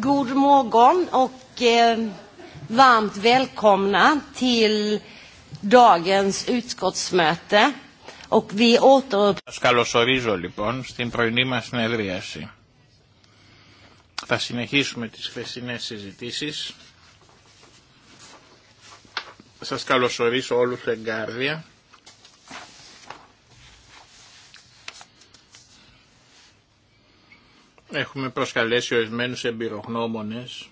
God Σας καλωσορίζω λοιπόν στην πρωινή μας συνεδρίαση. Θα συνεχίσουμε τις χθεσινές συζητήσεις. Σας καλωσορίζω όλους εγκάρδια. Έχουμε προσκαλέσει ορισμένους εμπειρογνώμονες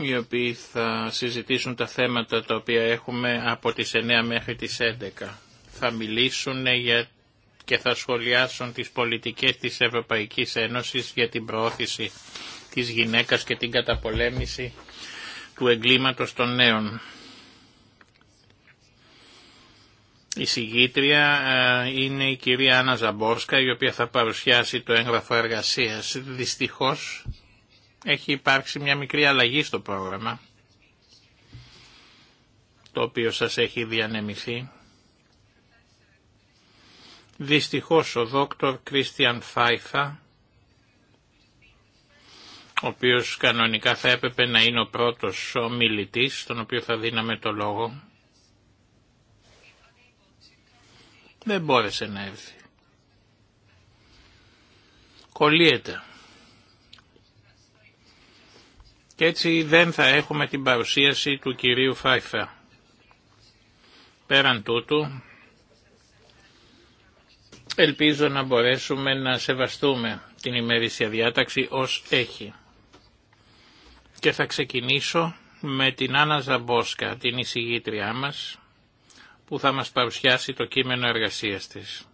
οι οποίοι θα συζητήσουν τα θέματα τα οποία έχουμε από τις 9 μέχρι τις 11. Θα μιλήσουν για και θα σχολιάσουν τις πολιτικές της Ευρωπαϊκής Ένωσης για την προώθηση της γυναίκας και την καταπολέμηση του εγκλήματος των νέων. Η συγγήτρια ε, είναι η κυρία Άννα Ζαμπόρσκα η οποία θα παρουσιάσει το έγγραφο εργασίας. Δυστυχώς έχει υπάρξει μια μικρή αλλαγή στο πρόγραμμα το οποίο σας έχει διανεμηθεί. Δυστυχώς ο δόκτωρ Κρίστιαν Φάιφα ο οποίος κανονικά θα έπρεπε να είναι ο πρώτος ομιλητής, τον οποίο θα δίναμε το λόγο, δεν μπόρεσε να έρθει. Κολλείεται. Και έτσι δεν θα έχουμε την παρουσίαση του κυρίου Φάιφα. Πέραν τούτου, ελπίζω να μπορέσουμε να σεβαστούμε την ημερήσια διάταξη ως έχει. Και θα ξεκινήσω με την Άννα Ζαμπόσκα, την εισηγήτριά μας, που θα μας παρουσιάσει το κείμενο εργασίας της.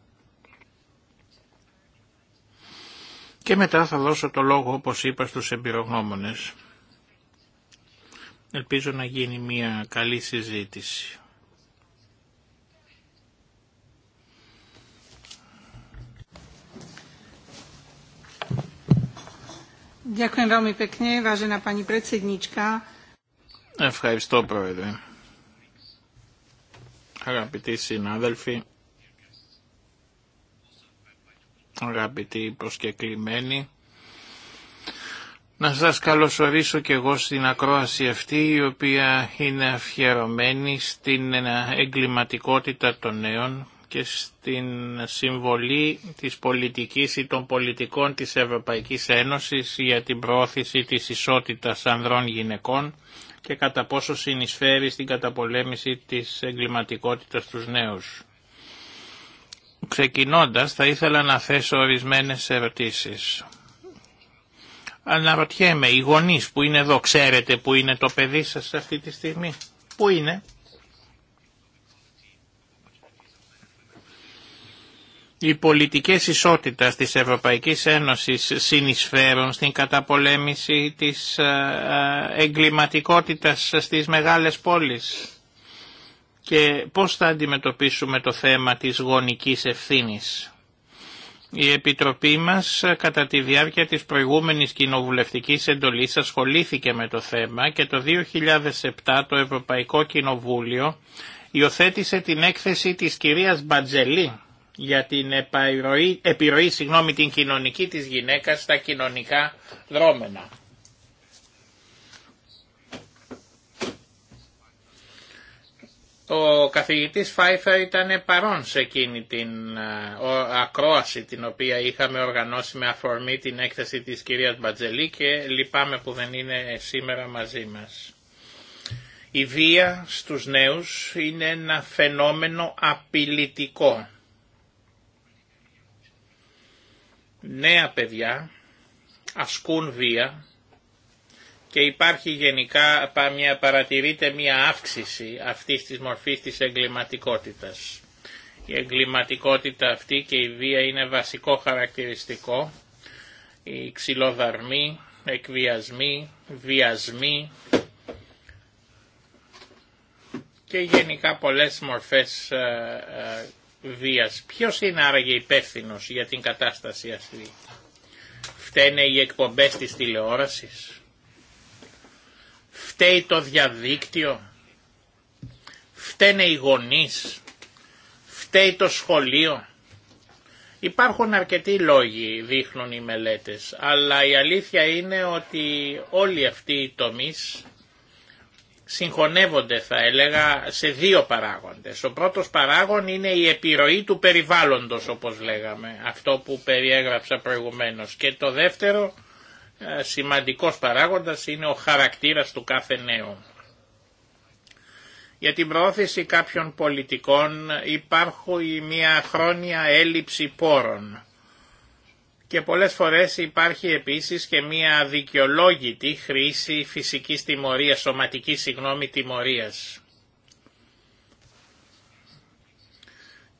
Και μετά θα δώσω το λόγο, όπως είπα, στους εμπειρογνώμονες. Ελπίζω να γίνει μια καλή συζήτηση. Ευχαριστώ, Πρόεδρε αγαπητοί συνάδελφοι, αγαπητοί προσκεκλημένοι, να σας καλωσορίσω και εγώ στην ακρόαση αυτή η οποία είναι αφιερωμένη στην εγκληματικότητα των νέων και στην συμβολή της πολιτικής ή των πολιτικών της Ευρωπαϊκής Ένωσης για την προώθηση της ισότητας ανδρών γυναικών και κατά πόσο συνεισφέρει στην καταπολέμηση της εγκληματικότητας τους νέους. Ξεκινώντας θα ήθελα να θέσω ορισμένες ερωτήσεις. Αναρωτιέμαι, οι γονείς που είναι εδώ ξέρετε που είναι το παιδί σας αυτή τη στιγμή. Πού είναι. Οι πολιτικές ισότητας της Ευρωπαϊκής Ένωσης συνεισφέρουν στην καταπολέμηση της ε, ε, εγκληματικότητας στις μεγάλες πόλεις και πώς θα αντιμετωπίσουμε το θέμα της γονικής ευθύνης. Η Επιτροπή μας κατά τη διάρκεια της προηγούμενης κοινοβουλευτικής εντολής ασχολήθηκε με το θέμα και το 2007 το Ευρωπαϊκό Κοινοβούλιο υιοθέτησε την έκθεση της κυρίας Μπατζελή για την επιρροή, επιρροή συγγνώμη, την κοινωνική της γυναίκας στα κοινωνικά δρόμενα. Ο καθηγητής Φάιφα ήταν παρόν σε εκείνη την ε, ακρόαση την οποία είχαμε οργανώσει με αφορμή την έκθεση της κυρίας Μπατζελή και λυπάμαι που δεν είναι σήμερα μαζί μας. Η βία στους νέους είναι ένα φαινόμενο απειλητικό νέα παιδιά ασκούν βία και υπάρχει γενικά, μια, παρατηρείται μια αύξηση αυτής της μορφής της εγκληματικότητας. Η εγκληματικότητα αυτή και η βία είναι βασικό χαρακτηριστικό. Οι ξυλοδαρμοί, εκβιασμοί, βιασμοί και γενικά πολλές μορφές ε, ε, βίας. Ποιος είναι άραγε υπεύθυνο για την κατάσταση αυτή. Φταίνε οι εκπομπές της τηλεόρασης. Φταίει το διαδίκτυο. Φταίνε οι γονείς. Φταίει το σχολείο. Υπάρχουν αρκετοί λόγοι, δείχνουν οι μελέτες, αλλά η αλήθεια είναι ότι όλοι αυτοί οι τομείς συγχωνεύονται θα έλεγα σε δύο παράγοντες. Ο πρώτος παράγον είναι η επιρροή του περιβάλλοντος όπως λέγαμε, αυτό που περιέγραψα προηγουμένως. Και το δεύτερο ε, σημαντικός παράγοντας είναι ο χαρακτήρας του κάθε νέου. Για την προώθηση κάποιων πολιτικών υπάρχει μια χρόνια έλλειψη πόρων και πολλές φορές υπάρχει επίσης και μια δικαιολόγητη χρήση φυσικής τιμωρίας, σωματικής συγγνώμη τιμωρίας.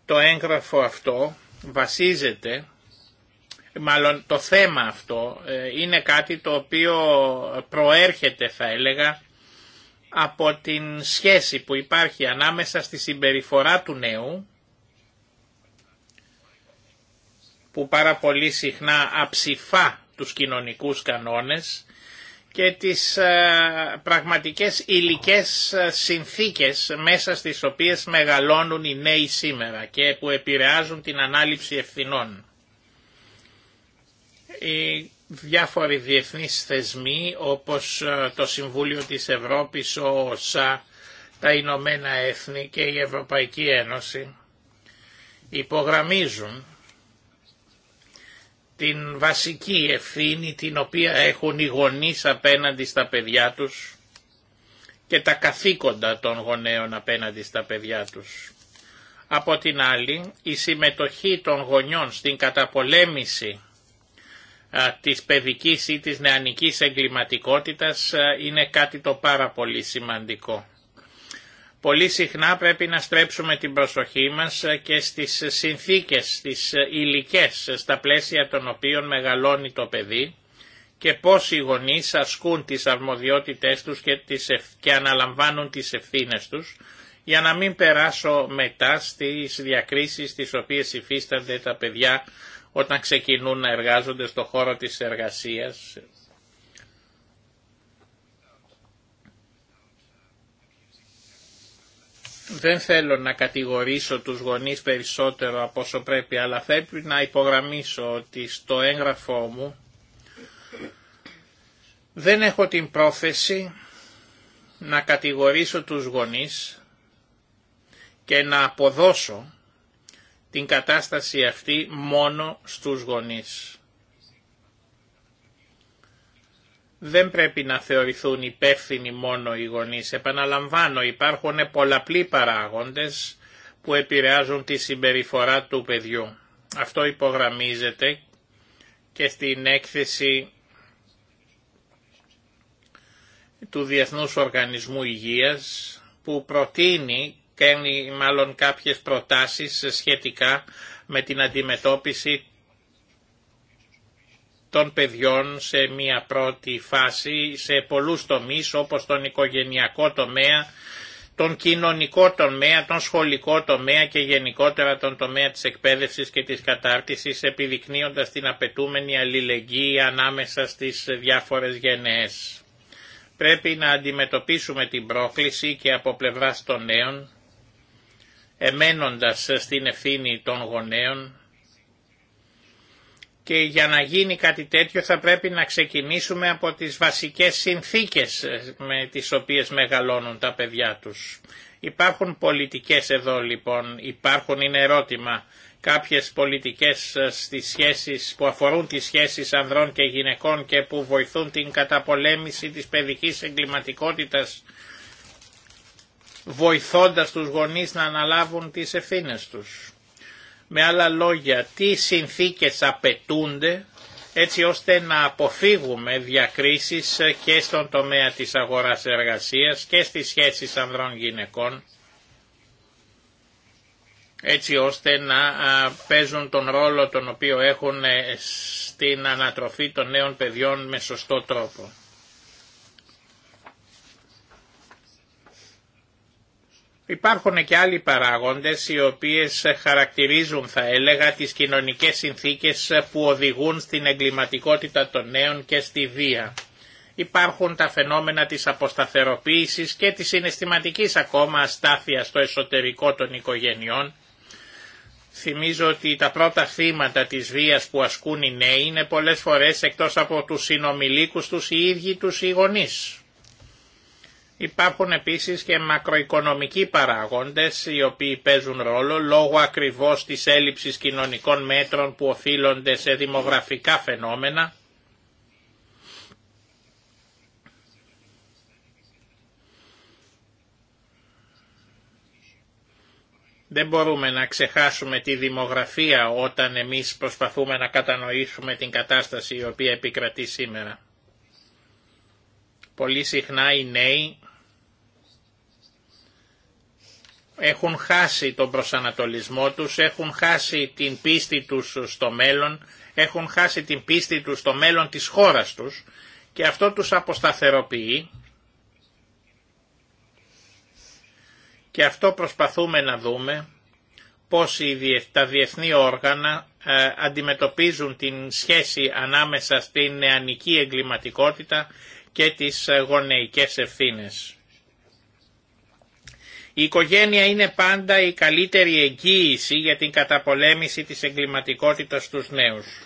Το έγγραφο αυτό βασίζεται, μάλλον το θέμα αυτό ε, είναι κάτι το οποίο προέρχεται θα έλεγα από την σχέση που υπάρχει ανάμεσα στη συμπεριφορά του νέου που πάρα πολύ συχνά αψηφά τους κοινωνικούς κανόνες και τις ε, πραγματικές υλικέ ε, συνθήκες μέσα στις οποίες μεγαλώνουν οι νέοι σήμερα και που επηρεάζουν την ανάληψη ευθυνών. Οι διάφοροι διεθνείς θεσμοί όπως ε, το Συμβούλιο της Ευρώπης, ο ΟΣΑ, τα Ηνωμένα Έθνη και η Ευρωπαϊκή Ένωση υπογραμμίζουν την βασική ευθύνη την οποία έχουν οι γονείς απέναντι στα παιδιά τους και τα καθήκοντα των γονέων απέναντι στα παιδιά τους. Από την άλλη, η συμμετοχή των γονιών στην καταπολέμηση της παιδικής ή της νεανικής εγκληματικότητας είναι κάτι το πάρα πολύ σημαντικό. Πολύ συχνά πρέπει να στρέψουμε την προσοχή μας και στις συνθήκες, στις υλικές στα πλαίσια των οποίων μεγαλώνει το παιδί και πώς οι γονείς ασκούν τις αρμοδιότητές τους και, τις αναλαμβάνουν τις ευθύνες τους για να μην περάσω μετά στις διακρίσεις τις οποίες υφίστανται τα παιδιά όταν ξεκινούν να εργάζονται στο χώρο της εργασίας δεν θέλω να κατηγορήσω τους γονείς περισσότερο από όσο πρέπει, αλλά θέλω να υπογραμμίσω ότι στο έγγραφό μου δεν έχω την πρόθεση να κατηγορήσω τους γονείς και να αποδώσω την κατάσταση αυτή μόνο στους γονείς. δεν πρέπει να θεωρηθούν υπεύθυνοι μόνο οι γονείς. Επαναλαμβάνω, υπάρχουν πολλαπλοί παράγοντες που επηρεάζουν τη συμπεριφορά του παιδιού. Αυτό υπογραμμίζεται και στην έκθεση του Διεθνούς Οργανισμού Υγείας που προτείνει, κάνει μάλλον κάποιες προτάσεις σχετικά με την αντιμετώπιση των παιδιών σε μια πρώτη φάση σε πολλούς τομείς όπως τον οικογενειακό τομέα, τον κοινωνικό τομέα, τον σχολικό τομέα και γενικότερα τον τομέα της εκπαίδευσης και της κατάρτισης επιδεικνύοντας την απαιτούμενη αλληλεγγύη ανάμεσα στις διάφορες γενναίες. Πρέπει να αντιμετωπίσουμε την πρόκληση και από των νέων, εμένοντας στην ευθύνη των γονέων, και για να γίνει κάτι τέτοιο θα πρέπει να ξεκινήσουμε από τις βασικές συνθήκες ε, με τις οποίες μεγαλώνουν τα παιδιά τους. Υπάρχουν πολιτικές εδώ λοιπόν, υπάρχουν είναι ερώτημα κάποιες πολιτικές ε, στις σχέσεις, που αφορούν τις σχέσεις ανδρών και γυναικών και που βοηθούν την καταπολέμηση της παιδικής εγκληματικότητας βοηθώντας τους γονείς να αναλάβουν τις ευθύνες τους. Με άλλα λόγια, τι συνθήκες απαιτούνται έτσι ώστε να αποφύγουμε διακρίσεις και στον τομέα της αγοράς εργασίας και στις σχέσεις ανδρών γυναικών έτσι ώστε να παίζουν τον ρόλο τον οποίο έχουν στην ανατροφή των νέων παιδιών με σωστό τρόπο. Υπάρχουν και άλλοι παράγοντες οι οποίες χαρακτηρίζουν θα έλεγα τις κοινωνικές συνθήκες που οδηγούν στην εγκληματικότητα των νέων και στη βία. Υπάρχουν τα φαινόμενα της αποσταθεροποίησης και της συναισθηματικής ακόμα αστάθειας στο εσωτερικό των οικογενειών. Θυμίζω ότι τα πρώτα θύματα της βίας που ασκούν οι νέοι είναι πολλές φορές εκτός από τους συνομιλίκους τους οι ίδιοι τους οι γονείς. Υπάρχουν επίσης και μακροοικονομικοί παράγοντες οι οποίοι παίζουν ρόλο λόγω ακριβώς της έλλειψης κοινωνικών μέτρων που οφείλονται σε δημογραφικά φαινόμενα Δεν μπορούμε να ξεχάσουμε τη δημογραφία όταν εμείς προσπαθούμε να κατανοήσουμε την κατάσταση η οποία επικρατεί σήμερα. Πολύ συχνά οι νέοι έχουν χάσει τον προσανατολισμό τους, έχουν χάσει την πίστη τους στο μέλλον, έχουν χάσει την πίστη τους στο μέλλον της χώρας τους και αυτό τους αποσταθεροποιεί και αυτό προσπαθούμε να δούμε πώς τα διεθνή όργανα ε, αντιμετωπίζουν την σχέση ανάμεσα στην νεανική εγκληματικότητα και τις γονεϊκές ευθύνες. Η οικογένεια είναι πάντα η καλύτερη εγγύηση για την καταπολέμηση της εγκληματικότητας στους νέους.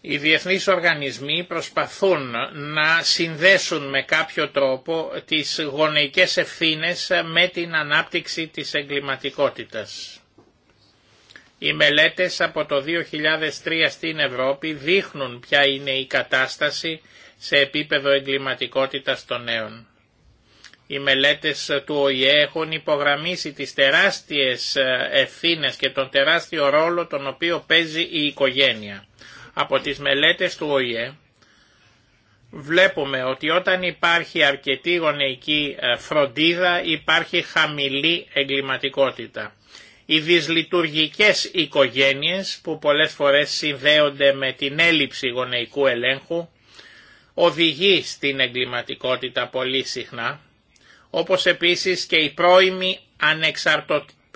Οι διεθνείς οργανισμοί προσπαθούν να συνδέσουν με κάποιο τρόπο τις γονεϊκές ευθύνες με την ανάπτυξη της εγκληματικότητας. Οι μελέτες από το 2003 στην Ευρώπη δείχνουν ποια είναι η κατάσταση σε επίπεδο εγκληματικότητας των νέων. Οι μελέτες του ΟΗΕ έχουν υπογραμμίσει τις τεράστιες ε, ευθύνες και τον τεράστιο ρόλο τον οποίο παίζει η οικογένεια. Από τις μελέτες του ΟΗΕ βλέπουμε ότι όταν υπάρχει αρκετή γονεϊκή ε, φροντίδα υπάρχει χαμηλή εγκληματικότητα. Οι δυσλειτουργικές οικογένειες που πολλές φορές συνδέονται με την έλλειψη γονεϊκού ελέγχου οδηγεί στην εγκληματικότητα πολύ συχνά όπως επίσης και η πρώιμη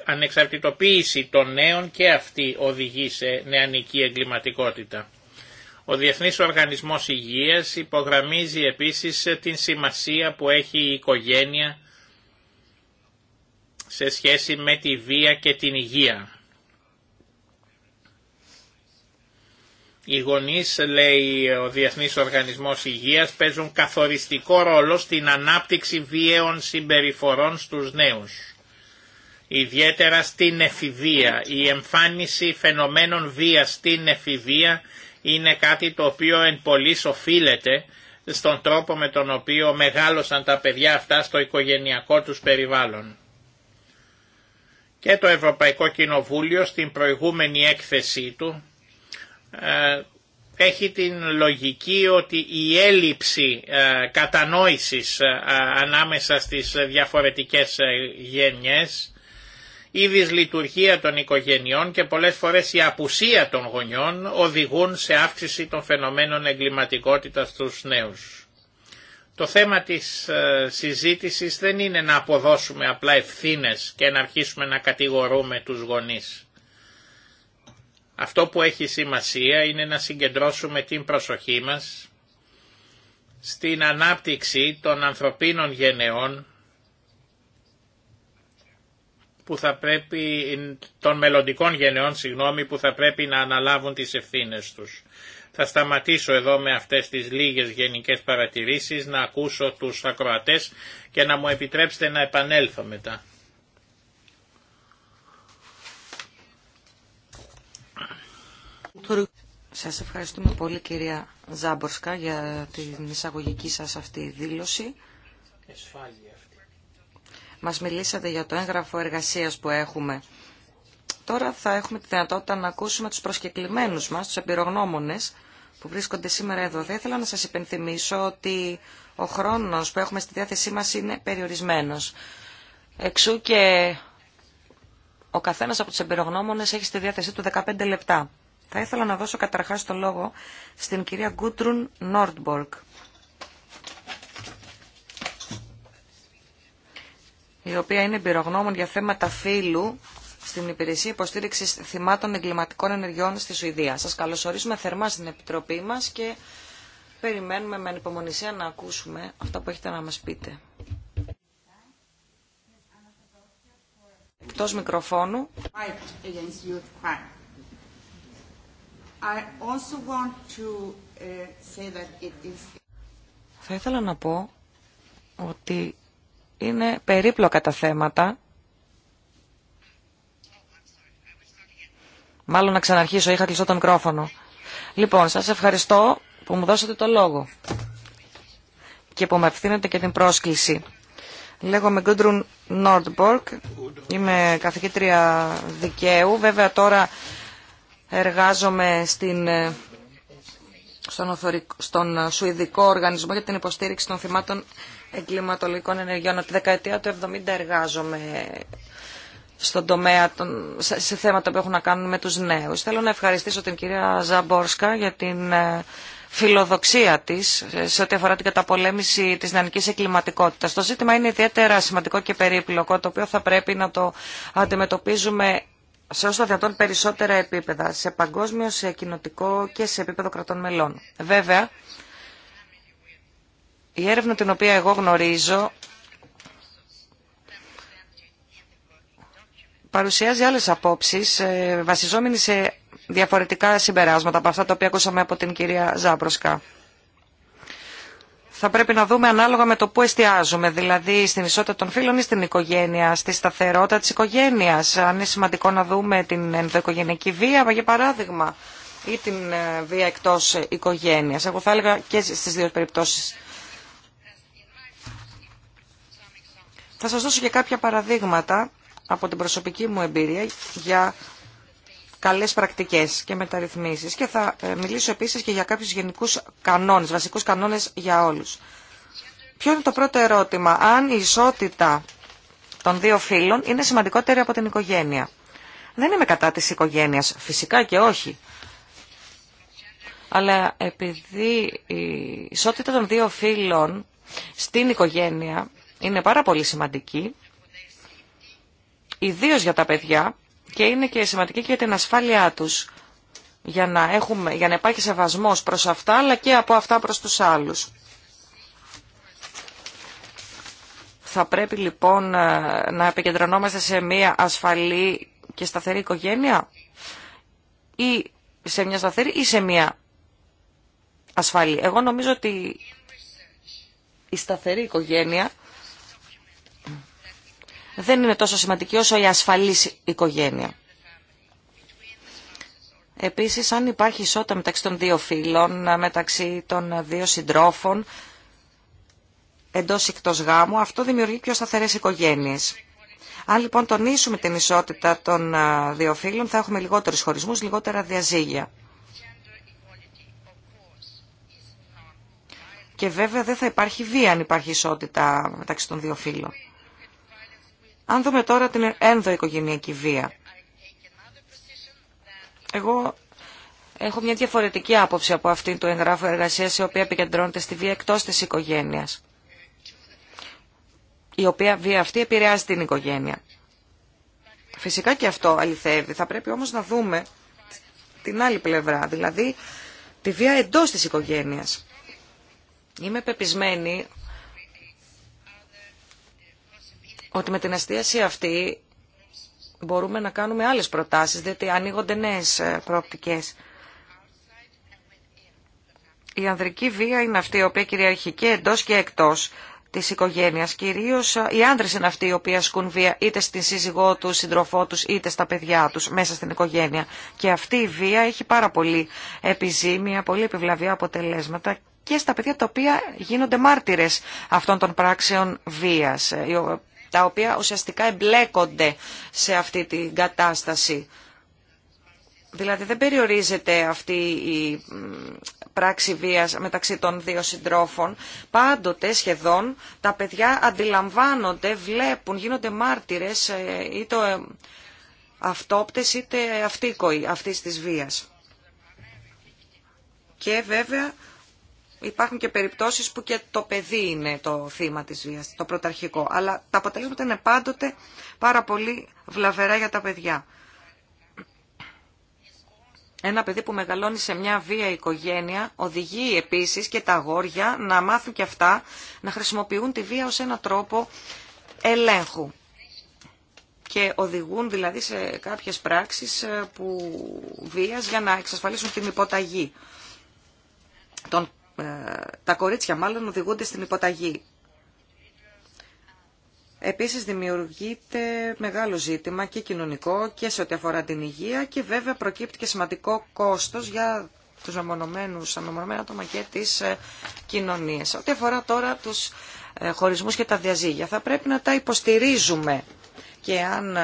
ανεξαρτητοποίηση των νέων και αυτή οδηγεί σε νεανική εγκληματικότητα. Ο Διεθνής Οργανισμός Υγείας υπογραμμίζει επίσης την σημασία που έχει η οικογένεια σε σχέση με τη βία και την υγεία. Οι γονεί, λέει ο Διεθνή Οργανισμό Υγείας, παίζουν καθοριστικό ρόλο στην ανάπτυξη βίαιων συμπεριφορών στους νέους. Ιδιαίτερα στην εφηβεία. Η εμφάνιση φαινομένων βίας στην εφηβεία είναι κάτι το οποίο εν πολύ οφείλεται στον τρόπο με τον οποίο μεγάλωσαν τα παιδιά αυτά στο οικογενειακό τους περιβάλλον. Και το Ευρωπαϊκό Κοινοβούλιο στην προηγούμενη έκθεσή του ε, έχει την λογική ότι η έλλειψη ε, κατανόησης ε, ανάμεσα στις διαφορετικές γενιές, η δυσλειτουργία των οικογενειών και πολλές φορές η απουσία των γονιών οδηγούν σε αύξηση των φαινομένων εγκληματικότητας στους νέους. Το θέμα της συζήτησης δεν είναι να αποδώσουμε απλά ευθύνες και να αρχίσουμε να κατηγορούμε τους γονείς. Αυτό που έχει σημασία είναι να συγκεντρώσουμε την προσοχή μας στην ανάπτυξη των ανθρωπίνων γενεών που θα πρέπει, των μελλοντικών γενεών συγγνώμη, που θα πρέπει να αναλάβουν τις ευθύνες τους. Θα σταματήσω εδώ με αυτές τις λίγες γενικές παρατηρήσεις, να ακούσω τους ακροατές και να μου επιτρέψετε να επανέλθω μετά. Σας ευχαριστούμε πολύ κυρία Ζάμπορσκα για την εισαγωγική σας αυτή δήλωση. Μας μιλήσατε για το έγγραφο εργασίας που έχουμε. Τώρα θα έχουμε τη δυνατότητα να ακούσουμε τους προσκεκλημένους μας, τους εμπειρογνώμονες που βρίσκονται σήμερα εδώ. Θα ήθελα να σας υπενθυμίσω ότι ο χρόνος που έχουμε στη διάθεσή μας είναι περιορισμένος. Εξού και ο καθένας από τους εμπειρογνώμονες έχει στη διάθεσή του 15 λεπτά. Θα ήθελα να δώσω καταρχάς το λόγο στην κυρία Γκούτρουν Νόρντμπορκ, η οποία είναι εμπειρογνώμων για θέματα φύλου στην Υπηρεσία Υποστήριξη Θυμάτων Εγκληματικών Ενεργειών στη Σουηδία. Σας καλωσορίζουμε θερμά στην Επιτροπή μας και περιμένουμε με ανυπομονησία να ακούσουμε αυτά που έχετε να μας πείτε. Εκτός μικροφώνου. Uh, Θα ήθελα να πω ότι είναι περίπλοκα τα θέματα. Μάλλον να ξαναρχίσω, είχα κλειστό το μικρόφωνο. Λοιπόν, σας ευχαριστώ που μου δώσατε το λόγο και που με ευθύνετε και την πρόσκληση. Λέγομαι Γκούντρουν Νόρντμπορκ, είμαι καθηγήτρια δικαίου. Βέβαια τώρα Εργάζομαι στην, ε, στον, στον ε, Σουηδικό Οργανισμό για την Υποστήριξη των Θυμάτων Εγκληματολογικών Ενεργειών. Από τη δεκαετία του 70 εργάζομαι στον τομέα των, σε, θέματα που έχουν να κάνουν με τους νέους. Θέλω να ευχαριστήσω την κυρία Ζαμπόρσκα για την ε, φιλοδοξία της σε ό,τι αφορά την καταπολέμηση της νεανικής εγκληματικότητας. Το ζήτημα είναι ιδιαίτερα σημαντικό και περίπλοκο, το οποίο θα πρέπει να το αντιμετωπίζουμε σε όσο δυνατόν περισσότερα επίπεδα, σε παγκόσμιο, σε κοινοτικό και σε επίπεδο κρατών μελών. Βέβαια, η έρευνα την οποία εγώ γνωρίζω παρουσιάζει άλλες απόψεις ε, βασιζόμενοι σε διαφορετικά συμπεράσματα από αυτά τα οποία ακούσαμε από την κυρία Ζάμπροσκα θα πρέπει να δούμε ανάλογα με το που εστιάζουμε, δηλαδή στην ισότητα των φίλων ή στην οικογένεια, στη σταθερότητα της οικογένειας. Αν είναι σημαντικό να δούμε την ενδοοικογενειακή βία, για παράδειγμα, ή την ε, βία εκτός οικογένειας. Εγώ θα έλεγα και στις δύο περιπτώσεις. Θα σας δώσω και κάποια παραδείγματα από την προσωπική μου εμπειρία για καλές πρακτικές και μεταρρυθμίσεις. Και θα ε, μιλήσω επίσης και για κάποιους γενικούς κανόνες, βασικούς κανόνες για όλους. Ποιο είναι το πρώτο ερώτημα, αν η ισότητα των δύο φίλων είναι σημαντικότερη από την οικογένεια. Δεν είμαι κατά της οικογένειας, φυσικά και όχι. Αλλά επειδή η ισότητα των δύο φίλων στην οικογένεια είναι πάρα πολύ σημαντική, ιδίως για τα παιδιά, και είναι και σημαντική και για την ασφάλειά τους για να, έχουμε, για να υπάρχει σεβασμός προς αυτά αλλά και από αυτά προς τους άλλους. Θα πρέπει λοιπόν ε, να επικεντρωνόμαστε σε μια ασφαλή και σταθερή οικογένεια ή σε μια σταθερή ή σε μια ασφαλή. Εγώ νομίζω ότι η σταθερή οικογένεια δεν είναι τόσο σημαντική όσο η ασφαλής οικογένεια. Επίσης, αν υπάρχει ισότητα μεταξύ των δύο φίλων, μεταξύ των δύο συντρόφων, εντός εκτός γάμου, αυτό δημιουργεί πιο σταθερές οικογένειες. Αν λοιπόν τονίσουμε την ισότητα των δύο φίλων, θα έχουμε λιγότερους χωρισμούς, λιγότερα διαζύγια. Και βέβαια δεν θα υπάρχει βία αν υπάρχει ισότητα μεταξύ των δύο φίλων. Αν δούμε τώρα την ενδοοικογενειακή βία. Εγώ έχω μια διαφορετική άποψη από αυτήν του εγγράφου εργασίας η οποία επικεντρώνεται στη βία εκτός της οικογένειας. Η οποία βία αυτή επηρεάζει την οικογένεια. Φυσικά και αυτό αληθεύει. Θα πρέπει όμως να δούμε την άλλη πλευρά, δηλαδή τη βία εντός της οικογένειας. Είμαι πεπισμένη ότι με την αστίαση αυτή μπορούμε να κάνουμε άλλες προτάσεις, διότι ανοίγονται νέες ε, προοπτικές. Η ανδρική βία είναι αυτή η οποία κυριαρχεί και εντός και εκτός της οικογένειας. Κυρίως ε, οι άντρε είναι αυτοί οι οποίοι ασκούν βία είτε στην σύζυγό του, συντροφό τους, είτε στα παιδιά τους μέσα στην οικογένεια. Και αυτή η βία έχει πάρα πολύ επιζήμια, πολύ επιβλαβή αποτελέσματα και στα παιδιά τα οποία γίνονται μάρτυρες αυτών των πράξεων βίας, ε, τα οποία ουσιαστικά εμπλέκονται σε αυτή την κατάσταση. Δηλαδή δεν περιορίζεται αυτή η πράξη βίας μεταξύ των δύο συντρόφων. Πάντοτε σχεδόν τα παιδιά αντιλαμβάνονται, βλέπουν, γίνονται μάρτυρες ε, είτε ε, αυτόπτες είτε αυτοίκοοι αυτής της βίας. Και βέβαια υπάρχουν και περιπτώσεις που και το παιδί είναι το θύμα της βία, το πρωταρχικό. Αλλά τα αποτελέσματα είναι πάντοτε πάρα πολύ βλαβερά για τα παιδιά. Ένα παιδί που μεγαλώνει σε μια βία οικογένεια οδηγεί επίσης και τα αγόρια να μάθουν και αυτά να χρησιμοποιούν τη βία ως ένα τρόπο ελέγχου. Και οδηγούν δηλαδή σε κάποιες πράξεις ε, που βίας για να εξασφαλίσουν την υποταγή των ε, τα κορίτσια μάλλον οδηγούνται στην υποταγή. Επίσης δημιουργείται μεγάλο ζήτημα και κοινωνικό και σε ό,τι αφορά την υγεία και βέβαια προκύπτει και σημαντικό κόστος για τους αμονωμένους, αμονωμένα άτομα και τις ε, κοινωνίες. Ό,τι αφορά τώρα τους ε, χωρισμούς και τα διαζύγια, θα πρέπει να τα υποστηρίζουμε και αν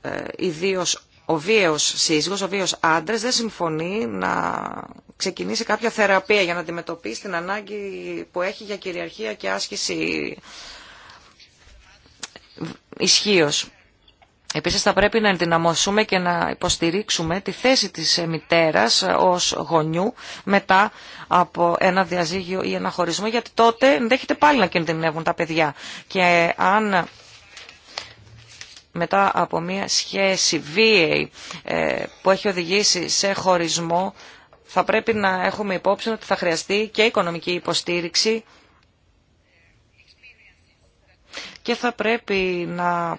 ε, ο βίαιος σύζυγος, ο βίαιος άντρας δεν συμφωνεί να ξεκινήσει κάποια θεραπεία για να αντιμετωπίσει την ανάγκη που έχει για κυριαρχία και άσκηση ισχύω. Επίση θα πρέπει να ενδυναμώσουμε και να υποστηρίξουμε τη θέση της μητέρα ω γονιού μετά από ένα διαζύγιο ή ένα χωρισμό γιατί τότε ενδέχεται πάλι να κινδυνεύουν τα παιδιά. Και αν μετά από μια σχέση βίαιη ε, που έχει οδηγήσει σε χωρισμό θα πρέπει να έχουμε υπόψη ότι θα χρειαστεί και οικονομική υποστήριξη και θα πρέπει να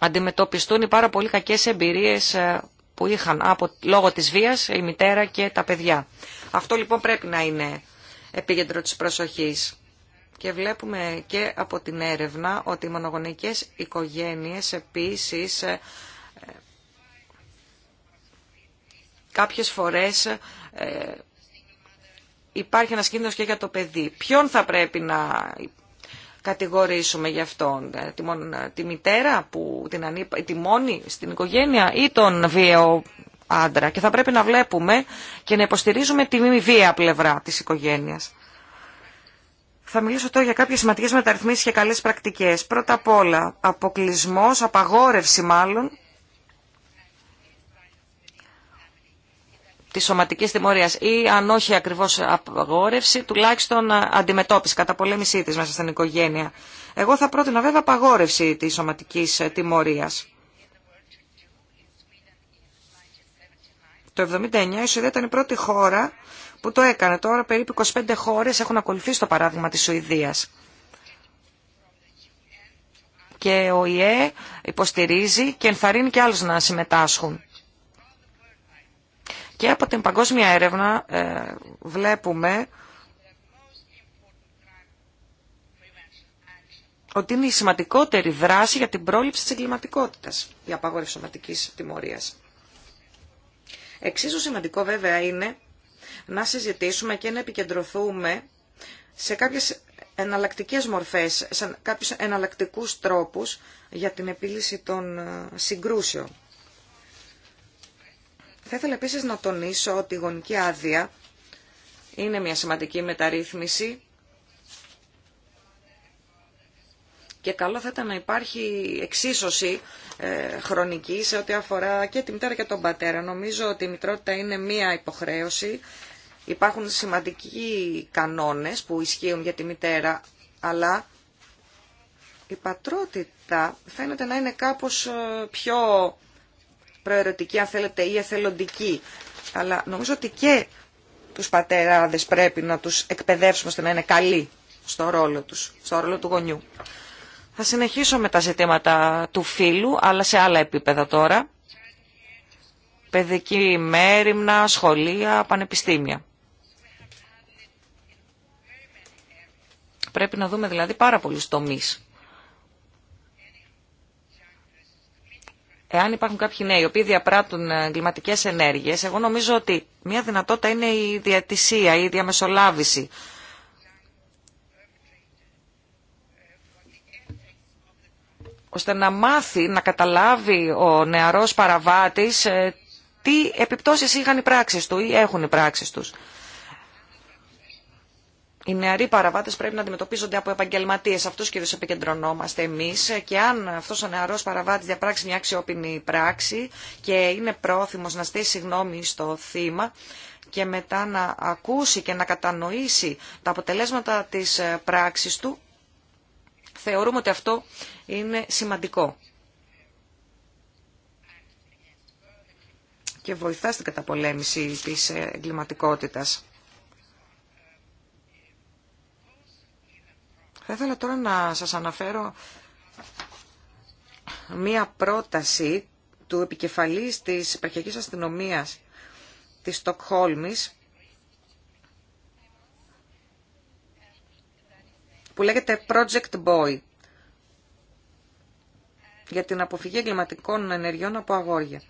αντιμετωπιστούν οι πάρα πολύ κακές εμπειρίες ε, που είχαν από, λόγω της βίας η μητέρα και τα παιδιά. Αυτό λοιπόν πρέπει να είναι επίκεντρο της προσοχής. Και βλέπουμε και από την έρευνα ότι οι μονογονικές οικογένειες επίσης ε, κάποιες φορές ε, υπάρχει ένας κίνδυνος και για το παιδί. Ποιον θα πρέπει να κατηγορήσουμε γι' αυτόν, ε, τη, τη μητέρα που την τη μόνη στην οικογένεια ή τον βίαιο άντρα. Και θα πρέπει να βλέπουμε και να υποστηρίζουμε τη μη βία πλευρά της οικογένειας. Θα μιλήσω τώρα για κάποιες σημαντικές μεταρρυθμίσεις και καλές πρακτικές. Πρώτα απ' όλα, αποκλεισμός, απαγόρευση μάλλον, Τη σωματική τιμωρία ή αν όχι ακριβώ απαγόρευση, τουλάχιστον αντιμετώπιση καταλέμη τη μέσα στην οικογένεια. Εγώ θα πρώτε να βέβαια ή αν όχι ακριβώς απαγόρευση, τουλάχιστον ε, αντιμετώπιση, καταπολέμησή τη μέσα στην οικογένεια. Εγώ θα πρότεινα βέβαια απαγόρευση τη σωματικη ε, τιμωρια Το 1979 η Σουηδία ήταν η πρώτη χώρα που το έκανε. Τώρα περίπου 25 χώρες έχουν ακολουθήσει το παράδειγμα της Σουηδίας. Και ο ΙΕ υποστηρίζει και ενθαρρύνει και άλλους να συμμετάσχουν. Και από την παγκόσμια έρευνα ε, βλέπουμε ότι είναι η σημαντικότερη δράση για την πρόληψη της εγκληματικότητας, η απαγόρευση σωματικής τιμωρίας. Εξίσου σημαντικό βέβαια είναι να συζητήσουμε και να επικεντρωθούμε σε κάποιες εναλλακτικές μορφές, σε κάποιους εναλλακτικούς τρόπους για την επίλυση των ε, συγκρούσεων. Θα ήθελα επίση να τονίσω ότι η γονική άδεια είναι μια σημαντική μεταρρύθμιση και καλό θα ήταν να υπάρχει εξίσωση ε, χρονική σε ό,τι αφορά και τη μητέρα και τον πατέρα. Νομίζω ότι η μητρότητα είναι μια υποχρέωση. Υπάρχουν σημαντικοί κανόνες που ισχύουν για τη μητέρα, αλλά η πατρότητα φαίνεται να είναι κάπως ε, πιο προερωτική αν θέλετε ή εθελοντική. Αλλά νομίζω ότι και τους πατεράδες πρέπει να τους εκπαιδεύσουμε ώστε να είναι καλοί στο ρόλο τους, στο ρόλο του γονιού. Θα συνεχίσω με τα ζητήματα του φίλου, αλλά σε άλλα επίπεδα τώρα. Παιδική μέρημνα, σχολεία, πανεπιστήμια. Πρέπει να δούμε δηλαδή πάρα πολλούς τομείς. εάν υπάρχουν κάποιοι νέοι οι οποίοι διαπράττουν ε, εγκληματικέ ενέργειε, εγώ νομίζω ότι μια δυνατότητα είναι η διατησία, η διαμεσολάβηση. ώστε να μάθει, να καταλάβει ο νεαρός παραβάτης ε, τι επιπτώσεις είχαν οι πράξεις του ή έχουν οι πράξεις τους οι νεαροί παραβάτε πρέπει να αντιμετωπίζονται από επαγγελματίε. Αυτού κυρίω επικεντρωνόμαστε εμεί. Και αν αυτό ο νεαρό παραβάτη διαπράξει μια αξιόπινη πράξη και είναι πρόθυμο να στήσει γνώμη στο θύμα και μετά να ακούσει και να κατανοήσει τα αποτελέσματα της ε, πράξης του, θεωρούμε ότι αυτό είναι σημαντικό. Και βοηθά στην καταπολέμηση της ε, εγκληματικότητας. Θα ήθελα τώρα να σας αναφέρω μία πρόταση του επικεφαλής της υπαρχιακής αστυνομίας της Στοκχόλμης που λέγεται Project Boy για την αποφυγή εγκληματικών ενεργειών από αγόρια.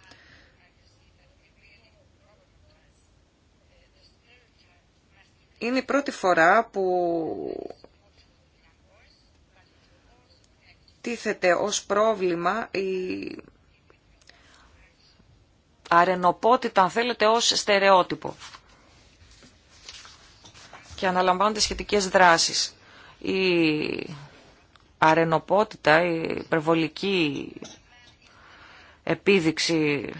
Είναι η πρώτη φορά που τίθεται ως πρόβλημα η αρενοπότητα, αν θέλετε, ως στερεότυπο και αναλαμβάνονται σχετικές δράσεις. Η αρενοπότητα, η υπερβολική επίδειξη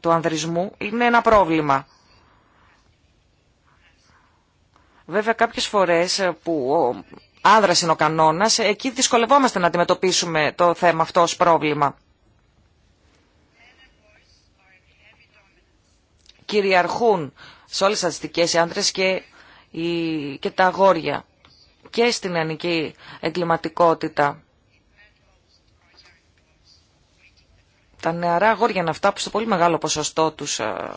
του ανδρισμού είναι ένα πρόβλημα. Βέβαια κάποιες φορές που άνδρας είναι ο κανόνας, εκεί δυσκολευόμαστε να αντιμετωπίσουμε το θέμα αυτό ως πρόβλημα. Κυριαρχούν σε όλες τις αστικές οι άνδρες και, και τα αγόρια και στην νεανική εγκληματικότητα. Τα νεαρά αγόρια είναι αυτά που στο πολύ μεγάλο ποσοστό τους, ε,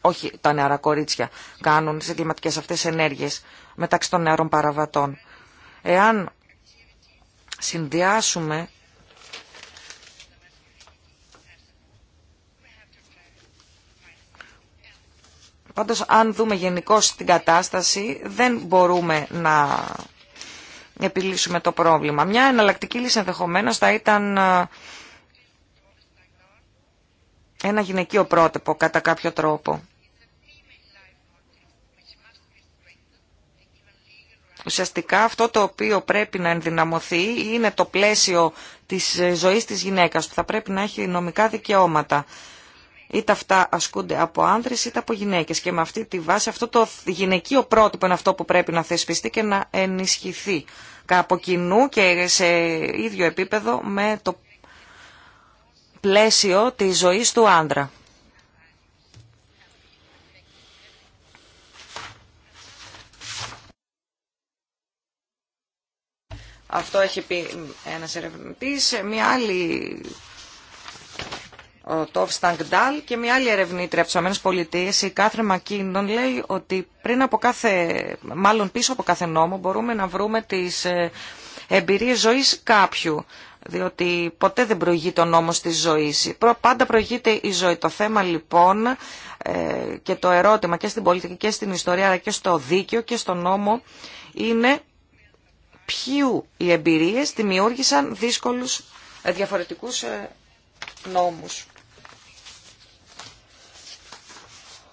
όχι τα νεαρά κορίτσια, κάνουν τις εγκληματικές αυτές ενέργειες μεταξύ των νεαρών παραβατών. Εάν συνδυάσουμε Πάντως αν δούμε γενικώ την κατάσταση δεν μπορούμε να επιλύσουμε το πρόβλημα. Μια εναλλακτική λύση ενδεχομένω θα ήταν ε, ένα γυναικείο πρότυπο κατά κάποιο τρόπο. Ουσιαστικά αυτό το οποίο πρέπει να ενδυναμωθεί είναι το πλαίσιο της ε, ζωής της γυναίκας που θα πρέπει να έχει νομικά δικαιώματα. Είτε αυτά ασκούνται από άνδρες είτε από γυναίκες και με αυτή τη βάση αυτό το γυναικείο πρότυπο είναι αυτό που πρέπει να θεσπιστεί και να ενισχυθεί από κοινού και σε ίδιο επίπεδο με το πλαίσιο της ζωής του άντρα. Αυτό έχει πει ένας ερευνητής. Μια άλλη, ο Τόφ Σταγκντάλ και μια άλλη ερευνήτρια από τις ΗΠΑ, η Κάθρε Μακίνον, λέει ότι πριν από κάθε, μάλλον πίσω από κάθε νόμο μπορούμε να βρούμε τις ε, εμπειρίες ζωής κάποιου διότι ποτέ δεν προηγείται ο νόμος της ζωής. Πάντα προηγείται η ζωή. Το θέμα λοιπόν ε, και το ερώτημα και στην πολιτική και στην ιστορία αλλά και στο δίκαιο και στο νόμο είναι ποιου οι εμπειρίες δημιούργησαν δύσκολους ε, διαφορετικούς ε, νόμους.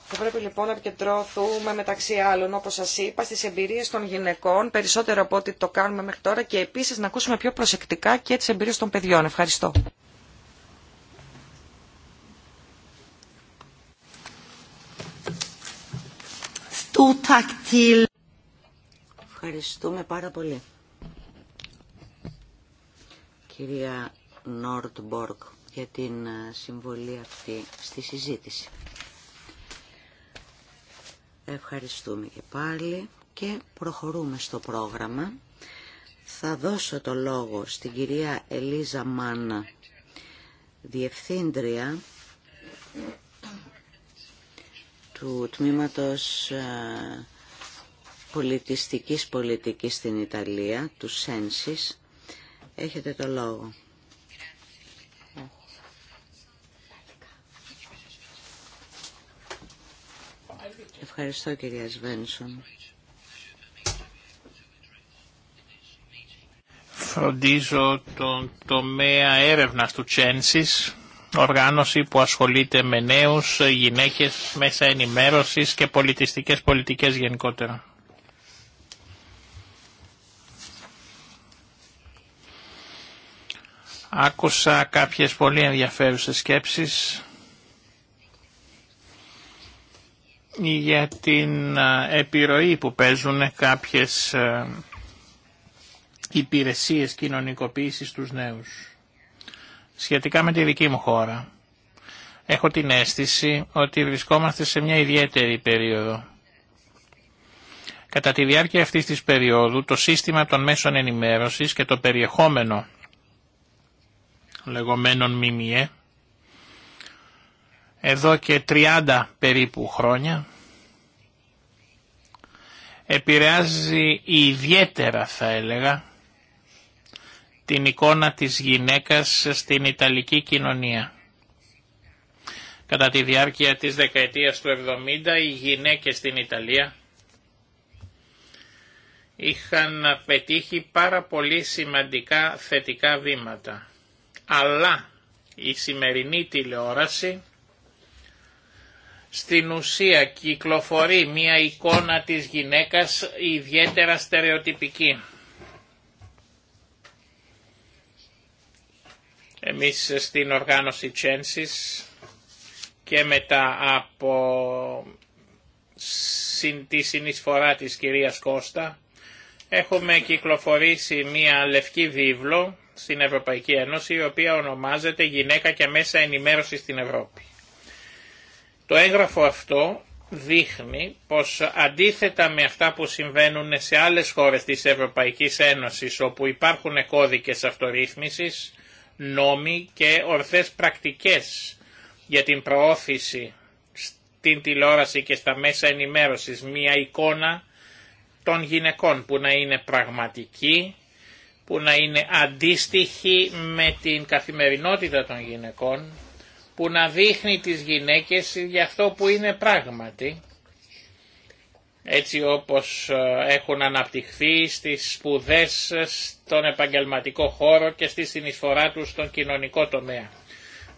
Θα πρέπει λοιπόν να επικεντρωθούμε μεταξύ άλλων, όπως σας είπα, στις εμπειρίες των γυναικών, περισσότερο από ό,τι το κάνουμε μέχρι τώρα και επίσης να ακούσουμε πιο προσεκτικά και τις εμπειρίες των παιδιών. Ευχαριστώ. Ευχαριστούμε πάρα πολύ κυρία Νόρτμπορκ για την ε, συμβολή αυτή στη συζήτηση. Ευχαριστούμε και πάλι και προχωρούμε στο πρόγραμμα. Θα δώσω το λόγο στην κυρία Ελίζα Μάνα, διευθύντρια του τμήματος ε, πολιτιστικής πολιτικής στην Ιταλία, του Σένσης, Έχετε το λόγο. Ευχαριστώ κυρία Σβένσον. Φροντίζω τον τομέα έρευνας του Τσένσης, οργάνωση που ασχολείται με νέους, γυναίκες, μέσα ενημέρωσης και πολιτιστικές πολιτικές γενικότερα. Άκουσα κάποιες πολύ ενδιαφέρουσες σκέψεις για την επιρροή που παίζουν κάποιες υπηρεσίες κοινωνικοποίησης τους νέους. Σχετικά με τη δική μου χώρα, έχω την αίσθηση ότι βρισκόμαστε σε μια ιδιαίτερη περίοδο. Κατά τη διάρκεια αυτής της περίοδου, το σύστημα των μέσων ενημέρωσης και το περιεχόμενο λεγόμενων ΜΜΕ εδώ και 30 περίπου χρόνια επηρεάζει ιδιαίτερα θα έλεγα την εικόνα της γυναίκας στην Ιταλική κοινωνία. Κατά τη διάρκεια της δεκαετίας του 70 οι γυναίκες στην Ιταλία είχαν πετύχει πάρα πολύ σημαντικά θετικά βήματα αλλά η σημερινή τηλεόραση στην ουσία κυκλοφορεί μια εικόνα της γυναίκας ιδιαίτερα στερεοτυπική. Εμείς στην οργάνωση Τσένσης και μετά από τη συνεισφορά της κυρίας Κώστα έχουμε κυκλοφορήσει μια λευκή βίβλο στην Ευρωπαϊκή Ένωση η οποία ονομάζεται «Γυναίκα και Μέσα Ενημέρωση στην Ευρώπη». Το έγγραφο αυτό δείχνει πως αντίθετα με αυτά που συμβαίνουν σε άλλες χώρες της Ευρωπαϊκής Ένωσης όπου υπάρχουν κώδικες αυτορύθμισης, νόμοι και ορθές πρακτικές για την προώθηση στην τηλεόραση και στα μέσα ενημέρωσης μια εικόνα των γυναικών που να είναι πραγματική, που να είναι αντίστοιχη με την καθημερινότητα των γυναικών, που να δείχνει τις γυναίκες για αυτό που είναι πράγματι, έτσι όπως ε, έχουν αναπτυχθεί στις σπουδές ε, στον επαγγελματικό χώρο και στη συνεισφορά τους στον κοινωνικό τομέα.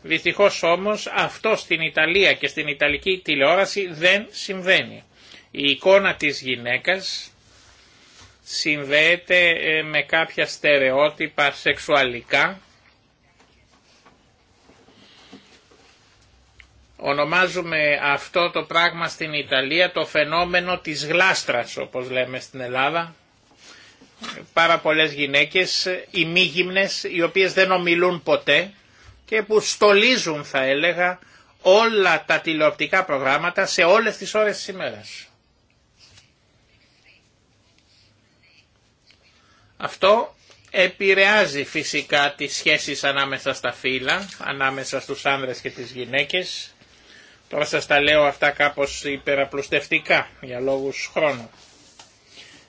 Δυστυχώς όμως αυτό στην Ιταλία και στην Ιταλική τηλεόραση δεν συμβαίνει. Η εικόνα της γυναίκας συνδέεται ε, με κάποια στερεότυπα σεξουαλικά. Ονομάζουμε αυτό το πράγμα στην Ιταλία το φαινόμενο της γλάστρας, όπως λέμε στην Ελλάδα. Πάρα πολλές γυναίκες, ημίγυμνες, οι οποίες δεν ομιλούν ποτέ και που στολίζουν, θα έλεγα, όλα τα τηλεοπτικά προγράμματα σε όλες τις ώρες της ημέρας. Αυτό επηρεάζει φυσικά τις σχέσεις ανάμεσα στα φύλλα, ανάμεσα στους άνδρες και τις γυναίκες. Τώρα σας τα λέω αυτά κάπως υπεραπλουστευτικά για λόγους χρόνου.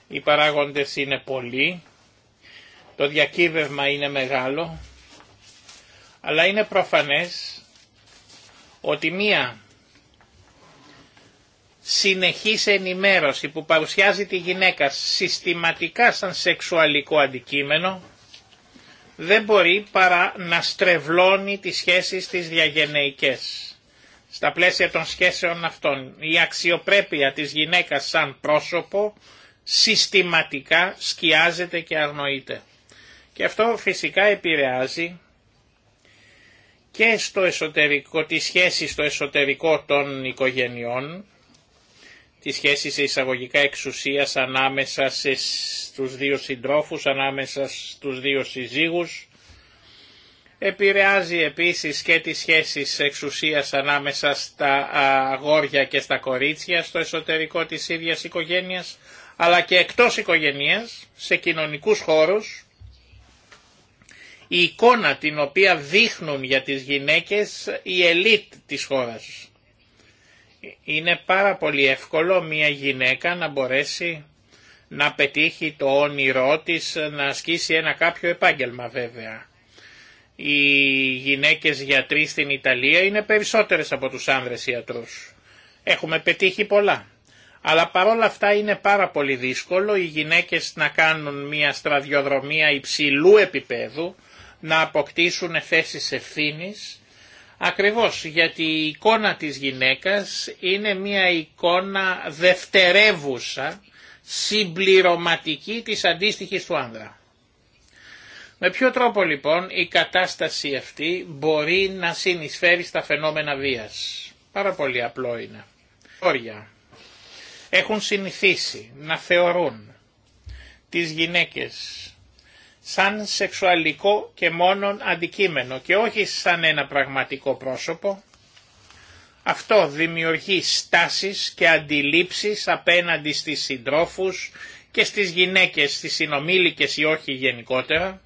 Οι παράγοντες είναι πολλοί, το διακύβευμα είναι μεγάλο, αλλά είναι προφανές ότι μία συνεχής ενημέρωση που παρουσιάζει τη γυναίκα συστηματικά σαν σεξουαλικό αντικείμενο δεν μπορεί παρά να στρεβλώνει τις σχέσεις της διαγενεϊκές. Στα πλαίσια των σχέσεων αυτών η αξιοπρέπεια της γυναίκας σαν πρόσωπο συστηματικά σκιάζεται και αγνοείται. Και αυτό φυσικά επηρεάζει και στο εσωτερικό, τη σχέση στο εσωτερικό των οικογενειών, τη σχέση σε εισαγωγικά εξουσίας ανάμεσα σε, στους δύο συντρόφους, ανάμεσα στους δύο συζύγους. Επηρεάζει επίσης και τις σχέσεις εξουσίας ανάμεσα στα αγόρια και στα κορίτσια στο εσωτερικό της ίδιας οικογένειας, αλλά και εκτός οικογένειας, σε κοινωνικούς χώρους. Η εικόνα την οποία δείχνουν για τις γυναίκες η ελίτ της χώρας είναι πάρα πολύ εύκολο μια γυναίκα να μπορέσει να πετύχει το όνειρό της να ασκήσει ένα κάποιο επάγγελμα βέβαια. Οι γυναίκες γιατροί στην Ιταλία είναι περισσότερες από τους άνδρες ιατρούς. Έχουμε πετύχει πολλά. Αλλά παρόλα αυτά είναι πάρα πολύ δύσκολο οι γυναίκες να κάνουν μια στραδιοδρομία υψηλού επίπεδου, να αποκτήσουν θέσεις ευθύνης, Ακριβώς γιατί η εικόνα της γυναίκας είναι μια εικόνα δευτερεύουσα, συμπληρωματική της αντίστοιχης του άνδρα. Με ποιο τρόπο λοιπόν η κατάσταση αυτή μπορεί να συνεισφέρει στα φαινόμενα βίας. Πάρα πολύ απλό είναι. Όρια έχουν συνηθίσει να θεωρούν τις γυναίκες σαν σεξουαλικό και μόνον αντικείμενο και όχι σαν ένα πραγματικό πρόσωπο. Αυτό δημιουργεί στάσεις και αντιλήψεις απέναντι στις συντρόφους και στις γυναίκες, στις συνομήλικες ή όχι γενικότερα.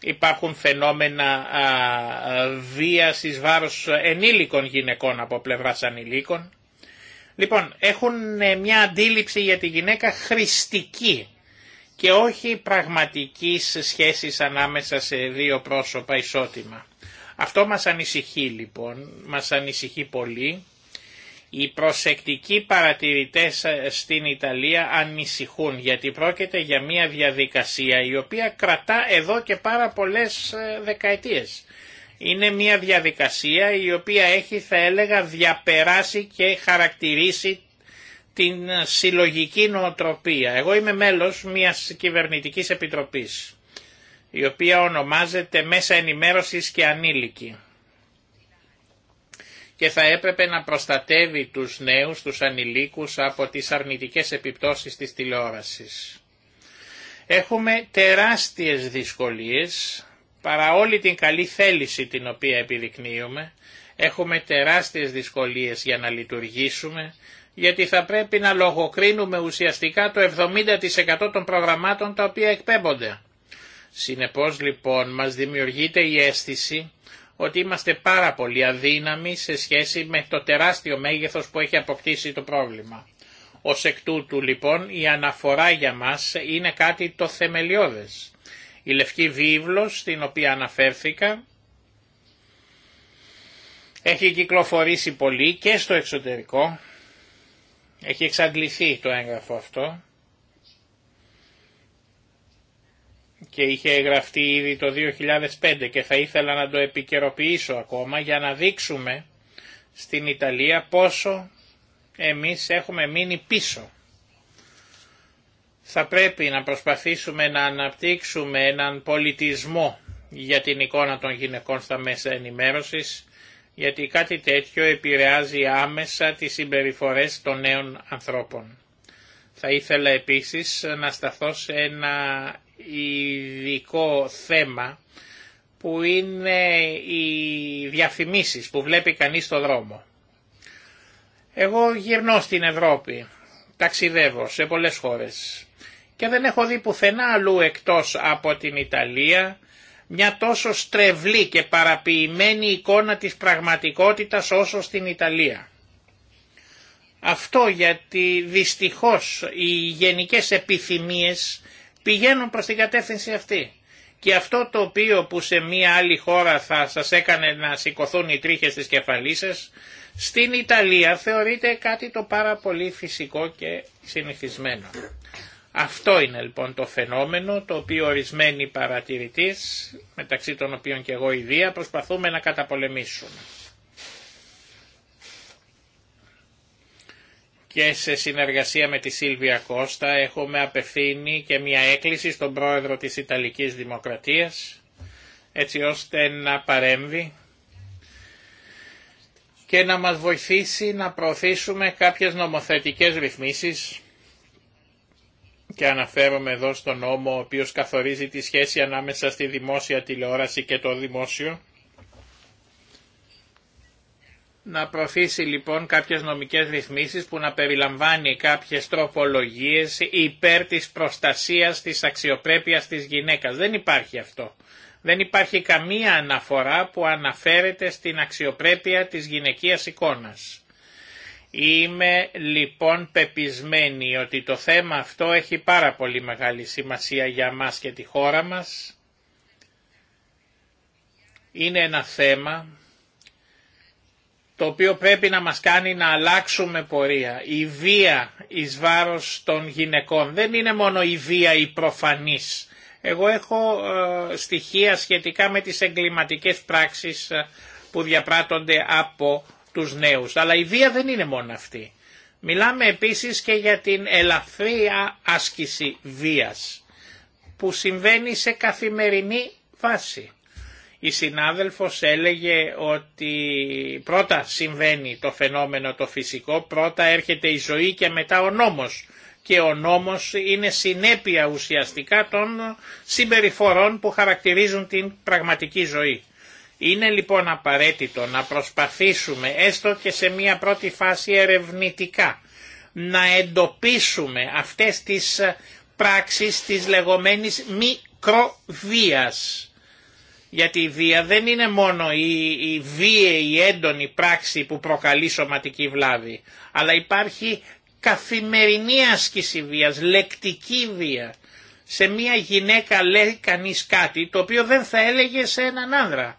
Υπάρχουν φαινόμενα α, βίας εις βάρος ενήλικων γυναικών από πλευράς ανηλίκων. Λοιπόν, έχουν ε, μια αντίληψη για τη γυναίκα χρηστική και όχι πραγματικής σχέσης ανάμεσα σε δύο πρόσωπα ισότιμα. Αυτό μας ανησυχεί λοιπόν, μας ανησυχεί πολύ. Οι προσεκτικοί παρατηρητές στην Ιταλία ανησυχούν γιατί πρόκειται για μια διαδικασία η οποία κρατά εδώ και πάρα πολλές ε, δεκαετίες. Είναι μια διαδικασία η οποία έχει θα έλεγα διαπεράσει και χαρακτηρίσει την συλλογική νοοτροπία. Εγώ είμαι μέλος μιας κυβερνητικής επιτροπής, η οποία ονομάζεται Μέσα Ενημέρωσης και Ανήλικη και θα έπρεπε να προστατεύει τους νέους, τους ανηλίκους από τις αρνητικές επιπτώσεις της τηλεόρασης. Έχουμε τεράστιες δυσκολίες, παρά όλη την καλή θέληση την οποία επιδεικνύουμε, έχουμε τεράστιες δυσκολίες για να λειτουργήσουμε, γιατί θα πρέπει να λογοκρίνουμε ουσιαστικά το 70% των προγραμμάτων τα οποία εκπέμπονται. Συνεπώς λοιπόν μας δημιουργείται η αίσθηση ότι είμαστε πάρα πολύ αδύναμοι σε σχέση με το τεράστιο μέγεθος που έχει αποκτήσει το πρόβλημα. Ως εκ τούτου λοιπόν η αναφορά για μας είναι κάτι το θεμελιώδες. Η Λευκή Βίβλος στην οποία αναφέρθηκα έχει κυκλοφορήσει πολύ και στο εξωτερικό έχει εξαντληθεί το έγγραφο αυτό και είχε εγγραφτεί ήδη το 2005 και θα ήθελα να το επικαιροποιήσω ακόμα για να δείξουμε στην Ιταλία πόσο εμείς έχουμε μείνει πίσω. Θα πρέπει να προσπαθήσουμε να αναπτύξουμε έναν πολιτισμό για την εικόνα των γυναικών στα μέσα ενημέρωσης γιατί κάτι τέτοιο επηρεάζει άμεσα τις συμπεριφορές των νέων ανθρώπων. Θα ήθελα επίσης να σταθώ σε ένα ειδικό θέμα που είναι οι διαφημίσεις που βλέπει κανείς στο δρόμο. Εγώ γυρνώ στην Ευρώπη, ταξιδεύω σε πολλές χώρες και δεν έχω δει πουθενά αλλού εκτός από την Ιταλία μια τόσο στρεβλή και παραποιημένη εικόνα της πραγματικότητας όσο στην Ιταλία. Αυτό γιατί δυστυχώς οι γενικές επιθυμίες πηγαίνουν προς την κατεύθυνση αυτή. Και αυτό το οποίο που σε μία άλλη χώρα θα σας έκανε να σηκωθούν οι τρίχες της κεφαλής σας, στην Ιταλία θεωρείται κάτι το πάρα πολύ φυσικό και συνηθισμένο. Αυτό είναι λοιπόν το φαινόμενο το οποίο ορισμένοι παρατηρητής, μεταξύ των οποίων και εγώ ιδία, προσπαθούμε να καταπολεμήσουμε. Και σε συνεργασία με τη Σίλβια Κώστα έχουμε απευθύνει και μια έκκληση στον πρόεδρο της Ιταλικής Δημοκρατίας, έτσι ώστε να παρέμβει και να μας βοηθήσει να προωθήσουμε κάποιες νομοθετικές ρυθμίσεις και αναφέρομαι εδώ στον νόμο ο οποίος καθορίζει τη σχέση ανάμεσα στη δημόσια τηλεόραση και το δημόσιο. Να προφήσει λοιπόν κάποιες νομικές ρυθμίσεις που να περιλαμβάνει κάποιες τροπολογίες υπέρ της προστασίας της αξιοπρέπειας της γυναίκας. Δεν υπάρχει αυτό. Δεν υπάρχει καμία αναφορά που αναφέρεται στην αξιοπρέπεια της γυναικείας εικόνας. Είμαι λοιπόν πεπισμένη ότι το θέμα αυτό έχει πάρα πολύ μεγάλη σημασία για μας και τη χώρα μας. Είναι ένα θέμα το οποίο πρέπει να μας κάνει να αλλάξουμε πορεία. Η βία εις βάρος των γυναικών δεν είναι μόνο η βία η προφανής. Εγώ έχω ε, στοιχεία σχετικά με τις εγκληματικές πράξεις ε, που διαπράττονται από τους νέους. Αλλά η βία δεν είναι μόνο αυτή. Μιλάμε επίσης και για την ελαφρία άσκηση βίας που συμβαίνει σε καθημερινή βάση. Η συνάδελφος έλεγε ότι πρώτα συμβαίνει το φαινόμενο το φυσικό, πρώτα έρχεται η ζωή και μετά ο νόμος. Και ο νόμος είναι συνέπεια ουσιαστικά των συμπεριφορών που χαρακτηρίζουν την πραγματική ζωή. Είναι λοιπόν απαραίτητο να προσπαθήσουμε έστω και σε μία πρώτη φάση ερευνητικά να εντοπίσουμε αυτές τις ε, πράξεις της λεγόμενης μικροβίας. Γιατί η βία δεν είναι μόνο η, βία η έντονη πράξη που προκαλεί σωματική βλάβη, αλλά υπάρχει καθημερινή άσκηση βίας, λεκτική βία. Σε μια γυναίκα λέει κανείς κάτι το οποίο δεν θα έλεγε σε έναν άνδρα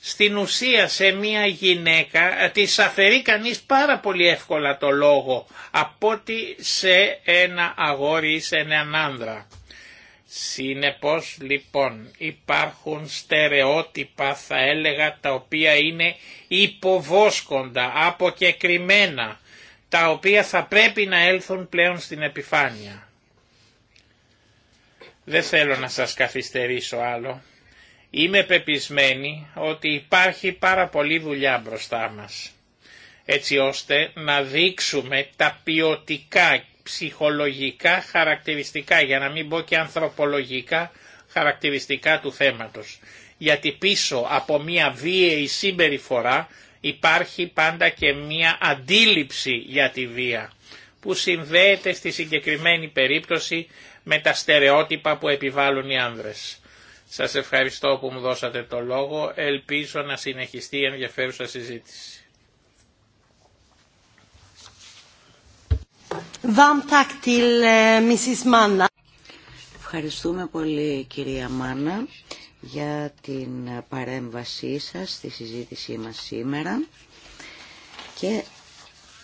στην ουσία σε μια γυναίκα ε, της αφαιρεί κανείς πάρα πολύ εύκολα το λόγο από ότι σε ένα αγόρι ή σε έναν άνδρα. Συνεπώς λοιπόν υπάρχουν στερεότυπα θα έλεγα τα οποία είναι υποβόσκοντα, αποκεκριμένα, τα οποία θα πρέπει να έλθουν πλέον στην επιφάνεια. Δεν θέλω να σας καθυστερήσω άλλο. Είμαι πεπισμένη ότι υπάρχει πάρα πολλή δουλειά μπροστά μας, έτσι ώστε να δείξουμε τα ποιοτικά, ψυχολογικά χαρακτηριστικά, για να μην πω και ανθρωπολογικά χαρακτηριστικά του θέματος. Γιατί πίσω από μια βίαιη συμπεριφορά υπάρχει πάντα και μια αντίληψη για τη βία, που συνδέεται στη συγκεκριμένη περίπτωση με τα στερεότυπα που επιβάλλουν οι άνδρες. Σας ευχαριστώ που μου δώσατε το λόγο. Ελπίζω να συνεχιστεί η ενδιαφέρουσα συζήτηση. Ε, Ευχαριστούμε πολύ κυρία Μάνα για την παρέμβασή σας στη συζήτησή μας σήμερα και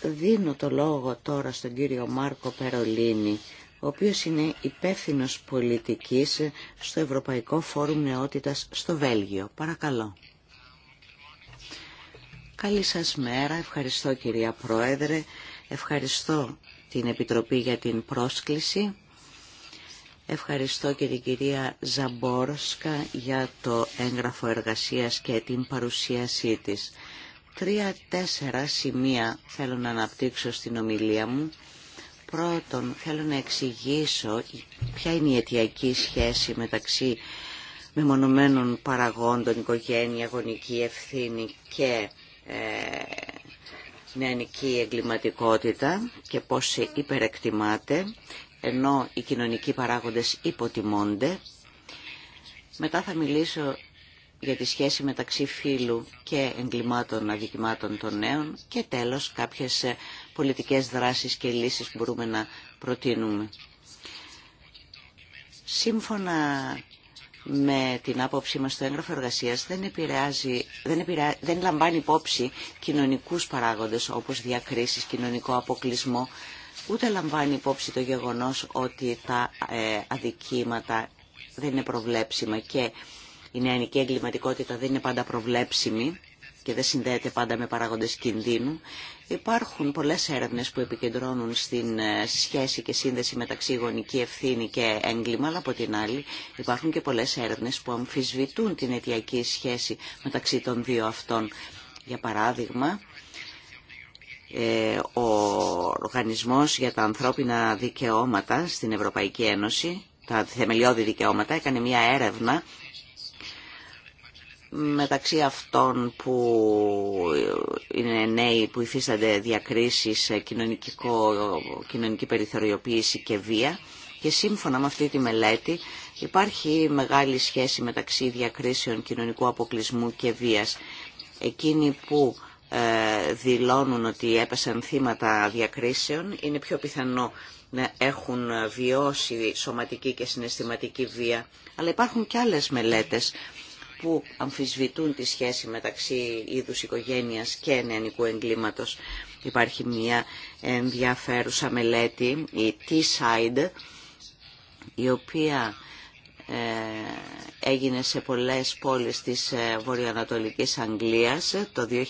δίνω το λόγο τώρα στον κύριο Μάρκο Περολίνη ο οποίος είναι υπεύθυνο πολιτικής στο Ευρωπαϊκό Φόρουμ Νεότητας στο Βέλγιο. Παρακαλώ. Καλή σας μέρα. Ευχαριστώ κυρία Πρόεδρε. Ευχαριστώ την Επιτροπή για την πρόσκληση. Ευχαριστώ και την κυρία Ζαμπόρσκα για το έγγραφο εργασίας και την παρουσίασή της. Τρία-τέσσερα σημεία θέλω να αναπτύξω στην ομιλία μου Πρώτον, θέλω να εξηγήσω ποια είναι η αιτιακή σχέση μεταξύ μεμονωμένων παραγόντων, οικογένεια, γονική ευθύνη και ε, νεανική εγκληματικότητα και πώς υπερεκτιμάται, ενώ οι κοινωνικοί παράγοντες υποτιμώνται. Μετά θα μιλήσω για τη σχέση μεταξύ φύλου και εγκλημάτων αδικημάτων των νέων και τέλος κάποιες ε, πολιτικές δράσεις και λύσεις που μπορούμε να προτείνουμε. Σύμφωνα με την άποψή μας στο έγγραφο εργασίας δεν, επηρεάζει, δεν, δεν λαμβάνει υπόψη κοινωνικούς παράγοντες όπως διακρίσεις, κοινωνικό αποκλεισμό, ούτε λαμβάνει υπόψη το γεγονός ότι τα ε, αδικήματα δεν είναι προβλέψιμα και η νεανική εγκληματικότητα δεν είναι πάντα προβλέψιμη και δεν συνδέεται πάντα με παράγοντες κινδύνου Υπάρχουν πολλές έρευνες που επικεντρώνουν στην ε, σχέση και σύνδεση μεταξύ γονική ευθύνη και έγκλημα, αλλά από την άλλη υπάρχουν και πολλές έρευνες που αμφισβητούν την αιτιακή σχέση μεταξύ των δύο αυτών. Για παράδειγμα, ε, ο Οργανισμός για τα Ανθρώπινα Δικαιώματα στην Ευρωπαϊκή Ένωση, τα θεμελιώδη δικαιώματα, έκανε μια έρευνα μεταξύ αυτών που είναι νέοι που υφίστανται διακρίσεις, κοινωνικό, κοινωνική περιθωριοποίηση και βία και σύμφωνα με αυτή τη μελέτη υπάρχει μεγάλη σχέση μεταξύ διακρίσεων κοινωνικού αποκλεισμού και βίας. Εκείνοι που ε, δηλώνουν ότι έπεσαν θύματα διακρίσεων είναι πιο πιθανό να έχουν βιώσει σωματική και συναισθηματική βία. Αλλά υπάρχουν και άλλες μελέτες που αμφισβητούν τη σχέση μεταξύ είδους οικογένειας και νεανικού εγκλήματος. Υπάρχει μια ενδιαφέρουσα μελέτη, η T-Side, η οποία ε, έγινε σε πολλές πόλεις της ε, βορειοανατολικής Αγγλίας το 2006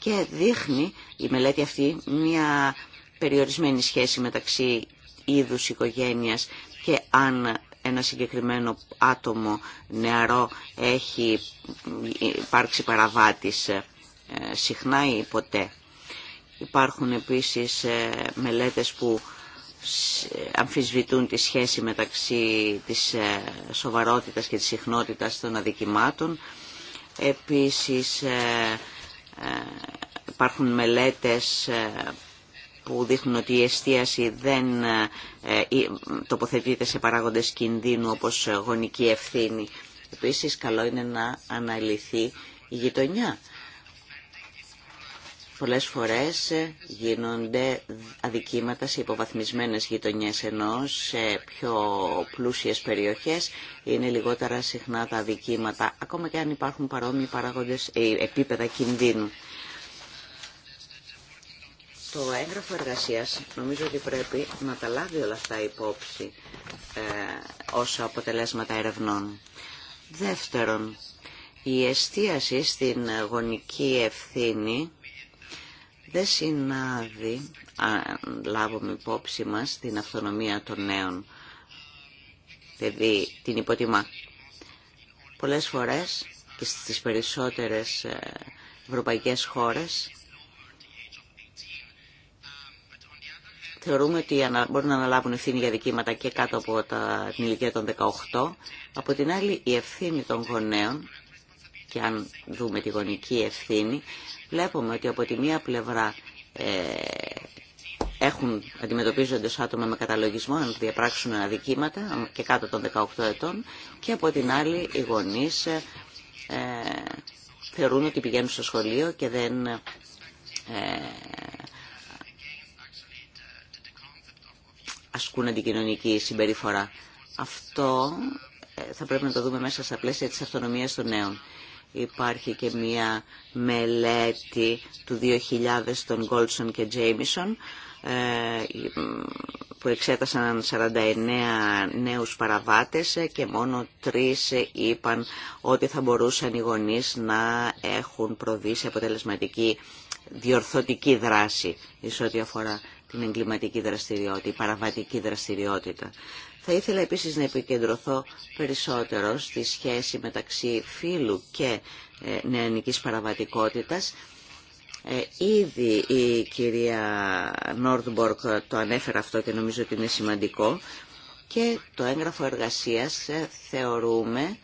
και δείχνει η μελέτη αυτή μια περιορισμένη σχέση μεταξύ είδους οικογένειας και αν ένα συγκεκριμένο άτομο νεαρό έχει υπάρξει παραβάτης ε, συχνά ή ποτέ. Υπάρχουν επίσης ε, μελέτες που ε, αμφισβητούν τη σχέση μεταξύ της σοβαρότητας και της συχνότητας των αδικημάτων. Επίσης υπάρχουν μελέτες που δείχνουν ότι η εστίαση δεν ε, ε, τοποθετείται σε παράγοντες κινδύνου όπως γονική ευθύνη. Επίσης καλό είναι να αναλυθεί η γειτονιά. Πολλές φορές γίνονται αδικήματα σε υποβαθμισμένες γειτονιές ενώ σε πιο πλούσιες περιοχές είναι λιγότερα συχνά τα αδικήματα ακόμα και αν υπάρχουν παρόμοιοι παράγοντες ε, επίπεδα κινδύνου το έγγραφο εργασίας νομίζω ότι πρέπει να τα λάβει όλα αυτά υπόψη ε, ως αποτελέσματα ερευνών. Δεύτερον, η εστίαση στην γονική ευθύνη δεν συνάδει, αν λάβουμε υπόψη μας, την αυτονομία των νέων. Δηλαδή την υποτιμά. Πολλές φορές και στις περισσότερες ε, ευρωπαϊκές χώρες Θεωρούμε ότι μπορούν να αναλάβουν ευθύνη για δικήματα και κάτω από τα, την ηλικία των 18. Από την άλλη, η ευθύνη των γονέων, και αν δούμε τη γονική ευθύνη, βλέπουμε ότι από τη μία πλευρά ε, έχουν, αντιμετωπίζονται σ άτομα με καταλογισμό να διαπράξουν αδικήματα και κάτω των 18 ετών και από την άλλη οι γονείς ε, ε, θεωρούν ότι πηγαίνουν στο σχολείο και δεν ασκούν αντικοινωνική συμπεριφορά. Αυτό ε, θα πρέπει να το δούμε μέσα στα πλαίσια της αυτονομίας των νέων. Υπάρχει και μία μελέτη του 2000 των Γκόλτσον και Τζέιμισον ε, που εξέτασαν 49 νέους παραβάτες ε, και μόνο τρεις είπαν ότι θα μπορούσαν οι γονείς να έχουν προβεί αποτελεσματική διορθωτική δράση εις ό,τι αφορά την εγκληματική δραστηριότητα, η παραβατική δραστηριότητα. Θα ήθελα επίσης να επικεντρωθώ περισσότερο στη σχέση μεταξύ φύλου και ε, νεανικής παραβατικότητας. Ε, ήδη η κυρία Νόρντμπορκ το ανέφερε αυτό και νομίζω ότι είναι σημαντικό και το έγγραφο εργασίας ε, θεωρούμε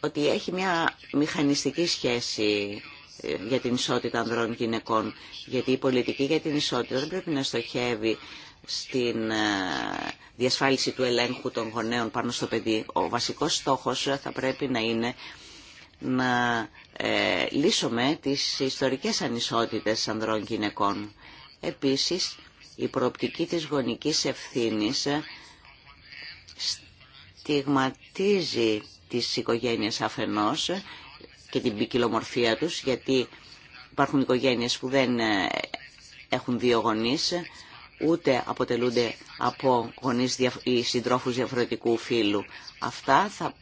ότι έχει μια μηχανιστική σχέση για την ισότητα ανδρών και γυναικών. Γιατί η πολιτική για την ισότητα δεν πρέπει να στοχεύει στην ε, διασφάλιση του ελέγχου των γονέων πάνω στο παιδί. Ο βασικός στόχος θα πρέπει να είναι να ε, λύσουμε τις ιστορικές ανισότητες ανδρών και γυναικών. Επίσης, η προοπτική της γονικής ευθύνης στιγματίζει τις οικογένειες αφενός και την ποικιλομορφία τους, γιατί υπάρχουν οικογένειες που δεν ε, έχουν δύο γονείς, ούτε αποτελούνται από γονείς ή συντρόφους διαφορετικού φύλου. Αυτά θα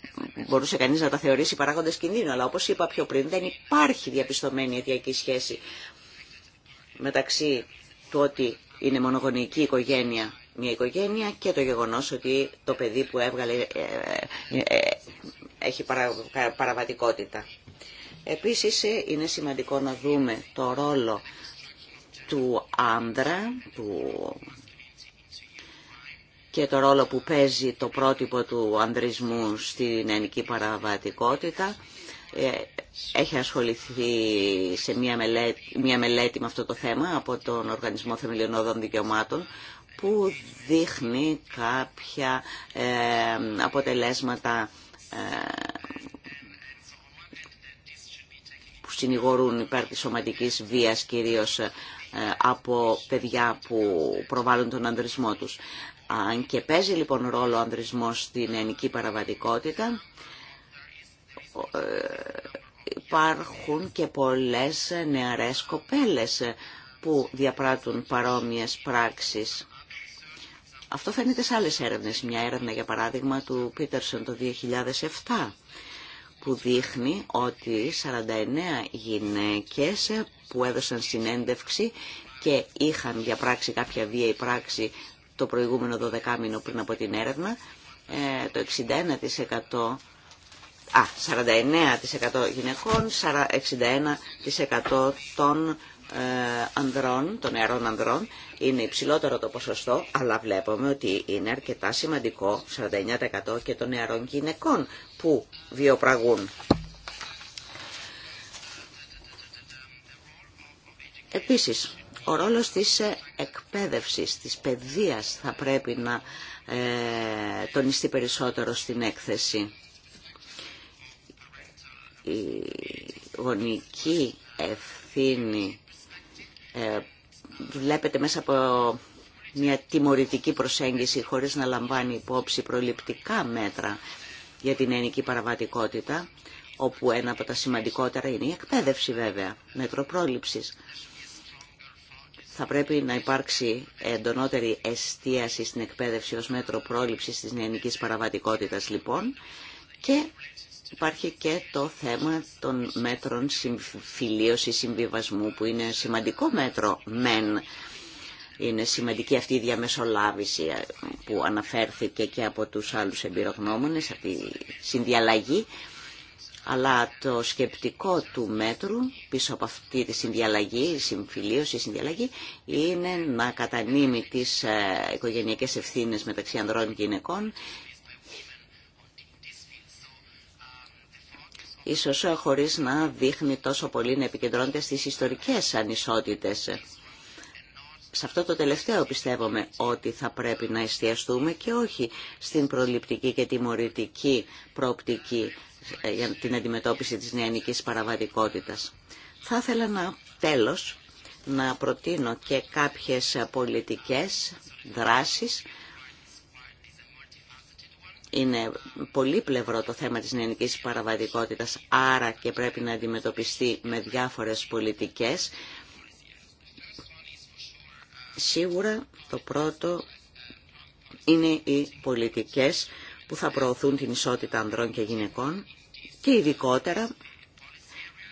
μπορούσε κανείς να τα θεωρήσει παράγοντες κινδύνου, αλλά όπως είπα πιο πριν δεν υπάρχει διαπιστωμένη αιτιακή σχέση μεταξύ του ότι είναι μονογονική οικογένεια μια οικογένεια και το γεγονός ότι το παιδί που έβγαλε ε, ε, έχει παραβατικότητα. Επίσης ε, είναι σημαντικό να δούμε το ρόλο του άνδρα του... και το ρόλο που παίζει το πρότυπο του ανδρισμού στην ενική παραβατικότητα. Ε, έχει ασχοληθεί σε μια μελέτη, μια μελέτη με αυτό το θέμα από τον Οργανισμό Θεμελιωνόδων Δικαιωμάτων που δείχνει κάποια ε, αποτελέσματα ε, συνηγορούν υπέρ της σωματικής βίας κυρίως ε, από παιδιά που προβάλλουν τον ανδρισμό τους. Αν και παίζει λοιπόν ρόλο ο ανδρισμός στην ενική παραβατικότητα, ε, υπάρχουν και πολλές νεαρές κοπέλες που διαπράττουν παρόμοιες πράξεις. Αυτό φαίνεται σε άλλες έρευνες. Μια έρευνα, για παράδειγμα, του Πίτερσον το 2007 που δείχνει ότι 49 γυναίκες που έδωσαν συνέντευξη και είχαν διαπράξει κάποια βία η πράξη το προηγούμενο 12 μήνο πριν από την έρευνα, ε, το 61% Α, 49% γυναικών, 61% των ε, ανδρών, των νεαρών ανδρών είναι υψηλότερο το ποσοστό, αλλά βλέπουμε ότι είναι αρκετά σημαντικό, 49% και των νεαρών γυναικών που βιοπραγούν. Επίσης, ο ρόλος της ε, εκπαίδευσης, της παιδείας θα πρέπει να ε, τονιστεί περισσότερο στην έκθεση. Η γονική ευθύνη ε, βλέπετε μέσα από μια τιμωρητική προσέγγιση χωρίς να λαμβάνει υπόψη προληπτικά μέτρα για την ενική παραβατικότητα, όπου ένα από τα σημαντικότερα είναι η εκπαίδευση βέβαια, μέτρο πρόληψης. Θα πρέπει να υπάρξει εντονότερη εστίαση στην εκπαίδευση ως μέτρο πρόληψης της νεανικής παραβατικότητας λοιπόν και Υπάρχει και το θέμα των μέτρων συμφιλίωσης συμβιβασμού που είναι σημαντικό μέτρο μεν. Είναι σημαντική αυτή η διαμεσολάβηση ε, που αναφέρθηκε και από τους άλλους εμπειρογνώμονες, αυτή η συνδιαλλαγή. Αλλά το σκεπτικό του μέτρου πίσω από αυτή τη συνδιαλλαγή, η συμφιλίωση, η συνδιαλλαγή, είναι να κατανείμει τις ε, οικογενειακές ευθύνες μεταξύ ανδρών και γυναικών ίσως χωρίς να δείχνει τόσο πολύ να επικεντρώνεται στις ιστορικές ανισότητες. Σε αυτό το τελευταίο πιστεύουμε ότι θα πρέπει να εστιαστούμε και όχι στην προληπτική και τιμωρητική προοπτική για την αντιμετώπιση της νεανικής παραβατικότητας. Θα ήθελα να τέλος να προτείνω και κάποιες πολιτικές δράσεις είναι πολύ πλευρό το θέμα της νεανικής παραβατικότητας, άρα και πρέπει να αντιμετωπιστεί με διάφορες πολιτικές. Σίγουρα το πρώτο είναι οι πολιτικές που θα προωθούν την ισότητα ανδρών και γυναικών και ειδικότερα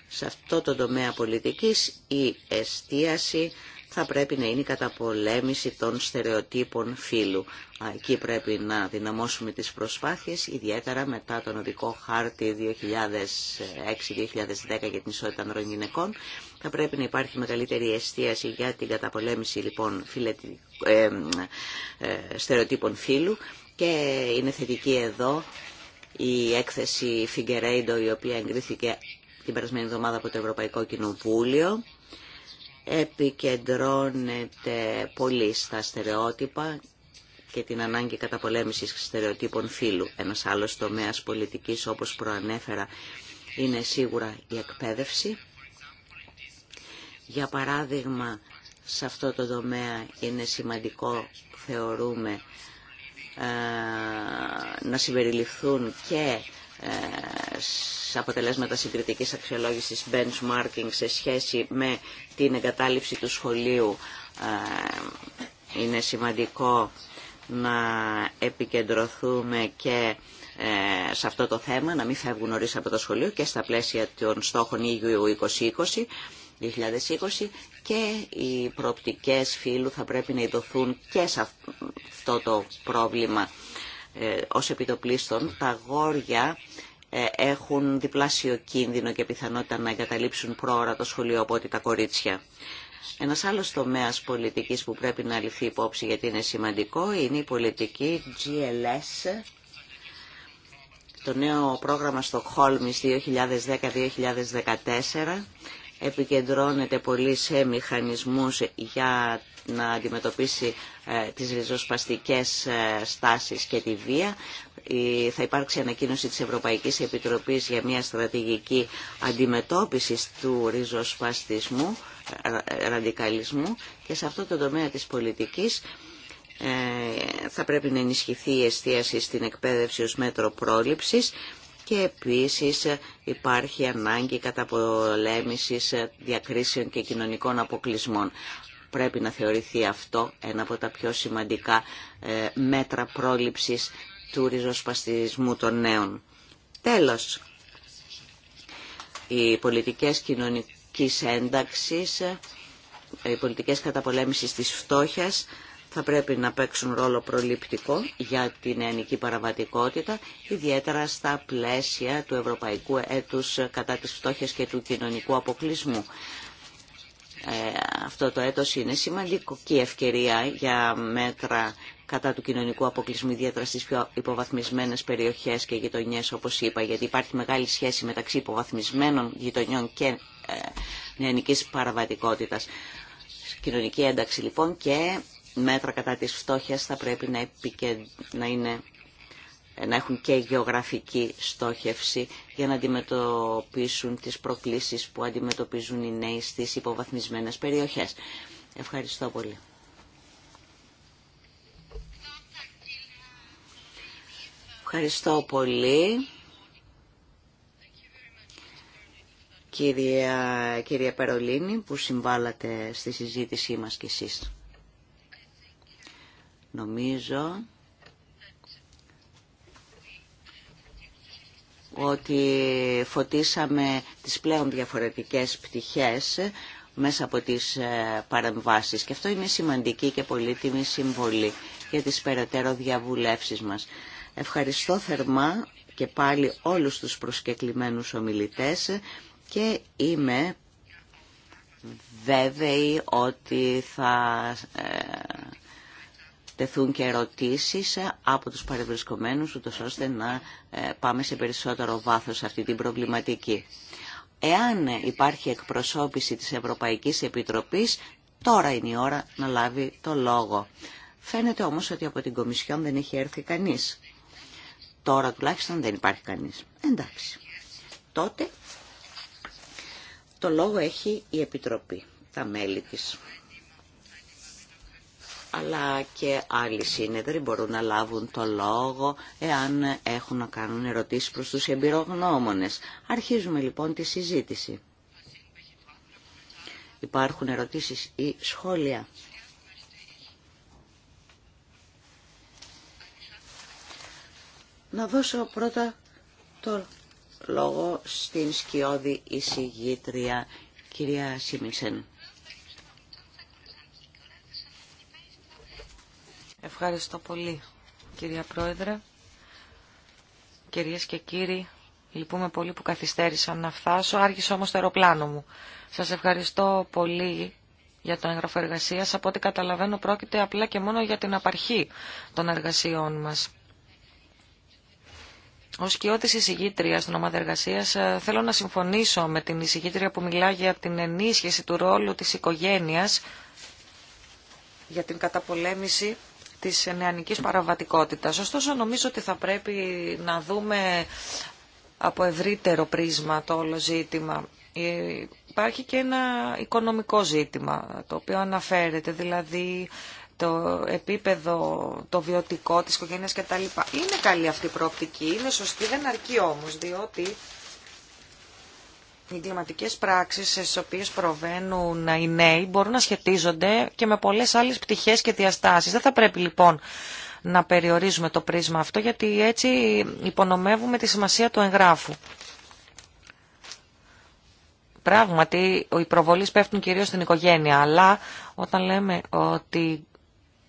σε αυτό το τομέα πολιτικής η εστίαση θα πρέπει να είναι η καταπολέμηση των στερεοτύπων φύλου. Εκεί πρέπει να δυναμώσουμε τις προσπάθειες, ιδιαίτερα μετά τον οδικό χάρτη 2006-2010 για την ισότητα ανδρών γυναικών. Θα πρέπει να υπάρχει μεγαλύτερη εστίαση για την καταπολέμηση λοιπόν, ε, ε, στερεοτύπων φύλου και είναι θετική εδώ η έκθεση Φιγκερέιντο η οποία εγκρίθηκε την περασμένη εβδομάδα από το Ευρωπαϊκό Κοινοβούλιο επικεντρώνεται πολύ στα στερεότυπα και την ανάγκη καταπολέμησης στερεοτύπων φύλου. Ένας άλλος τομέας πολιτικής, όπως προανέφερα, είναι σίγουρα η εκπαίδευση. Για παράδειγμα, σε αυτό το τομέα είναι σημαντικό, θεωρούμε, ε, να συμπεριληφθούν και σε αποτελέσματα συγκριτικής αξιολόγησης benchmarking σε σχέση με την εγκατάλειψη του σχολείου ε, είναι σημαντικό να επικεντρωθούμε και ε, σε αυτό το θέμα, να μην φεύγουν νωρίς από το σχολείο και στα πλαίσια των στόχων ήγιου 2020 2020 και οι προοπτικές φύλου θα πρέπει να ειδωθούν και σε αυτό το πρόβλημα ε, ως επιτοπλίστων τα αγόρια ε, έχουν διπλάσιο κίνδυνο και πιθανότητα να εγκαταλείψουν πρόωρα το σχολείο από ότι τα κορίτσια. Ένα άλλο τομέα πολιτικής που πρέπει να ληφθεί υπόψη γιατί είναι σημαντικό είναι η πολιτική GLS, το νέο Στοκχόλμη Στοκχόλμης 2010-2014 επικεντρώνεται πολύ σε μηχανισμούς για να αντιμετωπίσει ε, τις ριζοσπαστικές ε, στάσεις και τη βία. Θα υπάρξει ανακοίνωση της Ευρωπαϊκής Επιτροπής για μια στρατηγική αντιμετώπιση του ριζοσπαστισμού, ε, ραντικαλισμού και σε αυτό το τομέα της πολιτικής θα πρέπει να ενισχυθεί η εστίαση στην εκπαίδευση ως μέτρο πρόληψης και επίσης υπάρχει ανάγκη καταπολέμησης διακρίσεων και κοινωνικών αποκλεισμών. Πρέπει να θεωρηθεί αυτό ένα από τα πιο σημαντικά ε, μέτρα πρόληψης του ριζοσπαστισμού των νέων. Τέλος, οι πολιτικές κοινωνικής ένταξης, ε, οι πολιτικές καταπολέμησης της φτώχειας θα πρέπει να παίξουν ρόλο προληπτικό για την νεανική παραβατικότητα, ιδιαίτερα στα πλαίσια του Ευρωπαϊκού Έτους κατά της φτώχειας και του κοινωνικού αποκλεισμού. Ε, αυτό το έτος είναι σημαντική ευκαιρία για μέτρα κατά του κοινωνικού αποκλεισμού, ιδιαίτερα στις πιο υποβαθμισμένες περιοχές και γειτονιές, όπως είπα, γιατί υπάρχει μεγάλη σχέση μεταξύ υποβαθμισμένων γειτονιών και ε, νεανικής παραβατικότητας. Κοινωνική ένταξη λοιπόν και μέτρα κατά της φτώχειας θα πρέπει να, να, είναι, να έχουν και γεωγραφική στόχευση για να αντιμετωπίσουν τις προκλήσεις που αντιμετωπίζουν οι νέοι στις υποβαθμισμένες περιοχές. Ευχαριστώ πολύ. Ευχαριστώ πολύ. Κυρία, κυρία Περολίνη που συμβάλλατε στη συζήτησή μας και εσείς. Νομίζω ότι φωτίσαμε τις πλέον διαφορετικές πτυχές μέσα από τις ε, παρεμβάσεις και αυτό είναι σημαντική και πολύτιμη συμβολή για τις περαιτέρω διαβουλεύσεις μας. Ευχαριστώ θερμά και πάλι όλους τους προσκεκλημένους ομιλητές και είμαι βέβαιη ότι θα ε, τεθούν και ερωτήσεις από τους παρευρισκομένους, ούτως ώστε να ε, πάμε σε περισσότερο βάθος σε αυτή την προβληματική. Εάν υπάρχει εκπροσώπηση της Ευρωπαϊκής Επιτροπής, τώρα είναι η ώρα να λάβει το λόγο. Φαίνεται όμως ότι από την Κομισιόν δεν έχει έρθει κανείς. Τώρα τουλάχιστον δεν υπάρχει κανείς. Εντάξει. Τότε το λόγο έχει η Επιτροπή, τα μέλη της αλλά και άλλοι σύνεδροι μπορούν να λάβουν το λόγο εάν έχουν να κάνουν ερωτήσεις προς τους εμπειρογνώμονες. Αρχίζουμε λοιπόν τη συζήτηση. Υπάρχουν ερωτήσεις ή σχόλια. Να δώσω πρώτα το λόγο στην σκιώδη εισηγήτρια κυρία Σίμινσεν. Ευχαριστώ πολύ, κυρία Πρόεδρε. Κυρίες και κύριοι, λυπούμε πολύ που καθυστέρησα να φτάσω. Άρχισε όμως το αεροπλάνο μου. Σας ευχαριστώ πολύ για τον έγγραφο εργασία. Από ό,τι καταλαβαίνω πρόκειται απλά και μόνο για την απαρχή των εργασιών μας. Ω κοιότη εισηγήτρια στην ομάδα εργασία, ε, θέλω να συμφωνήσω με την εισηγήτρια που μιλά για την ενίσχυση του ρόλου τη οικογένεια για την καταπολέμηση της νεανικής παραβατικότητας. Ωστόσο νομίζω ότι θα πρέπει να δούμε από ευρύτερο πρίσμα το όλο ζήτημα. Ε, υπάρχει και ένα οικονομικό ζήτημα το οποίο αναφέρεται, δηλαδή το επίπεδο, το βιωτικό της οικογένειας κτλ. Είναι καλή αυτή η προοπτική, είναι σωστή, δεν αρκεί όμως, διότι οι εγκληματικέ πράξει στι οποίε προβαίνουν οι νέοι μπορούν να σχετίζονται και με πολλέ άλλε πτυχέ και διαστάσει. Δεν θα πρέπει λοιπόν να περιορίζουμε το πρίσμα αυτό, γιατί έτσι υπονομεύουμε τη σημασία του εγγράφου. Πράγματι, οι προβολείς πέφτουν κυρίως στην οικογένεια, αλλά όταν λέμε ότι η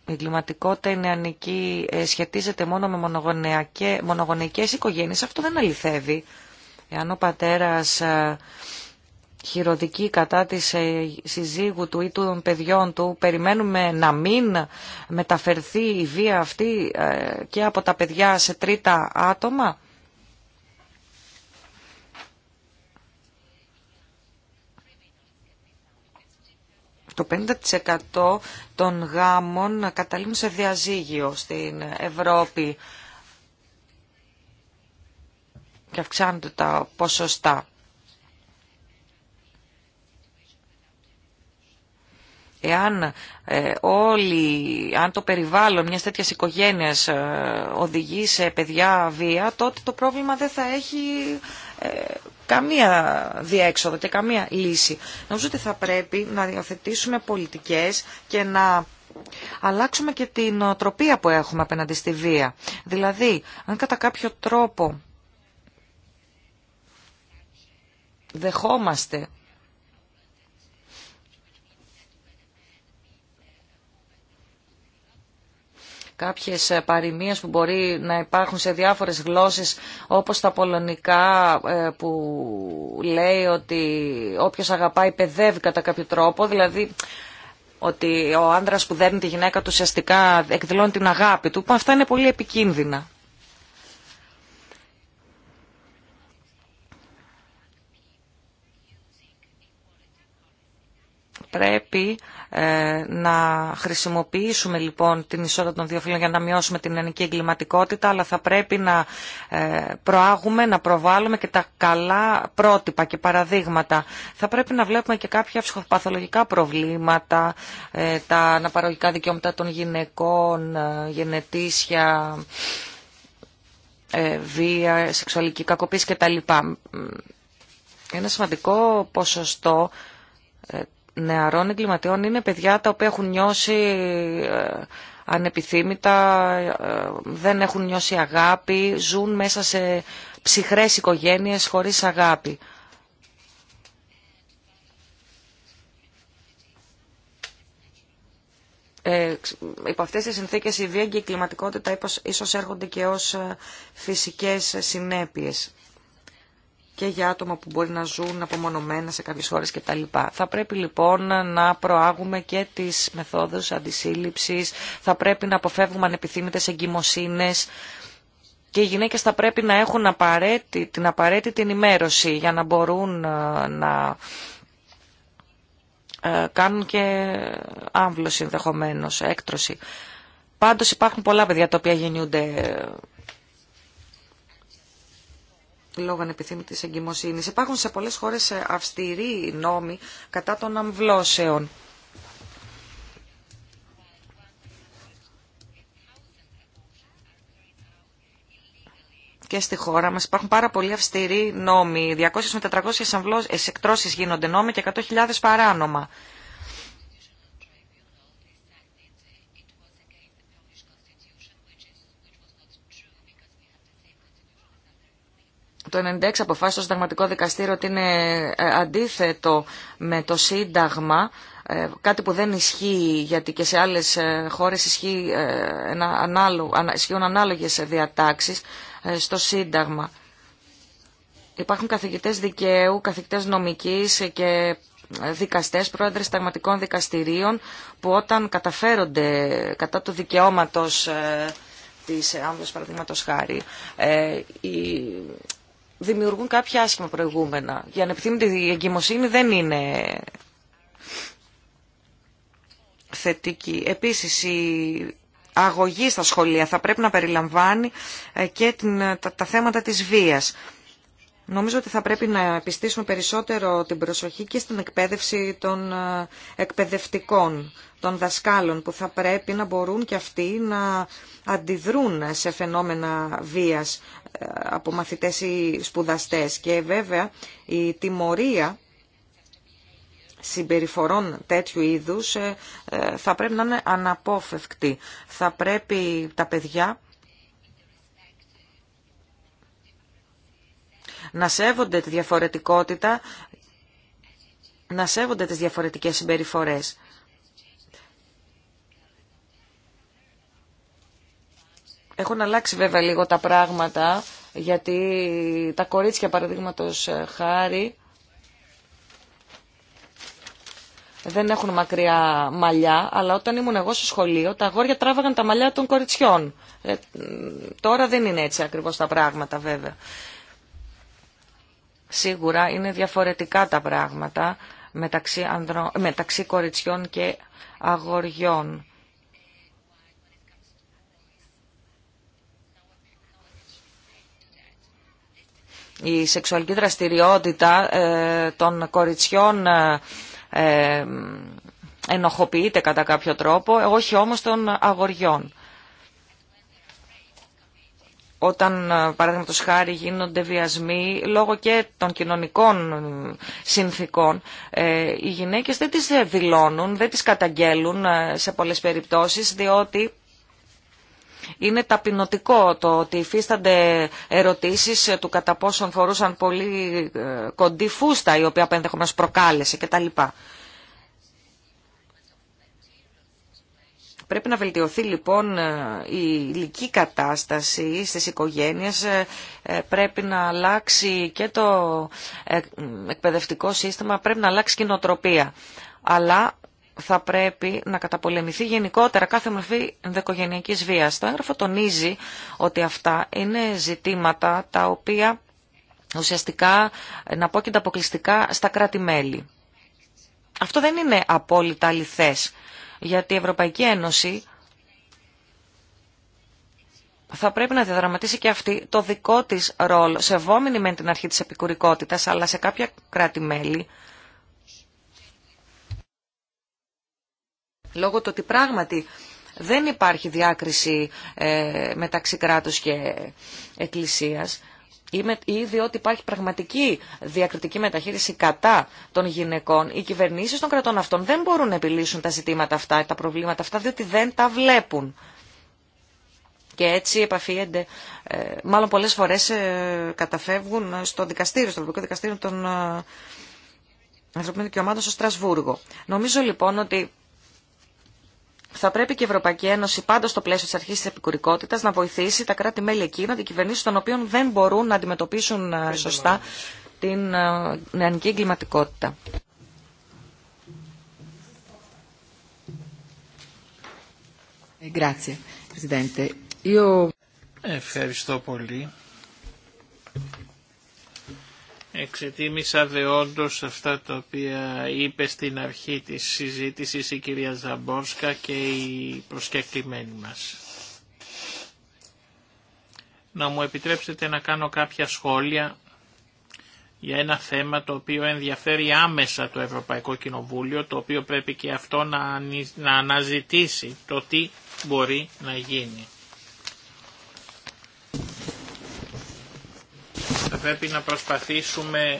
εγκληματικότητα η νεανική ε, σχετίζεται μόνο με μονογονεϊκές οικογένειες, αυτό δεν αληθεύει. Εάν ο πατέρας ε, χειροδική κατά της ε, συζύγου του ή των παιδιών του, περιμένουμε να μην μεταφερθεί η βία αυτή ε, και από τα παιδιά σε τρίτα άτομα. Το 50% των γάμων καταλήγουν σε διαζύγιο στην Ευρώπη και αυξάνονται τα ποσοστά. Εάν ε, όλοι, αν το περιβάλλον μιας τέτοιας οικογένειας ε, οδηγεί σε παιδιά βία, τότε το πρόβλημα δεν θα έχει ε, καμία διέξοδο και καμία λύση. Νομίζω ότι θα πρέπει να διαθετήσουμε πολιτικές και να αλλάξουμε και την τροπία που έχουμε απέναντι στη βία. Δηλαδή, αν κατά κάποιο τρόπο δεχόμαστε κάποιες ε, παροιμίες που μπορεί να υπάρχουν σε διάφορες γλώσσες όπως τα πολωνικά ε, που λέει ότι όποιος αγαπάει παιδεύει κατά κάποιο τρόπο δηλαδή ότι ο άντρας που δέρνει τη γυναίκα του ουσιαστικά εκδηλώνει την αγάπη του. Αυτά είναι πολύ επικίνδυνα. πρέπει ε, να χρησιμοποιήσουμε λοιπόν την ισότητα των δύο φύλων για να μειώσουμε την ενική εγκληματικότητα, αλλά θα πρέπει να ε, προάγουμε, να προβάλλουμε και τα καλά πρότυπα και παραδείγματα. Θα πρέπει να βλέπουμε και κάποια ψυχοπαθολογικά προβλήματα, ε, τα αναπαραγωγικά δικαιώματα των γυναικών, γενετήσια, βία, σεξουαλική κακοποίηση κτλ. Ένα σημαντικό ποσοστό νεαρών εγκληματιών είναι παιδιά τα οποία έχουν νιώσει ε, ανεπιθύμητα, ε, δεν έχουν νιώσει αγάπη, ζουν μέσα σε ψυχρές οικογένειες χωρίς αγάπη. Ε, υπό αυτές τις συνθήκες η βία και η κλιματικότητα ίσως έρχονται και ως ε, φυσικές συνέπειες και για άτομα που μπορεί να ζουν απομονωμένα σε κάποιες χώρες κτλ. Θα πρέπει λοιπόν να προάγουμε και τις μεθόδους αντισύλληψης, θα πρέπει να αποφεύγουμε ανεπιθύμητες εγκυμοσύνες και οι γυναίκες θα πρέπει να έχουν απαραίτη, την απαραίτητη ενημέρωση για να μπορούν ε, να ε, κάνουν και άμβλωση ενδεχομένω, έκτρωση. Πάντως υπάρχουν πολλά παιδιά τα οποία γεννιούνται ε, λόγω ανεπιθύμητη εγκυμοσύνης. Υπάρχουν σε πολλές χώρες ε, αυστηροί νόμοι κατά των αμβλώσεων. και στη χώρα μας υπάρχουν πάρα πολύ αυστηροί νόμοι. 200 με 400 εκτρώσεις γίνονται νόμοι και 100.000 παράνομα. Το 1996 αποφάσισε το Συνταγματικό Δικαστήριο ότι είναι ε, αντίθετο με το Σύνταγμα, ε, κάτι που δεν ισχύει γιατί και σε άλλες ε, χώρες ισχύει ισχύουν ανάλογες διατάξεις στο Σύνταγμα. Υπάρχουν καθηγητές δικαίου, καθηγητές νομικής και δικαστές, πρόεδρες σταγματικών δικαστηρίων που όταν καταφέρονται κατά του δικαιώματος της άνδρας παραδείγματος χάρη, δημιουργούν κάποια άσχημα προηγούμενα. Η ανεπιθύμητη εγκυμοσύνη δεν είναι θετική. Επίσης η αγωγή στα σχολεία θα πρέπει να περιλαμβάνει ε, και τα θέματα της βίας. Νομίζω ότι θα πρέπει να επιστήσουμε περισσότερο την προσοχή και στην εκπαίδευση των ε, εκπαιδευτικών, των δασκάλων, που θα πρέπει να μπορούν και αυτοί να αντιδρούν σε φαινόμενα βίας ε, από μαθητές ή σπουδαστές. Και βέβαια η τιμωρία συμπεριφορών τέτοιου είδους ε, θα πρέπει να είναι αναπόφευκτη. Θα πρέπει τα παιδιά να σέβονται τη διαφορετικότητα, να σέβονται τις διαφορετικές συμπεριφορές. Έχουν αλλάξει βέβαια λίγο τα πράγματα, γιατί τα κορίτσια παραδείγματος ε, χάρη δεν έχουν μακριά μαλλιά, αλλά όταν ήμουν εγώ στο σχολείο τα αγόρια τράβαγαν τα μαλλιά των κοριτσιών. Ε, τώρα δεν είναι έτσι ακριβώς τα πράγματα βέβαια. Σίγουρα είναι διαφορετικά τα πράγματα μεταξύ, ανδρο... μεταξύ κοριτσιών και αγοριών. Η σεξουαλική δραστηριότητα ε, των κοριτσιών ε, ε, ενοχοποιείται κατά κάποιο τρόπο, όχι όμως των αγοριών όταν ε, παραδείγματο χάρη γίνονται βιασμοί λόγω και των κοινωνικών συνθήκων ε, οι γυναίκες δεν τις δηλώνουν, δεν τις καταγγέλουν ε, σε πολλές περιπτώσεις διότι είναι ταπεινωτικό το ότι υφίστανται ερωτήσεις του κατά πόσον φορούσαν πολύ κοντή φούστα η οποία μα προκάλεσε κτλ. Πρέπει να βελτιωθεί λοιπόν ε, η ηλική κατάσταση στις οικογένειες, ε, ε, πρέπει να αλλάξει και το εκπαιδευτικό σύστημα, πρέπει να αλλάξει και η νοοτροπία. Αλλά θα πρέπει να καταπολεμηθεί γενικότερα κάθε μορφή ενδοικογενειακής βίας. Το έγγραφο τονίζει ότι αυτά είναι ζητήματα τα οποία ουσιαστικά να πω και τα αποκλειστικά στα κράτη-μέλη. Αυτό δεν είναι απόλυτα αληθές γιατί η Ευρωπαϊκή Ένωση θα πρέπει να διαδραματίσει και αυτή το δικό της ρόλο, σεβόμενη με την αρχή της επικουρικότητας, αλλά σε κάποια κράτη-μέλη, λόγω του ότι πράγματι δεν υπάρχει διάκριση ε, μεταξύ κράτους και εκκλησίας, ή διότι υπάρχει πραγματική διακριτική μεταχείριση κατά των γυναικών, οι κυβερνήσει των κρατών αυτών δεν μπορούν να επιλύσουν τα ζητήματα αυτά, τα προβλήματα αυτά, διότι δεν τα βλέπουν. Και έτσι επαφίενται, ε, μάλλον πολλές φορές ε, καταφεύγουν στο δικαστήριο, στο Ευρωπαϊκό Δικαστήριο των ε, Ανθρωπίνων Δικαιωμάτων στο Στρασβούργο. Νομίζω λοιπόν ότι θα πρέπει και η Ευρωπαϊκή Ένωση πάντα στο πλαίσιο τη αρχή τη επικουρικότητα να βοηθήσει τα κράτη-μέλη εκείνα, την κυβερνήσει των οποίων δεν μπορούν να αντιμετωπίσουν ε, σωστά την ε, νεανική εγκληματικότητα. Ε, Ευχαριστώ πολύ. Εξετίμησα δεόντως αυτά τα οποία είπε στην αρχή της συζήτησης η κυρία Ζαμπόρσκα και η προσκεκλημένη μας. Να μου επιτρέψετε να κάνω κάποια σχόλια για ένα θέμα το οποίο ενδιαφέρει άμεσα το Ευρωπαϊκό Κοινοβούλιο, το οποίο πρέπει και αυτό να αναζητήσει το τι μπορεί να γίνει. πρέπει να προσπαθήσουμε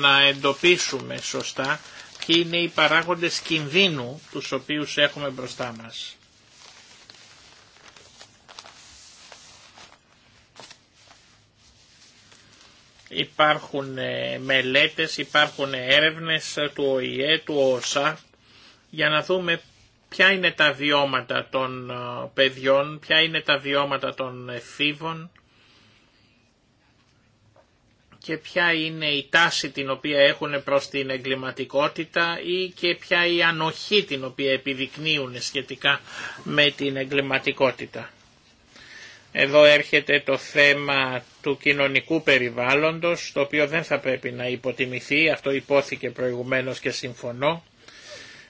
να εντοπίσουμε σωστά ποιοι είναι οι παράγοντες κινδύνου τους οποίους έχουμε μπροστά μας. Υπάρχουν ε, μελέτες, υπάρχουν έρευνες του ΟΗΕ, του ΟΣΑ για να δούμε ποια είναι τα βιώματα των ε, παιδιών, ποια είναι τα βιώματα των εφήβων και ποια είναι η τάση την οποία έχουν προς την εγκληματικότητα ή και ποια η ανοχή την οποία επιδεικνύουν σχετικά με την εγκληματικότητα. Εδώ έρχεται το θέμα του κοινωνικού περιβάλλοντος, το οποίο δεν θα πρέπει να υποτιμηθεί, αυτό υπόθηκε προηγουμένως και συμφωνώ.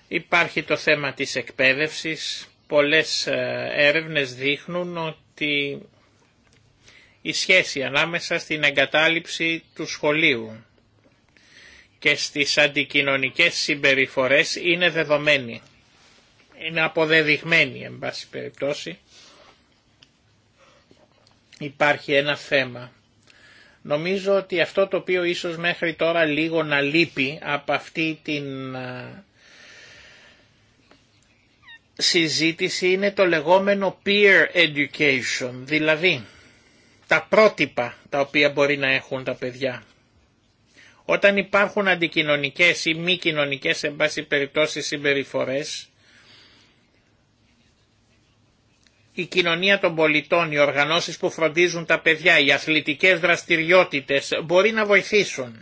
Υπάρχει το θέμα της εκπαίδευσης. Πολλές ε, έρευνες δείχνουν ότι η σχέση ανάμεσα στην εγκατάλειψη του σχολείου και στις αντικοινωνικές συμπεριφορές είναι δεδομένη. Είναι αποδεδειγμένη, εν πάση περιπτώσει. Υπάρχει ένα θέμα. Νομίζω ότι αυτό το οποίο ίσως μέχρι τώρα λίγο να λείπει από αυτή την συζήτηση είναι το λεγόμενο peer education, δηλαδή τα πρότυπα τα οποία μπορεί να έχουν τα παιδιά. Όταν υπάρχουν αντικοινωνικές ή μη κοινωνικές εν πάση περιπτώσει συμπεριφορές, η μη κοινωνικες σε παση περιπτωσει συμπεριφορες η κοινωνια των πολιτών, οι οργανώσεις που φροντίζουν τα παιδιά, οι αθλητικές δραστηριότητες μπορεί να βοηθήσουν.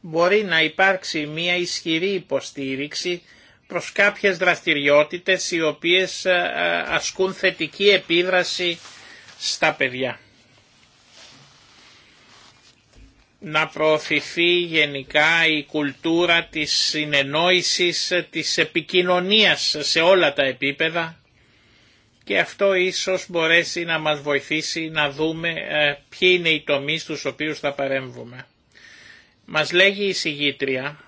Μπορεί να υπάρξει μια ισχυρή υποστήριξη προς κάποιες δραστηριότητες οι οποίες ε, ε, ασκούν θετική επίδραση στα παιδιά. Να προωθηθεί γενικά η κουλτούρα της συνεννόησης, της επικοινωνίας σε όλα τα επίπεδα και αυτό ίσως μπορέσει να μας βοηθήσει να δούμε ε, ποιοι είναι οι τομείς στους οποίους θα παρέμβουμε. Μας λέγει η συγγήτρια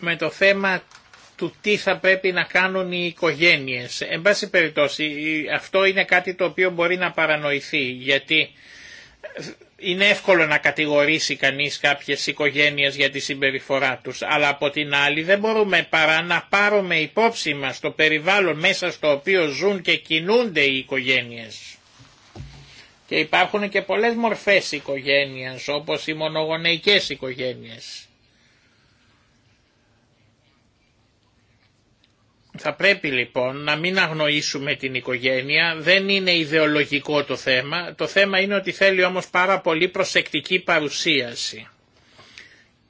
με το θέμα του τι θα πρέπει να κάνουν οι οικογένειες. Εν πάση περιπτώσει αυτό είναι κάτι το οποίο μπορεί να παρανοηθεί γιατί είναι εύκολο να κατηγορήσει κανείς κάποιες οικογένειες για τη συμπεριφορά τους, αλλά από την άλλη δεν μπορούμε παρά να πάρουμε υπόψη μας το περιβάλλον μέσα στο οποίο ζουν και κινούνται οι οικογένειες. Και υπάρχουν και πολλές μορφές οικογένειας, όπως οι μονογονεϊκές οικογένειες. Θα πρέπει λοιπόν να μην αγνοήσουμε την οικογένεια, δεν είναι ιδεολογικό το θέμα, το θέμα είναι ότι θέλει όμως πάρα πολύ προσεκτική παρουσίαση.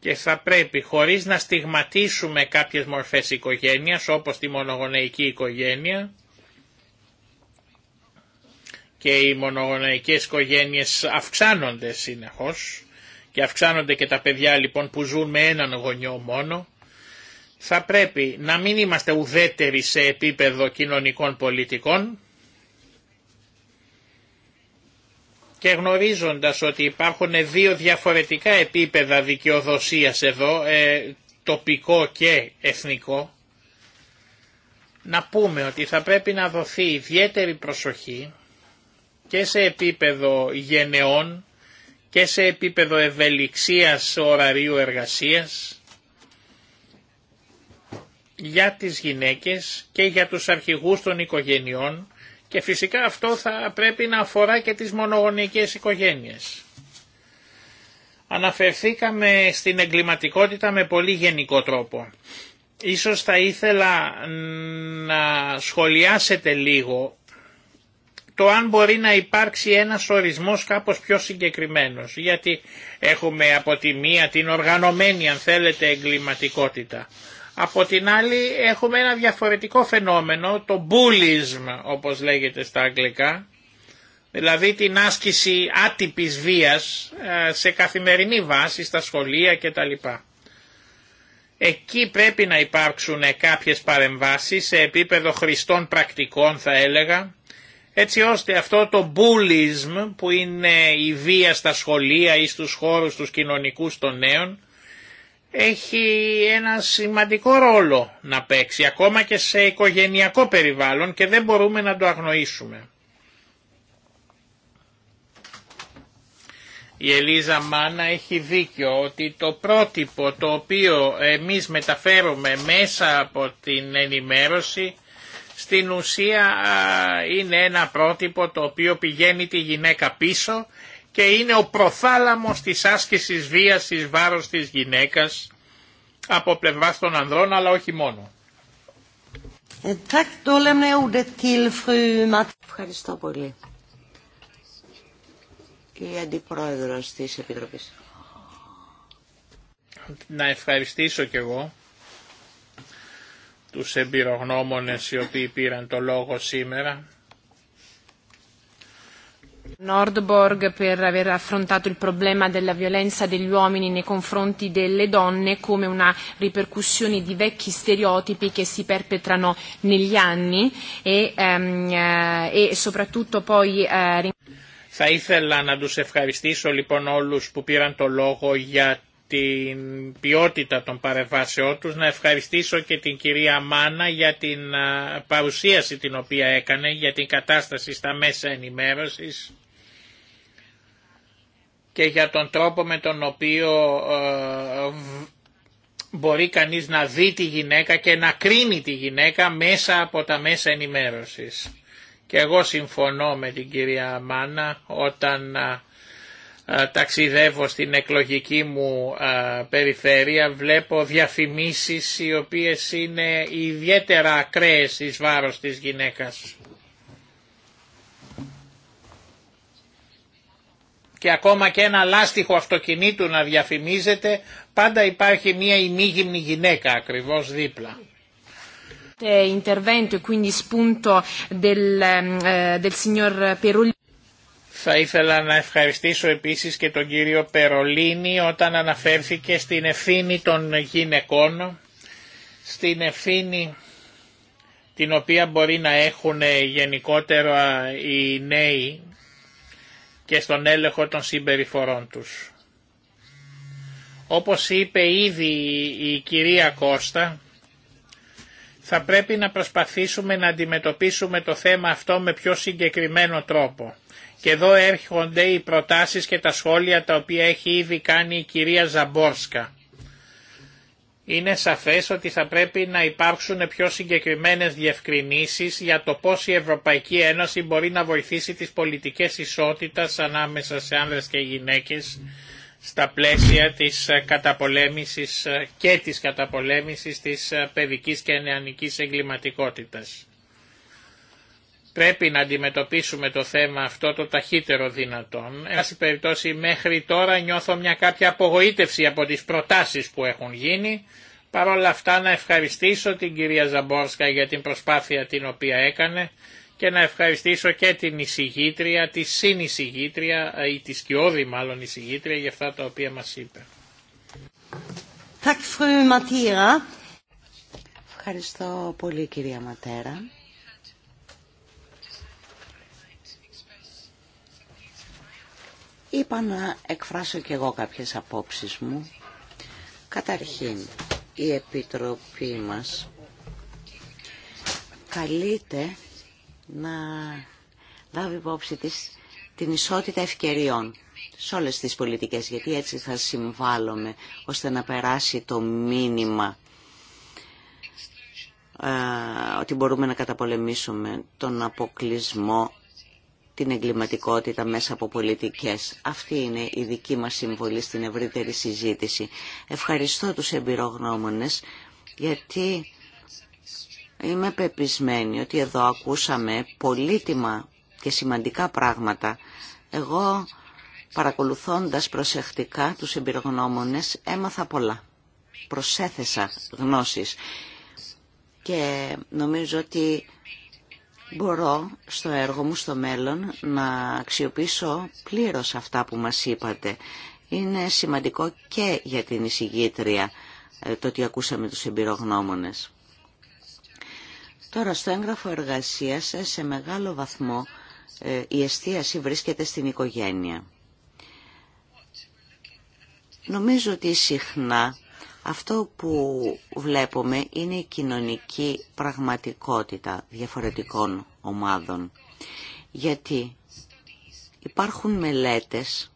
Και θα πρέπει χωρίς να στιγματίσουμε κάποιες μορφές οικογένειας όπως τη μονογονεϊκή οικογένεια και οι μονογονεϊκές οικογένειες αυξάνονται συνεχώς και αυξάνονται και τα παιδιά λοιπόν που ζουν με έναν γονιό μόνο θα πρέπει να μην είμαστε ουδέτεροι σε επίπεδο κοινωνικών πολιτικών και γνωρίζοντας ότι υπάρχουν δύο διαφορετικά επίπεδα δικαιοδοσίας εδώ, ε, τοπικό και εθνικό, να πούμε ότι θα πρέπει να δοθεί ιδιαίτερη προσοχή και σε επίπεδο γενεών και σε επίπεδο ευελιξίας ωραρίου εργασίας για τις γυναίκες και για τους αρχηγούς των οικογενειών και φυσικά αυτό θα πρέπει να αφορά και τις μονογονικές οικογένειες. Αναφερθήκαμε στην εγκληματικότητα με πολύ γενικό τρόπο. Ίσως θα ήθελα να σχολιάσετε λίγο το αν μπορεί να υπάρξει ένας ορισμός κάπως πιο συγκεκριμένος. Γιατί έχουμε από τη μία την οργανωμένη αν θέλετε εγκληματικότητα από την άλλη έχουμε ένα διαφορετικό φαινόμενο, το bullism όπως λέγεται στα αγγλικά, δηλαδή την άσκηση άτυπης βίας ε, σε καθημερινή βάση στα σχολεία κτλ. Εκεί πρέπει να υπάρξουν κάποιες παρεμβάσεις σε επίπεδο χρηστών πρακτικών θα έλεγα, έτσι ώστε αυτό το bullism που είναι η βία στα σχολεία ή στους χώρους τους κοινωνικούς των νέων έχει ένα σημαντικό ρόλο να παίξει, ακόμα και σε οικογενειακό περιβάλλον και δεν μπορούμε να το αγνοήσουμε. Η Ελίζα Μάνα έχει δίκιο ότι το πρότυπο το οποίο εμείς μεταφέρουμε μέσα από την ενημέρωση στην ουσία είναι ένα πρότυπο το οποίο πηγαίνει τη γυναίκα πίσω και είναι ο προθάλαμος της άσκησης βίας εις βάρος της γυναίκας από πλευράς των ανδρών αλλά όχι μόνο. Ευχαριστώ πολύ. Η Αντιπρόεδρος της Επιτροπής. Να ευχαριστήσω και εγώ τους εμπειρογνώμονες οι οποίοι πήραν το λόγο σήμερα. Nordborg per aver affrontato il problema della violenza degli uomini nei confronti delle donne come una ripercussione di vecchi stereotipi che si perpetrano negli anni e, e soprattutto poi θα την ποιότητα των παρεμβάσεών τους, να ευχαριστήσω και την κυρία Μάνα για την παρουσίαση την οποία έκανε για την κατάσταση στα μέσα ενημέρωσης και για τον τρόπο με τον οποίο μπορεί κανείς να δει τη γυναίκα και να κρίνει τη γυναίκα μέσα από τα μέσα ενημέρωσης. Και εγώ συμφωνώ με την κυρία Μάνα όταν ταξιδεύω στην εκλογική μου περιφέρεια βλέπω διαφημίσεις οι οποίες είναι ιδιαίτερα ακραίες εις βάρος της γυναίκας. Και ακόμα και ένα λάστιχο αυτοκινήτου να διαφημίζεται πάντα υπάρχει μια ημίγυμνη γυναίκα ακριβώς δίπλα. Ε, intervento e quindi spunto del, ε, ε, θα ήθελα να ευχαριστήσω επίσης και τον κύριο Περολίνη όταν αναφέρθηκε στην ευθύνη των γυναικών, στην ευθύνη την οποία μπορεί να έχουν γενικότερα οι νέοι και στον έλεγχο των συμπεριφορών τους. Όπως είπε ήδη η κυρία Κώστα, θα πρέπει να προσπαθήσουμε να αντιμετωπίσουμε το θέμα αυτό με πιο συγκεκριμένο τρόπο. Και εδώ έρχονται οι προτάσεις και τα σχόλια τα οποία έχει ήδη κάνει η κυρία Ζαμπόρσκα. Είναι σαφές ότι θα πρέπει να υπάρξουν πιο συγκεκριμένες διευκρινήσεις για το πώς η Ευρωπαϊκή Ένωση μπορεί να βοηθήσει τις πολιτικές ισότητας ανάμεσα σε άνδρες και γυναίκες στα πλαίσια της καταπολέμησης και της καταπολέμησης της παιδικής και νεανικής εγκληματικότητας πρέπει να αντιμετωπίσουμε το θέμα αυτό το ταχύτερο δυνατόν. Εν περιπτώσει μέχρι τώρα νιώθω μια κάποια απογοήτευση από τις προτάσεις που έχουν γίνει. Παρ' όλα αυτά να ευχαριστήσω την κυρία Ζαμπόρσκα για την προσπάθεια την οποία έκανε και να ευχαριστήσω και την εισηγήτρια, τη συνεισηγήτρια ε, ή τη σκιώδη μάλλον εισηγήτρια για αυτά τα οποία μας είπε. Ευχαριστώ πολύ κυρία Ματέρα. είπα να εκφράσω και εγώ κάποιες απόψεις μου. Καταρχήν, η Επιτροπή μας καλείται να λάβει υπόψη της την ισότητα ευκαιριών σε όλες τις πολιτικές, γιατί έτσι θα συμβάλλουμε ώστε να περάσει το μήνυμα ε, ότι μπορούμε να καταπολεμήσουμε τον αποκλεισμό την εγκληματικότητα μέσα από πολιτικές. Αυτή είναι η δική μας συμβολή στην ευρύτερη συζήτηση. Ευχαριστώ τους εμπειρογνώμονες γιατί είμαι πεπισμένη ότι εδώ ακούσαμε πολύτιμα και σημαντικά πράγματα. Εγώ παρακολουθώντας προσεκτικά τους εμπειρογνώμονες έμαθα πολλά. Προσέθεσα γνώσεις και νομίζω ότι μπορώ στο έργο μου στο μέλλον να αξιοποιήσω πλήρως αυτά που μας είπατε. Είναι σημαντικό και για την εισηγήτρια ε, το ότι ακούσαμε τους εμπειρογνώμονες. Τώρα στο έγγραφο εργασίας ε, σε μεγάλο βαθμό ε, η εστίαση βρίσκεται στην οικογένεια. Νομίζω ότι συχνά αυτό που βλέπουμε είναι η κοινωνική πραγματικότητα διαφορετικών ομάδων. Γιατί υπάρχουν μελέτες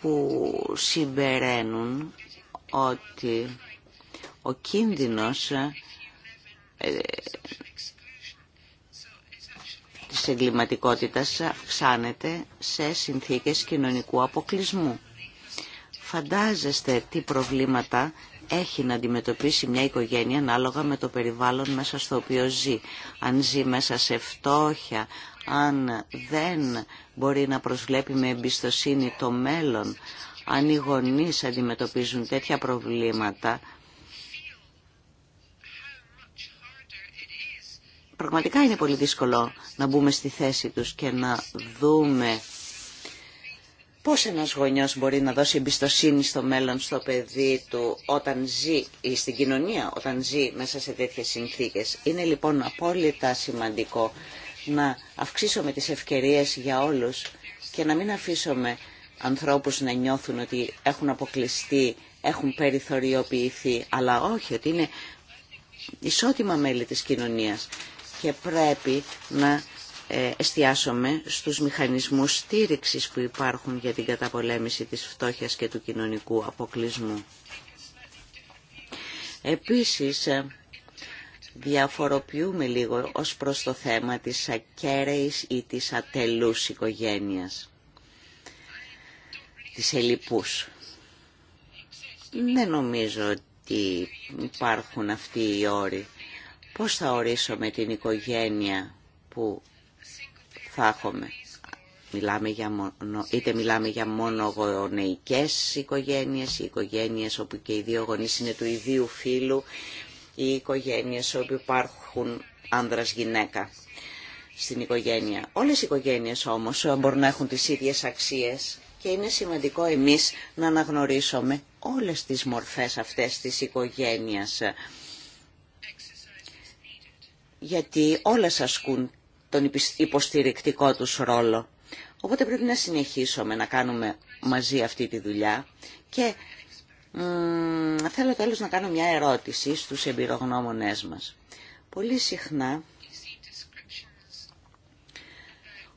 που συμπεραίνουν ότι ο κίνδυνος ε, της εγκληματικότητας αυξάνεται σε συνθήκες κοινωνικού αποκλεισμού. Φαντάζεστε τι προβλήματα έχει να αντιμετωπίσει μια οικογένεια ανάλογα με το περιβάλλον μέσα στο οποίο ζει. Αν ζει μέσα σε φτώχεια, αν δεν μπορεί να προσβλέπει με εμπιστοσύνη το μέλλον, αν οι γονείς αντιμετωπίζουν τέτοια προβλήματα πραγματικά είναι πολύ δύσκολο να μπούμε στη θέση τους και να δούμε πώς ένας γονιός μπορεί να δώσει εμπιστοσύνη στο μέλλον στο παιδί του όταν ζει ή στην κοινωνία, όταν ζει μέσα σε τέτοιες συνθήκες. Είναι λοιπόν απόλυτα σημαντικό να αυξήσουμε τις ευκαιρίες για όλους και να μην αφήσουμε ανθρώπους να νιώθουν ότι έχουν αποκλειστεί, έχουν περιθωριοποιηθεί, αλλά όχι ότι είναι ισότιμα μέλη της κοινωνίας και πρέπει να ε, εστιάσουμε στους μηχανισμούς στήριξης που υπάρχουν για την καταπολέμηση της φτώχειας και του κοινωνικού αποκλεισμού. Επίσης, ε, διαφοροποιούμε λίγο ως προς το θέμα της ακέραιης ή της ατελούς οικογένειας, της ελιπούς. Δεν νομίζω ότι υπάρχουν αυτοί οι όροι. Πώς θα ορίσουμε την οικογένεια που θα έχουμε. Μιλάμε για μονο, είτε μιλάμε για γονεϊκές οικογένειες, οι οικογένειες όπου και οι δύο γονείς είναι του ιδίου φίλου, οι οικογένειες όπου υπάρχουν άνδρας γυναίκα στην οικογένεια. Όλες οι οικογένειες όμως μπορούν να έχουν τις ίδιες αξίες και είναι σημαντικό εμείς να αναγνωρίσουμε όλες τις μορφές αυτές της οικογένειας γιατί όλα ασκούν τον υποστηρικτικό τους ρόλο. Οπότε πρέπει να συνεχίσουμε να κάνουμε μαζί αυτή τη δουλειά και θέλω τέλος να κάνω μια ερώτηση στους εμπειρογνώμονές μας. Πολύ συχνά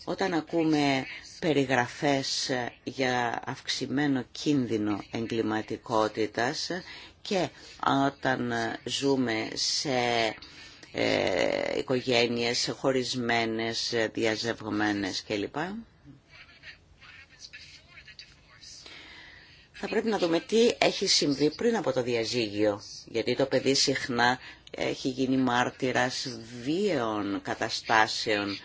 όταν ακούμε περιγραφές για αυξημένο κίνδυνο εγκληματικότητας και όταν ζούμε σε ε, οικογένειες χωρισμένες, ε, διαζευγμένες κλπ. Θα πρέπει να δούμε τι έχει συμβεί πριν από το διαζύγιο, γιατί το παιδί συχνά έχει γίνει μάρτυρας βίαιων καταστάσεων,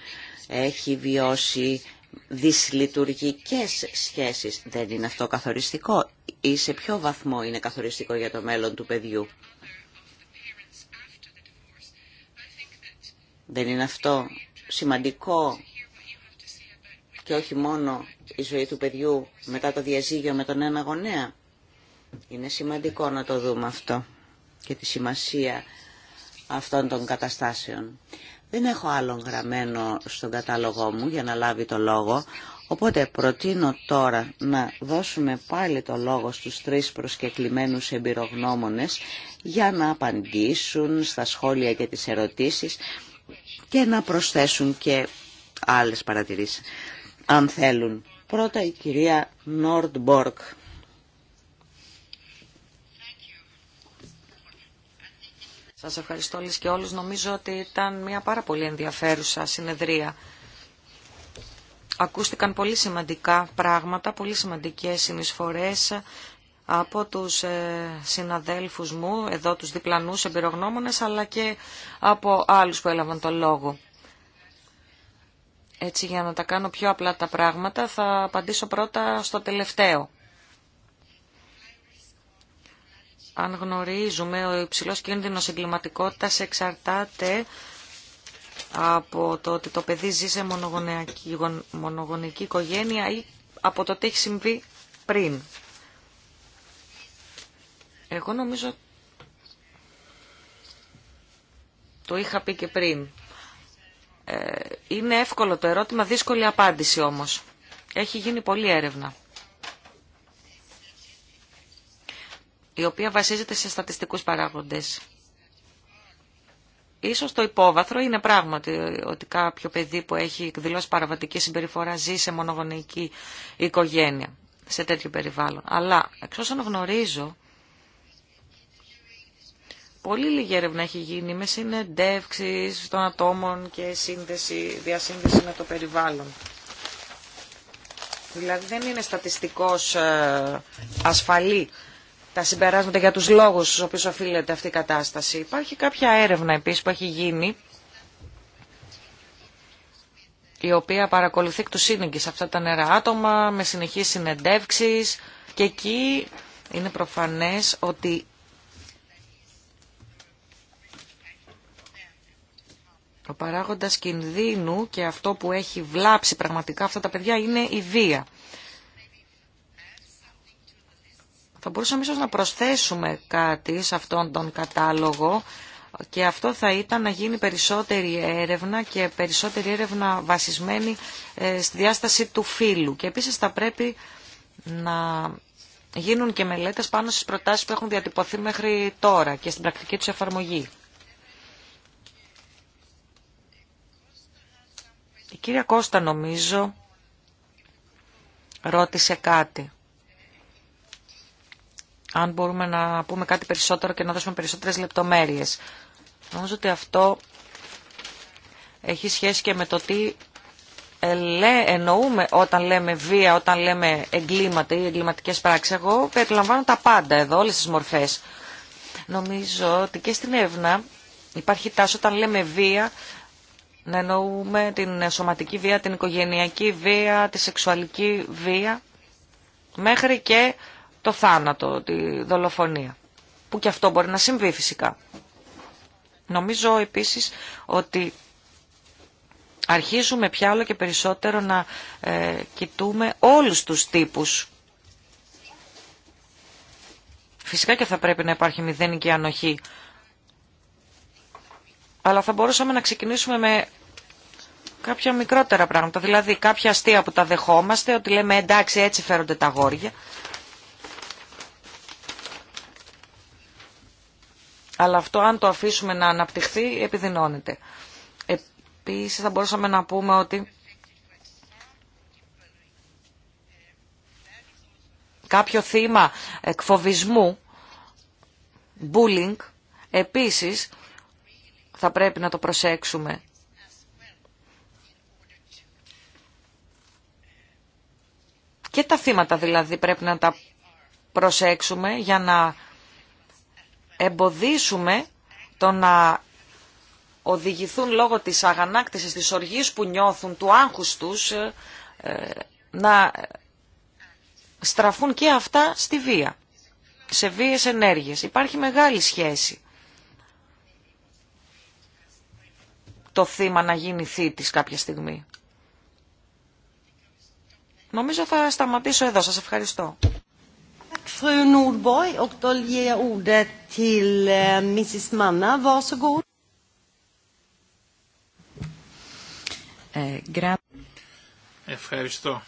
έχει βιώσει δυσλειτουργικές σχέσεις. Δεν είναι αυτό καθοριστικό ή σε ποιο βαθμό είναι καθοριστικό για το μέλλον του παιδιού. Δεν είναι αυτό σημαντικό και όχι μόνο η ζωή του παιδιού μετά το διαζύγιο με τον ένα γονέα. Είναι σημαντικό να το δούμε αυτό και τη σημασία αυτών των καταστάσεων. Δεν έχω άλλον γραμμένο στον κατάλογό μου για να λάβει το λόγο, οπότε προτείνω τώρα να δώσουμε πάλι το λόγο στους τρεις προσκεκλημένους εμπειρογνώμονες για να απαντήσουν στα σχόλια και τις ερωτήσεις και να προσθέσουν και άλλες παρατηρήσεις αν θέλουν. Πρώτα η κυρία Νόρντμπορκ. Σας ευχαριστώ όλες και όλους. Νομίζω ότι ήταν μια πάρα πολύ ενδιαφέρουσα συνεδρία. Ακούστηκαν πολύ σημαντικά πράγματα, πολύ σημαντικές συνεισφορές από τους ε, συναδέλφους μου, εδώ τους διπλανούς εμπειρογνώμονες, αλλά και από άλλους που έλαβαν το λόγο. Έτσι για να τα κάνω πιο απλά τα πράγματα θα απαντήσω πρώτα στο τελευταίο. Αν γνωρίζουμε, ο υψηλός κίνδυνος εγκληματικότητας εξαρτάται από το ότι το παιδί ζει σε μονογονική οικογένεια ή από το τι έχει συμβεί πριν. Εγώ νομίζω το είχα πει και πριν. Ε, είναι εύκολο το ερώτημα, δύσκολη απάντηση όμως. Έχει γίνει πολλή έρευνα. Η οποία βασίζεται σε στατιστικούς παράγοντες. Ίσως το υπόβαθρο είναι πράγματι ότι κάποιο παιδί που έχει εκδηλώσει παραβατική συμπεριφορά ζει σε μονογονεϊκή οικογένεια, σε τέτοιο περιβάλλον. Αλλά εξ όσων γνωρίζω, Πολύ λίγη έρευνα έχει γίνει με συνεντεύξεις των ατόμων και σύνδεση, διασύνδεση με το περιβάλλον. Δηλαδή δεν είναι στατιστικός ε, ασφαλή τα συμπεράσματα για τους λόγους στους οποίους οφείλεται αυτή η κατάσταση. Υπάρχει κάποια έρευνα επίσης που έχει γίνει η οποία παρακολουθεί εκ του σε αυτά τα νερά άτομα με συνεχείς συνεντεύξεις και εκεί είναι προφανές ότι Ο παράγοντας κινδύνου και αυτό που έχει βλάψει πραγματικά αυτά τα παιδιά είναι η βία. Θα μπορούσαμε ίσως να προσθέσουμε κάτι σε αυτόν τον κατάλογο και αυτό θα ήταν να γίνει περισσότερη έρευνα και περισσότερη έρευνα βασισμένη ε, στη διάσταση του φύλου. Και επίσης θα πρέπει να γίνουν και μελέτες πάνω στις προτάσεις που έχουν διατυπωθεί μέχρι τώρα και στην πρακτική τους εφαρμογή. κυρία Κώστα νομίζω ρώτησε κάτι. Αν μπορούμε να πούμε κάτι περισσότερο και να δώσουμε περισσότερες λεπτομέρειες. Νομίζω ότι αυτό έχει σχέση και με το τι ε, εννοούμε όταν λέμε βία, όταν λέμε εγκλήματα ή εγκληματικές πράξεις. Εγώ περιλαμβάνω τα πάντα εδώ, όλες τις μορφές. Νομίζω ότι και στην Εύνα υπάρχει τάση όταν λέμε βία να εννοούμε την σωματική βία, την οικογενειακή βία, τη σεξουαλική βία, μέχρι και το θάνατο, τη δολοφονία, που και αυτό μπορεί να συμβεί φυσικά. Νομίζω επίσης ότι αρχίζουμε πια όλο και περισσότερο να ε, κοιτούμε όλους τους τύπους. Φυσικά και θα πρέπει να υπάρχει μηδενική ανοχή αλλά θα μπορούσαμε να ξεκινήσουμε με κάποια μικρότερα πράγματα. Δηλαδή κάποια αστεία που τα δεχόμαστε, ότι λέμε εντάξει έτσι φέρονται τα γόρια. Αλλά αυτό αν το αφήσουμε να αναπτυχθεί επιδεινώνεται. Επίσης θα μπορούσαμε να πούμε ότι κάποιο θύμα εκφοβισμού, bullying, επίσης θα πρέπει να το προσέξουμε. Και τα θύματα δηλαδή πρέπει να τα προσέξουμε για να εμποδίσουμε το να οδηγηθούν λόγω της αγανάκτησης, της οργής που νιώθουν, του άγχους τους, ε, να στραφούν και αυτά στη βία, σε βίες ενέργειες. Υπάρχει μεγάλη σχέση το θύμα να γίνει θήτης κάποια στιγμή. Νομίζω θα σταματήσω εδώ. Σας ευχαριστώ. Ευχαριστώ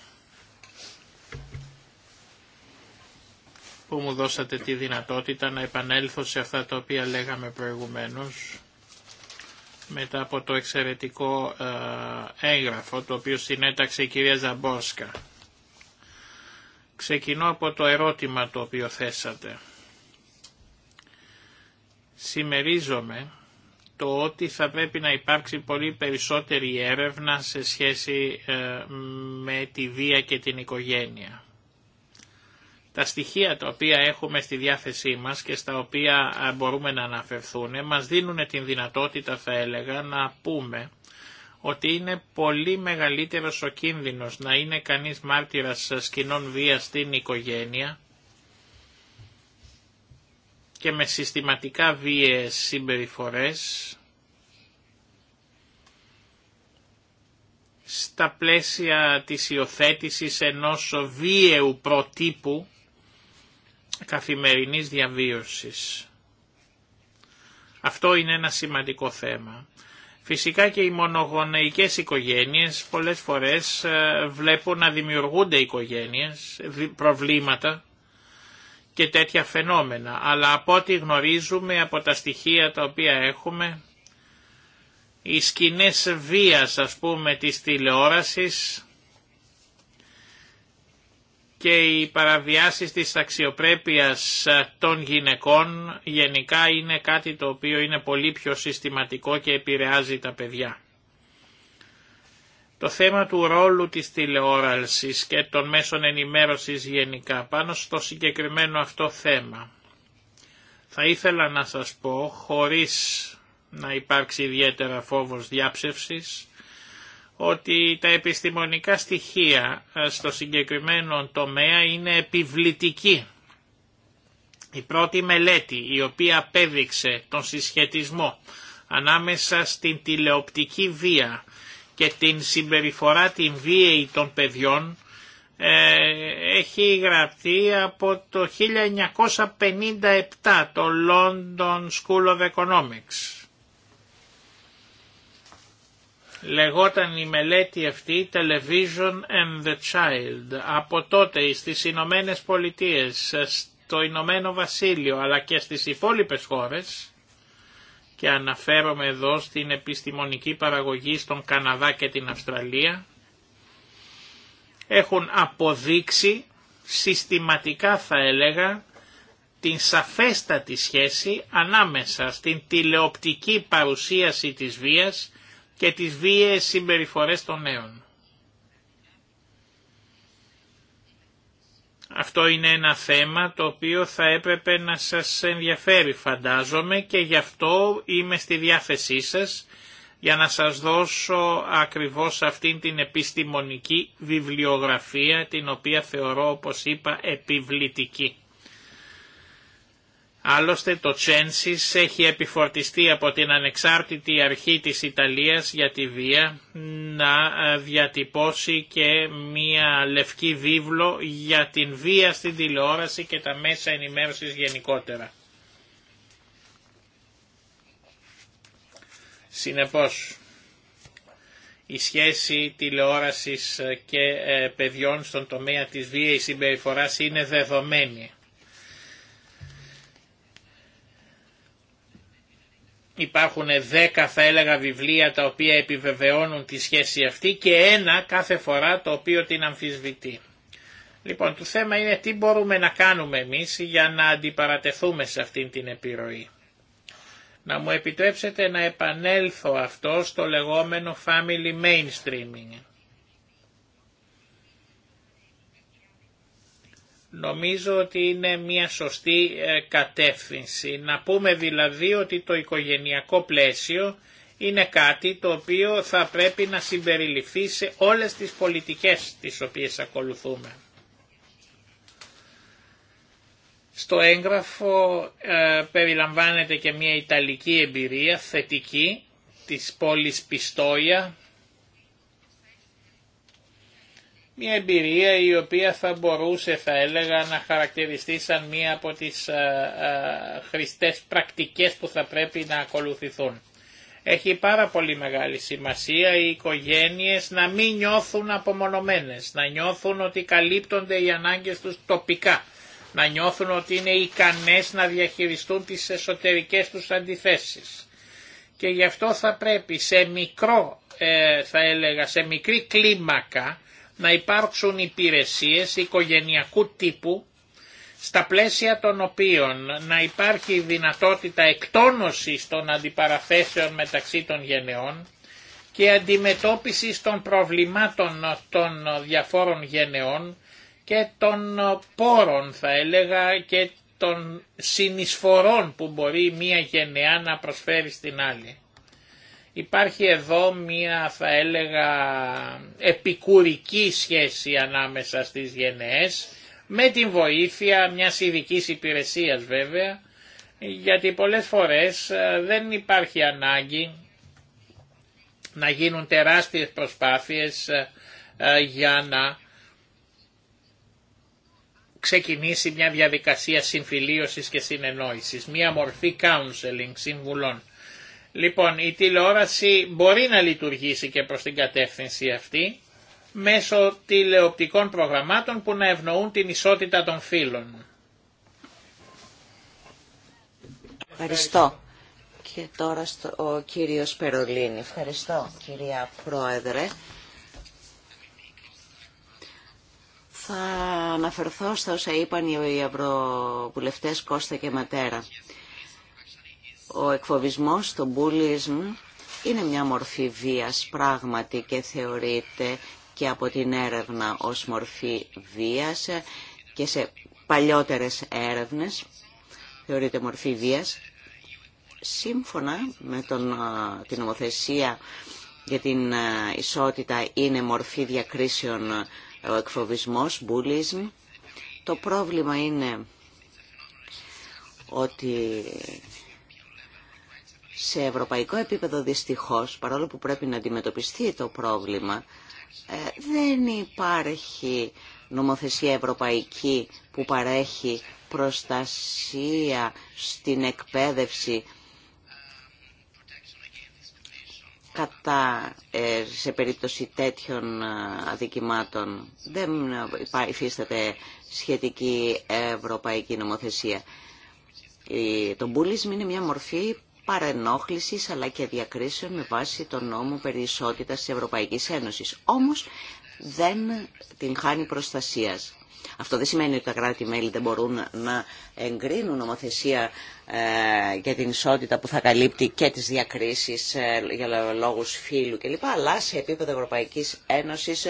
που μου δώσατε τη δυνατότητα να επανέλθω σε αυτά τα οποία λέγαμε προηγουμένως μετά από το εξαιρετικό ε, έγγραφο το οποίο συνέταξε η κυρία Ζαμπόσκα. Ξεκινώ από το ερώτημα το οποίο θέσατε. Σημερίζομαι το ότι θα πρέπει να υπάρξει πολύ περισσότερη έρευνα σε σχέση ε, με τη βία και την οικογένεια. Τα στοιχεία τα οποία έχουμε στη διάθεσή μας και στα οποία μπορούμε να αναφερθούν μας δίνουν την δυνατότητα θα έλεγα να πούμε ότι είναι πολύ μεγαλύτερος ο κίνδυνος να είναι κανείς μάρτυρας σκηνών βία στην οικογένεια και με συστηματικά βίαιες συμπεριφορές στα πλαίσια της υιοθέτηση ενός βίαιου προτύπου καθημερινής διαβίωσης. Αυτό είναι ένα σημαντικό θέμα. Φυσικά και οι μονογονεϊκές οικογένειες πολλές φορές ε, βλέπουν να δημιουργούνται οικογένειες, προβλήματα και τέτοια φαινόμενα. Αλλά από ό,τι γνωρίζουμε από τα στοιχεία τα οποία έχουμε, οι σκηνές βίας ας πούμε της τηλεόρασης και οι παραβιάσεις της αξιοπρέπειας ε, των γυναικών γενικά είναι κάτι το οποίο είναι πολύ πιο συστηματικό και επηρεάζει τα παιδιά. Το θέμα του ρόλου της τηλεόρασης και των μέσων ενημέρωσης γενικά πάνω στο συγκεκριμένο αυτό θέμα. Θα ήθελα να σας πω, χωρίς να υπάρξει ιδιαίτερα φόβος διάψευσης, ότι τα επιστημονικά στοιχεία ε, στο συγκεκριμένο τομέα είναι επιβλητική. Η πρώτη μελέτη η οποία απέδειξε τον συσχετισμό ανάμεσα στην τηλεοπτική βία και την συμπεριφορά την βίαιη των παιδιών ε, έχει γραφτεί από το 1957 το London School of Economics. Λεγόταν η μελέτη αυτή Television and the Child. Από τότε στις Ηνωμένε Πολιτείε στο Ηνωμένο Βασίλειο αλλά και στις υπόλοιπες χώρες και αναφέρομαι εδώ στην επιστημονική παραγωγή στον Καναδά και την Αυστραλία έχουν αποδείξει συστηματικά θα έλεγα την σαφέστατη σχέση ανάμεσα στην τηλεοπτική παρουσίαση της βίας και τις βίαιες συμπεριφορές των νέων. Αυτό είναι ένα θέμα το οποίο θα έπρεπε να σας ενδιαφέρει φαντάζομαι και γι' αυτό είμαι στη διάθεσή σας για να σας δώσω ακριβώς αυτήν την επιστημονική βιβλιογραφία την οποία θεωρώ όπως είπα επιβλητική. Άλλωστε το Τσένσις έχει επιφορτιστεί από την ανεξάρτητη αρχή της Ιταλίας για τη βία να ε, διατυπώσει και μία λευκή βίβλο για την βία στην τηλεόραση και τα μέσα ενημέρωσης γενικότερα. Συνεπώς, η σχέση τηλεόρασης και ε, παιδιών στον τομέα της η συμπεριφοράς είναι δεδομένη. Υπάρχουν δέκα θα έλεγα βιβλία τα οποία επιβεβαιώνουν τη σχέση αυτή και ένα κάθε φορά το οποίο την αμφισβητεί. Λοιπόν, το θέμα είναι τι μπορούμε να κάνουμε εμείς για να αντιπαρατεθούμε σε αυτήν την επιρροή. Να μου επιτρέψετε να επανέλθω αυτό στο λεγόμενο family mainstreaming. Νομίζω ότι είναι μια σωστή ε, κατεύθυνση. Να πούμε δηλαδή ότι το οικογενειακό πλαίσιο είναι κάτι το οποίο θα πρέπει να συμπεριληφθεί σε όλες τις πολιτικές τις οποίες ακολουθούμε. Στο έγγραφο ε, περιλαμβάνεται και μια Ιταλική εμπειρία θετική της πόλης Πιστόια Μια εμπειρία η οποία θα μπορούσε θα έλεγα να χαρακτηριστεί σαν μία από τις α, ε, α, ε, πρακτικές που θα πρέπει να ακολουθηθούν. Έχει πάρα πολύ μεγάλη σημασία οι οικογένειες να μην νιώθουν απομονωμένες, να νιώθουν ότι καλύπτονται οι ανάγκες τους τοπικά, να νιώθουν ότι είναι ικανές να διαχειριστούν τις εσωτερικές τους αντιθέσεις. Και γι' αυτό θα πρέπει σε μικρό, ε, θα έλεγα, σε μικρή κλίμακα να υπάρξουν υπηρεσίες οικογενειακού τύπου στα πλαίσια των οποίων να υπάρχει δυνατότητα εκτόνωσης των αντιπαραθέσεων μεταξύ των γενεών και αντιμετώπισης των προβλημάτων των διαφόρων γενεών και των πόρων θα έλεγα και των συνεισφορών που μπορεί μία γενεά να προσφέρει στην άλλη. Υπάρχει εδώ μία θα έλεγα επικουρική σχέση ανάμεσα στις γενναίες με την βοήθεια μιας ειδική υπηρεσίας βέβαια γιατί πολλές φορές ε, δεν υπάρχει ανάγκη να γίνουν τεράστιες προσπάθειες ε, ε, για να ξεκινήσει μια διαδικασία συμφιλίωσης και συνεννόησης, μια μορφή counseling, συμβουλών. Λοιπόν, η τηλεόραση μπορεί να λειτουργήσει και προς την κατεύθυνση αυτή μέσω τηλεοπτικών προγραμμάτων που να ευνοούν την ισότητα των φύλων. Ευχαριστώ. Και τώρα ο κύριος Περολίνη. Ευχαριστώ κυρία Πρόεδρε. Θα αναφερθώ στα όσα είπαν οι ευρωβουλευτές Κώστα και Ματέρα. Ο εκφοβισμός, το μπούλισμ, είναι μια μορφή βίας πράγματι και θεωρείται και από την έρευνα ως μορφή βίας και σε παλιότερες έρευνες θεωρείται μορφή βίας. Σύμφωνα με τον, την νομοθεσία για την ισότητα είναι μορφή διακρίσεων ο εκφοβισμός, μπούλισμ. Το πρόβλημα είναι ότι σε ευρωπαϊκό επίπεδο δυστυχώς, παρόλο που πρέπει να αντιμετωπιστεί το πρόβλημα, ε, δεν υπάρχει νομοθεσία ευρωπαϊκή που παρέχει προστασία στην εκπαίδευση κατά ε, σε περίπτωση τέτοιων ε, αδικημάτων. Δεν υφίσταται σχετική ευρωπαϊκή νομοθεσία. Το μπούλισμ είναι μια μορφή παρενόχλησης αλλά και διακρίσεων με βάση τον νόμο περί ισότητας της Ευρωπαϊκής Ένωσης. Όμως δεν την χάνει προστασίας. Αυτό δεν σημαίνει ότι τα κράτη-μέλη δεν μπορούν να εγκρίνουν νομοθεσία ε, για την ισότητα που θα καλύπτει και τις διακρίσεις ε, για λόγους φύλου κλπ. Αλλά σε επίπεδο Ευρωπαϊκής Ένωσης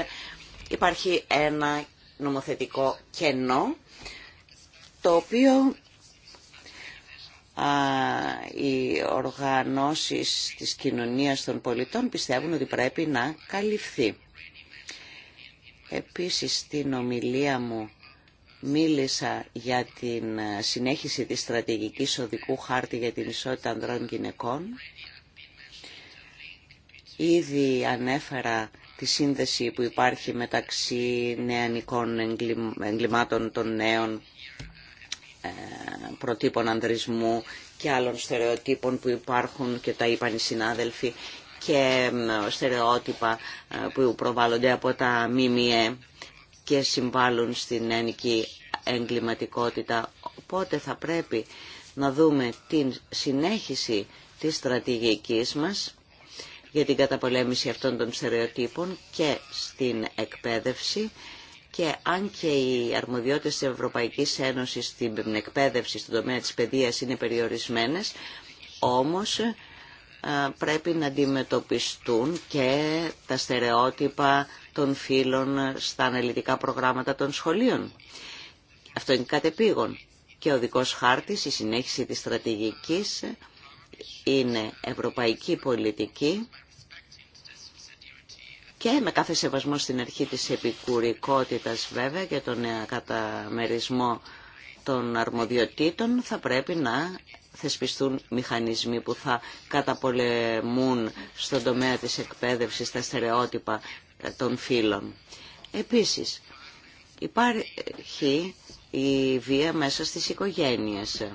υπάρχει ένα νομοθετικό κενό το οποίο οι οργανώσεις της κοινωνίας των πολιτών πιστεύουν ότι πρέπει να καλυφθεί. Επίσης στην ομιλία μου μίλησα για την συνέχιση της στρατηγικής οδικού χάρτη για την ισότητα ανδρών γυναικών. Ήδη ανέφερα τη σύνδεση που υπάρχει μεταξύ νεανικών εγκλημάτων των νέων ε, προτύπων ανδρισμού και άλλων στερεοτύπων που υπάρχουν και τα είπαν οι συνάδελφοι και στερεότυπα ε, που προβάλλονται από τα ΜΜΕ και συμβάλλουν στην ένικη εγκληματικότητα. Οπότε θα πρέπει να δούμε την συνέχιση της στρατηγικής μας για την καταπολέμηση αυτών των στερεοτύπων και στην εκπαίδευση και αν και οι αρμοδιότητες της Ευρωπαϊκής Ένωσης στην εκπαίδευση, στον τομέα της παιδείας είναι περιορισμένες, όμως ε, πρέπει να αντιμετωπιστούν και τα στερεότυπα των φύλων στα αναλυτικά προγράμματα των σχολείων. Αυτό είναι κατεπήγον. Και ο δικός χάρτης, η συνέχιση της στρατηγικής, είναι ευρωπαϊκή πολιτική και με κάθε σεβασμό στην αρχή της επικουρικότητας βέβαια και τον καταμερισμό των αρμοδιοτήτων θα πρέπει να θεσπιστούν μηχανισμοί που θα καταπολεμούν στον τομέα της εκπαίδευσης τα στερεότυπα των φύλων. Επίσης, υπάρχει η βία μέσα στις οικογένειες,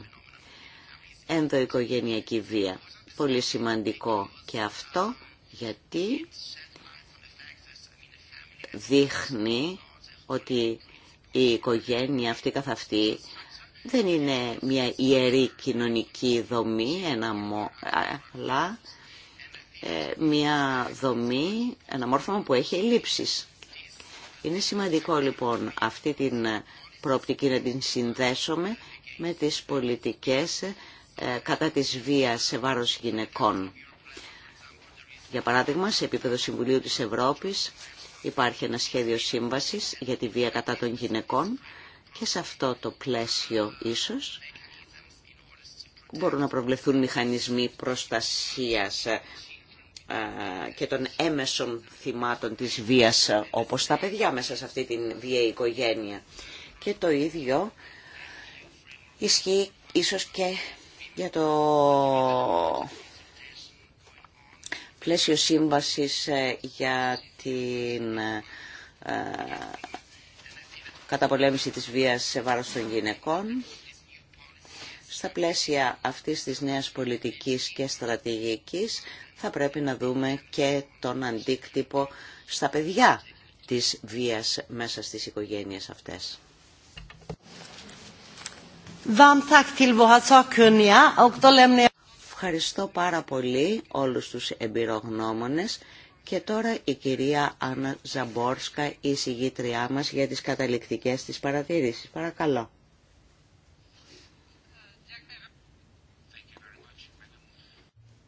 ενδοοικογενειακή βία. Πολύ σημαντικό και αυτό γιατί δείχνει ότι η οικογένεια αυτή καθ' αυτή δεν είναι μια ιερή κοινωνική δομή, ένα, αλλά ε, μια δομή, ένα μόρφωμα που έχει ελλείψεις. Είναι σημαντικό λοιπόν αυτή την προοπτική να την συνδέσουμε με τις πολιτικές ε, κατά της βίας σε βάρος γυναικών. Για παράδειγμα, σε επίπεδο Συμβουλίου της Ευρώπης Υπάρχει ένα σχέδιο σύμβασης για τη βία κατά των γυναικών και σε αυτό το πλαίσιο ίσως μπορούν να προβλεφθούν μηχανισμοί προστασίας ε, και των έμεσων θυμάτων της βίας ε, όπως τα παιδιά μέσα σε αυτή την βία οικογένεια. Και το ίδιο ισχύει ίσως και για το πλαίσιο σύμβασης ε, για την ε, καταπολέμηση της βίας σε βάρος των γυναικών. Στα πλαίσια αυτής της νέας πολιτικής και στρατηγικής θα πρέπει να δούμε και τον αντίκτυπο στα παιδιά της βίας μέσα στις οικογένειες αυτές. Varmt tack till Ευχαριστώ πάρα πολύ όλους τους εμπειρογνώμονες και τώρα η κυρία Άννα Ζαμπόρσκα, η συγγήτριά μας για τις καταληκτικές της παρατηρήσεις. Παρακαλώ.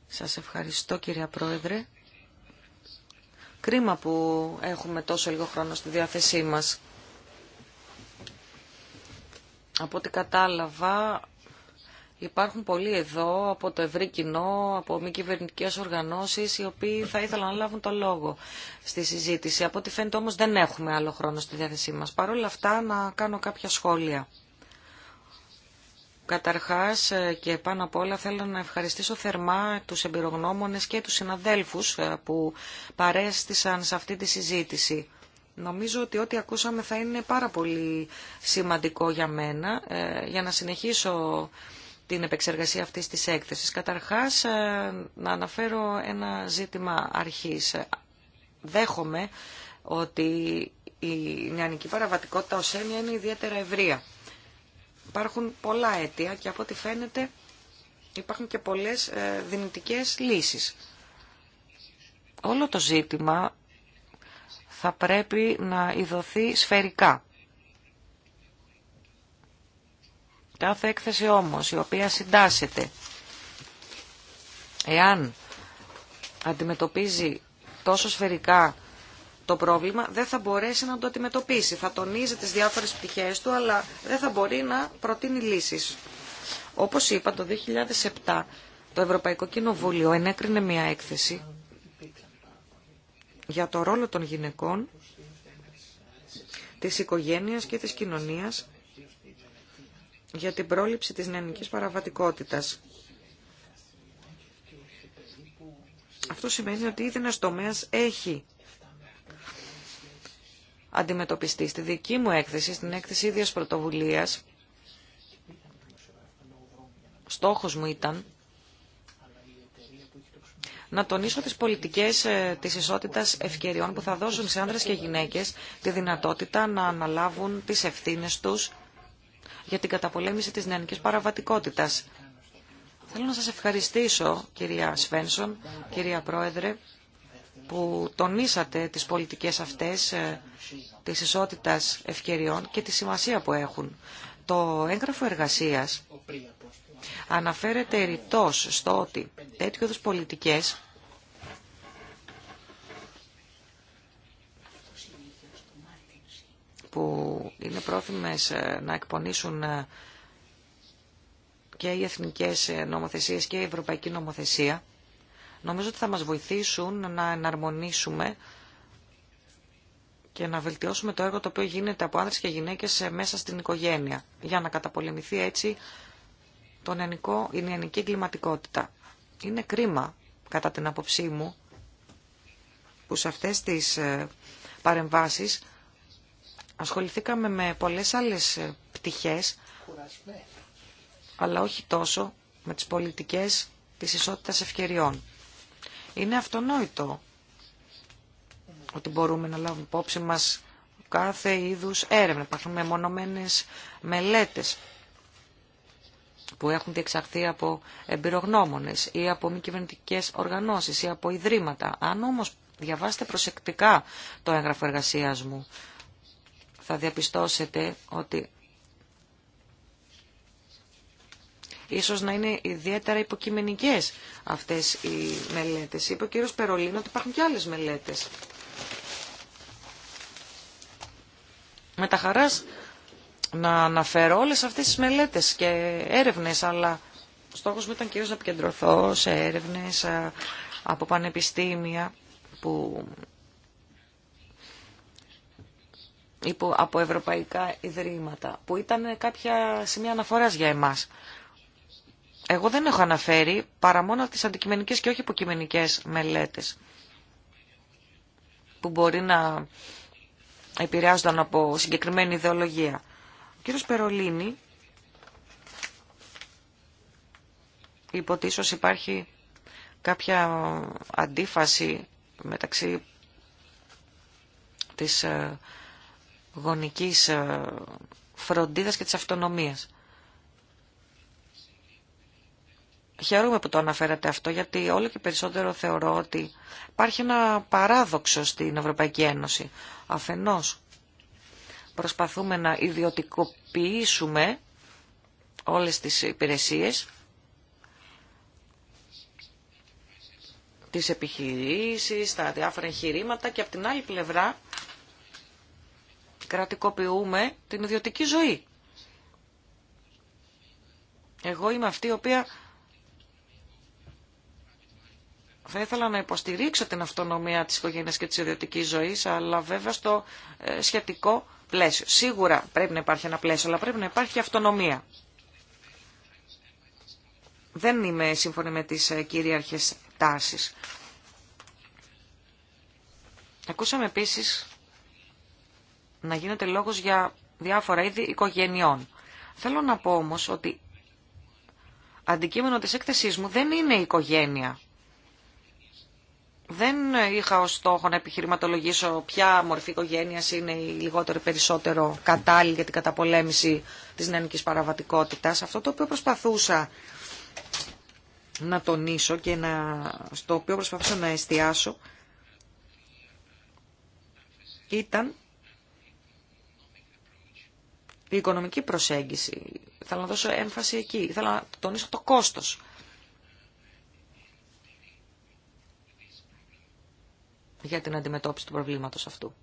Σας ευχαριστώ κυρία Πρόεδρε. Κρίμα που έχουμε τόσο λίγο χρόνο στη διάθεσή μας. Από ό,τι κατάλαβα, Υπάρχουν πολλοί εδώ από το ευρύ κοινό, από μη κυβερνητικέ οργανώσει, οι οποίοι θα ήθελαν να λάβουν το λόγο στη συζήτηση. Από ό,τι φαίνεται όμω δεν έχουμε άλλο χρόνο στη διάθεσή μα. Παρ' όλα αυτά, να κάνω κάποια σχόλια. Καταρχάς ε, και πάνω απ' όλα θέλω να ευχαριστήσω θερμά τους εμπειρογνώμονες και τους συναδέλφους ε, που παρέστησαν σε αυτή τη συζήτηση. Νομίζω ότι ό,τι ακούσαμε θα είναι πάρα πολύ σημαντικό για μένα ε, για να συνεχίσω την επεξεργασία αυτής της έκθεσης. Καταρχάς, ε, να αναφέρω ένα ζήτημα αρχής. Δέχομαι ότι η νεανική παραβατικότητα ως έννοια είναι ιδιαίτερα ευρεία. Υπάρχουν πολλά αίτια και από ό,τι φαίνεται υπάρχουν και πολλές ε, δυνητικές λύσεις. Όλο το ζήτημα θα πρέπει να ειδωθεί σφαιρικά Κάθε έκθεση όμως η οποία συντάσσεται, εάν αντιμετωπίζει τόσο σφαιρικά το πρόβλημα, δεν θα μπορέσει να το αντιμετωπίσει. Θα τονίζει τις διάφορες πτυχές του, αλλά δεν θα μπορεί να προτείνει λύσεις. Όπως είπα, το 2007 το Ευρωπαϊκό Κοινοβούλιο ενέκρινε μια έκθεση για το ρόλο των γυναικών, της οικογένειας και της κοινωνίας για την πρόληψη της νεανικής παραβατικότητας. Αυτό σημαίνει ότι ήδη ένας τομέας έχει αντιμετωπιστεί. Στη δική μου έκθεση, στην έκθεση ίδιας πρωτοβουλίας, στόχος μου ήταν να τονίσω τις πολιτικές ε, της ισότητας ευκαιριών που θα δώσουν σε άνδρες και γυναίκες τη δυνατότητα να αναλάβουν τις ευθύνες τους για την καταπολέμηση της νεανικής παραβατικότητας. Θέλω να σας ευχαριστήσω, κυρία Σφένσον, κυρία Πρόεδρε, που τονίσατε τις πολιτικές αυτές ε, της ισότητας ευκαιριών και τη σημασία που έχουν. Το έγγραφο εργασίας αναφέρεται ρητός στο ότι τέτοιου είδους πολιτικές που είναι πρόθυμες ε, να εκπονήσουν ε, και οι εθνικές ε, νομοθεσίες και η ευρωπαϊκή νομοθεσία, νομίζω ότι θα μας βοηθήσουν να εναρμονίσουμε και να βελτιώσουμε το έργο το οποίο γίνεται από άνδρες και γυναίκες μέσα στην οικογένεια, για να καταπολεμηθεί έτσι τον ενικό, η νεανική εγκληματικότητα. Είναι κρίμα, κατά την άποψή μου, που σε αυτές τις παρεμβάσεις ασχοληθήκαμε με πολλές άλλες ε, πτυχές, αλλά όχι τόσο με τις πολιτικές της ισότητας ευκαιριών. Είναι αυτονόητο ότι μπορούμε να λάβουμε υπόψη μας κάθε είδους έρευνα. Υπάρχουν μεμονωμένες μελέτες που έχουν διεξαχθεί από εμπειρογνώμονες ή από μη κυβερνητικέ οργανώσεις ή από ιδρύματα. Αν όμως διαβάσετε προσεκτικά το έγγραφο εργασίας μου, θα διαπιστώσετε ότι ίσως να είναι ιδιαίτερα υποκειμενικές αυτές οι μελέτες. Είπε ο κύριος Περολίνο ότι υπάρχουν και άλλες μελέτες. Με τα χαράς να αναφέρω όλες αυτές τις μελέτες και έρευνες, αλλά ο στόχος μου ήταν κυρίως να επικεντρωθώ σε έρευνες από πανεπιστήμια που υπό, από ευρωπαϊκά ιδρύματα, που ήταν κάποια σημεία αναφοράς για εμάς. Εγώ δεν έχω αναφέρει παρά μόνο τις αντικειμενικές και όχι υποκειμενικές μελέτες που μπορεί να επηρεάζονταν από συγκεκριμένη ιδεολογία. Ο κύριος Περολίνη είπε ότι υπάρχει κάποια αντίφαση μεταξύ της ε, γονικής ε, φροντίδας και της αυτονομίας. Χαίρομαι που το αναφέρατε αυτό, γιατί όλο και περισσότερο θεωρώ ότι υπάρχει ένα παράδοξο στην Ευρωπαϊκή Ένωση. Αφενός, προσπαθούμε να ιδιωτικοποιήσουμε όλες τις υπηρεσίες, τις επιχειρήσεις, τα διάφορα εγχειρήματα και από την άλλη πλευρά κρατικοποιούμε την ιδιωτική ζωή. Εγώ είμαι αυτή η οποία θα ήθελα να υποστηρίξω την αυτονομία της οικογένειας και της ιδιωτικής ζωής, αλλά βέβαια στο ε, σχετικό πλαίσιο. Σίγουρα πρέπει να υπάρχει ένα πλαίσιο, αλλά πρέπει να υπάρχει και αυτονομία. Δεν είμαι σύμφωνη με τις ε, κυρίαρχες τάσεις. Ακούσαμε επίσης να γίνεται λόγος για διάφορα είδη οικογενειών. Θέλω να πω όμως ότι αντικείμενο της έκθεσής μου δεν είναι η οικογένεια. Δεν είχα ως στόχο να επιχειρηματολογήσω ποια μορφή οικογένεια είναι η λιγότερο περισσότερο κατάλληλη για την καταπολέμηση της νεανικής παραβατικότητας. Αυτό το οποίο προσπαθούσα να τονίσω και να, στο οποίο προσπαθούσα να εστιάσω ήταν η οικονομική προσέγγιση. Θέλω να δώσω έμφαση εκεί. Θέλω να τονίσω το κόστος. για την αντιμετώπιση του προβλήματος αυτού.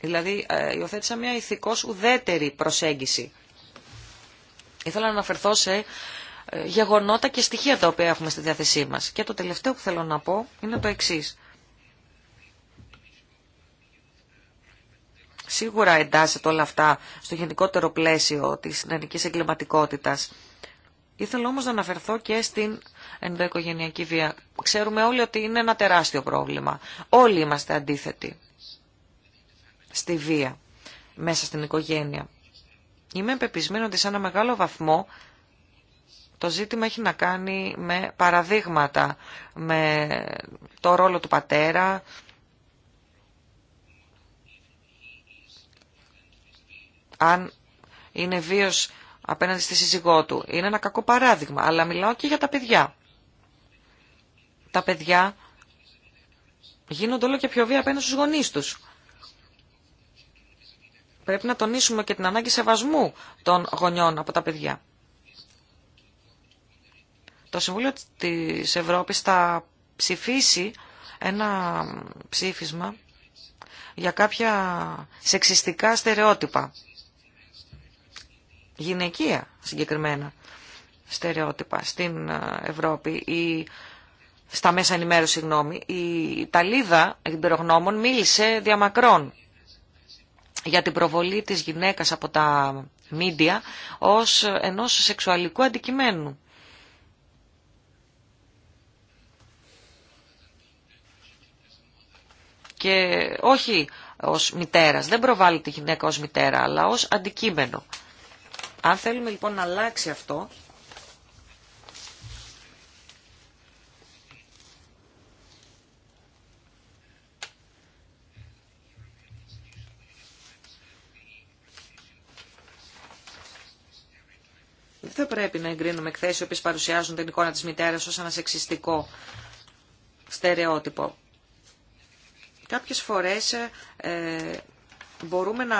Δηλαδή, ε, υιοθέτησα μια ηθικώς ουδέτερη προσέγγιση. Ήθελα να αναφερθώ σε ε, γεγονότα και στοιχεία τα οποία έχουμε στη διάθεσή μας. Και το τελευταίο που θέλω να πω είναι το εξής. σίγουρα εντάσσεται όλα αυτά στο γενικότερο πλαίσιο της νεανικής εγκληματικότητας. Ήθελα όμως να αναφερθώ και στην ενδοοικογενειακή βία. Ξέρουμε όλοι ότι είναι ένα τεράστιο πρόβλημα. Όλοι είμαστε αντίθετοι στη βία μέσα στην οικογένεια. Είμαι πεπισμένη ότι σε ένα μεγάλο βαθμό το ζήτημα έχει να κάνει με παραδείγματα, με το ρόλο του πατέρα, αν είναι βίος απέναντι στη σύζυγό του. Είναι ένα κακό παράδειγμα, αλλά μιλάω και για τα παιδιά. Τα παιδιά γίνονται όλο και πιο βία απέναντι στους γονείς τους. Πρέπει να τονίσουμε και την ανάγκη σεβασμού των γονιών από τα παιδιά. Το Συμβούλιο της Ευρώπης θα ψηφίσει ένα ψήφισμα για κάποια σεξιστικά στερεότυπα γυναικεία συγκεκριμένα στερεότυπα στην ε, Ευρώπη ή στα μέσα ενημέρωση, συγγνώμη. Η Ταλίδα γνωμη η μίλησε διαμακρών για την προβολή της γυναίκας από τα μίντια ως ενός σεξουαλικού αντικειμένου. Και όχι ως μητέρας, δεν προβάλλει τη γυναίκα ως μητέρα, αλλά ως αντικείμενο. Αν θέλουμε λοιπόν να αλλάξει αυτό, δεν θα πρέπει να εγκρίνουμε εκθέσει οι οποίε παρουσιάζουν την εικόνα τη μητέρα ω ένα σεξιστικό στερεότυπο. Κάποιες φορές ε, μπορούμε να,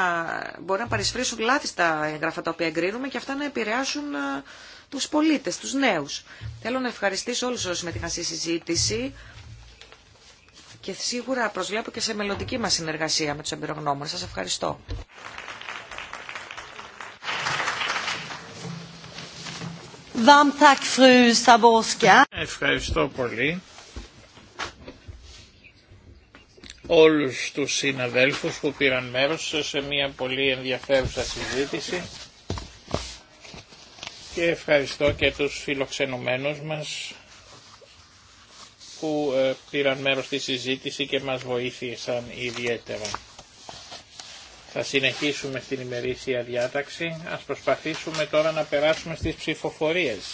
μπορεί να παρισφρήσουν λάθη έγγραφα τα οποία εγκρίνουμε και αυτά να επηρεάσουν ε, τους πολίτες, τους νέους. Θέλω να ευχαριστήσω όλους όσους συμμετείχαν στη συζήτηση και σίγουρα προσβλέπω και σε μελλοντική μας συνεργασία με τους εμπειρογνώμονες. Σας ευχαριστώ. Ευχαριστώ πολύ. όλους τους συναδέλφους που πήραν μέρος σε μια πολύ ενδιαφέρουσα συζήτηση και ευχαριστώ και τους φιλοξενουμένους μας που ε, πήραν μέρος στη συζήτηση και μας βοήθησαν ιδιαίτερα. Θα συνεχίσουμε στην ημερήσια διάταξη. Ας προσπαθήσουμε τώρα να περάσουμε στις ψηφοφορίες.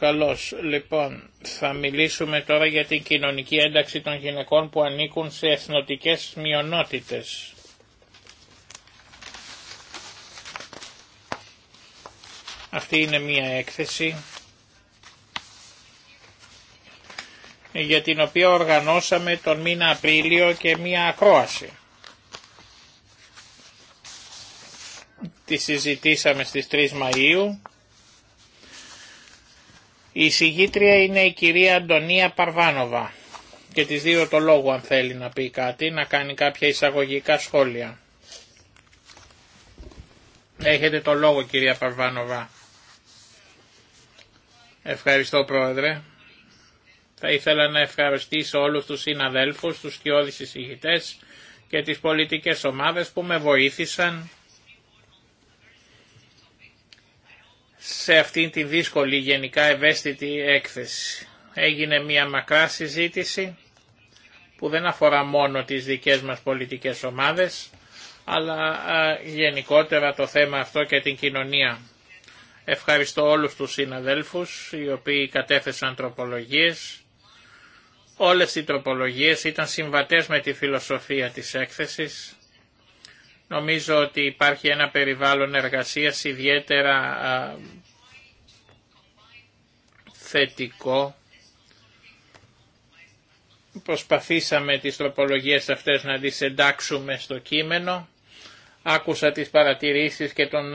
Καλώς. Λοιπόν, θα μιλήσουμε τώρα για την κοινωνική ένταξη των γυναικών που ανήκουν σε εθνοτικές μειονότητες. Αυτή είναι μία έκθεση για την οποία οργανώσαμε τον μήνα Απρίλιο και μία ακρόαση. Τη συζητήσαμε στις 3 Μαΐου. Η συγγήτρια είναι η κυρία Αντωνία Παρβάνοβα και τις δύο το λόγο αν θέλει να πει κάτι, να κάνει κάποια εισαγωγικά σχόλια. Έχετε το λόγο κυρία Παρβάνοβα. Ευχαριστώ πρόεδρε. Θα ήθελα να ευχαριστήσω όλους τους συναδέλφους, τους σκιώδεις συζητητές και τις πολιτικές ομάδες που με βοήθησαν σε αυτήν τη δύσκολη γενικά ευαίσθητη έκθεση. Έγινε μια μακρά συζήτηση που δεν αφορά μόνο τις δικές μας πολιτικές ομάδες, αλλά γενικότερα το θέμα αυτό και την κοινωνία. Ευχαριστώ όλους τους συναδέλφους οι οποίοι κατέθεσαν τροπολογίες Όλες οι τροπολογίες ήταν συμβατές με τη φιλοσοφία της έκθεσης. Νομίζω ότι υπάρχει ένα περιβάλλον εργασίας ιδιαίτερα θετικό. Προσπαθήσαμε τις τροπολογίες αυτές να τις εντάξουμε στο κείμενο. Άκουσα τις παρατηρήσεις και των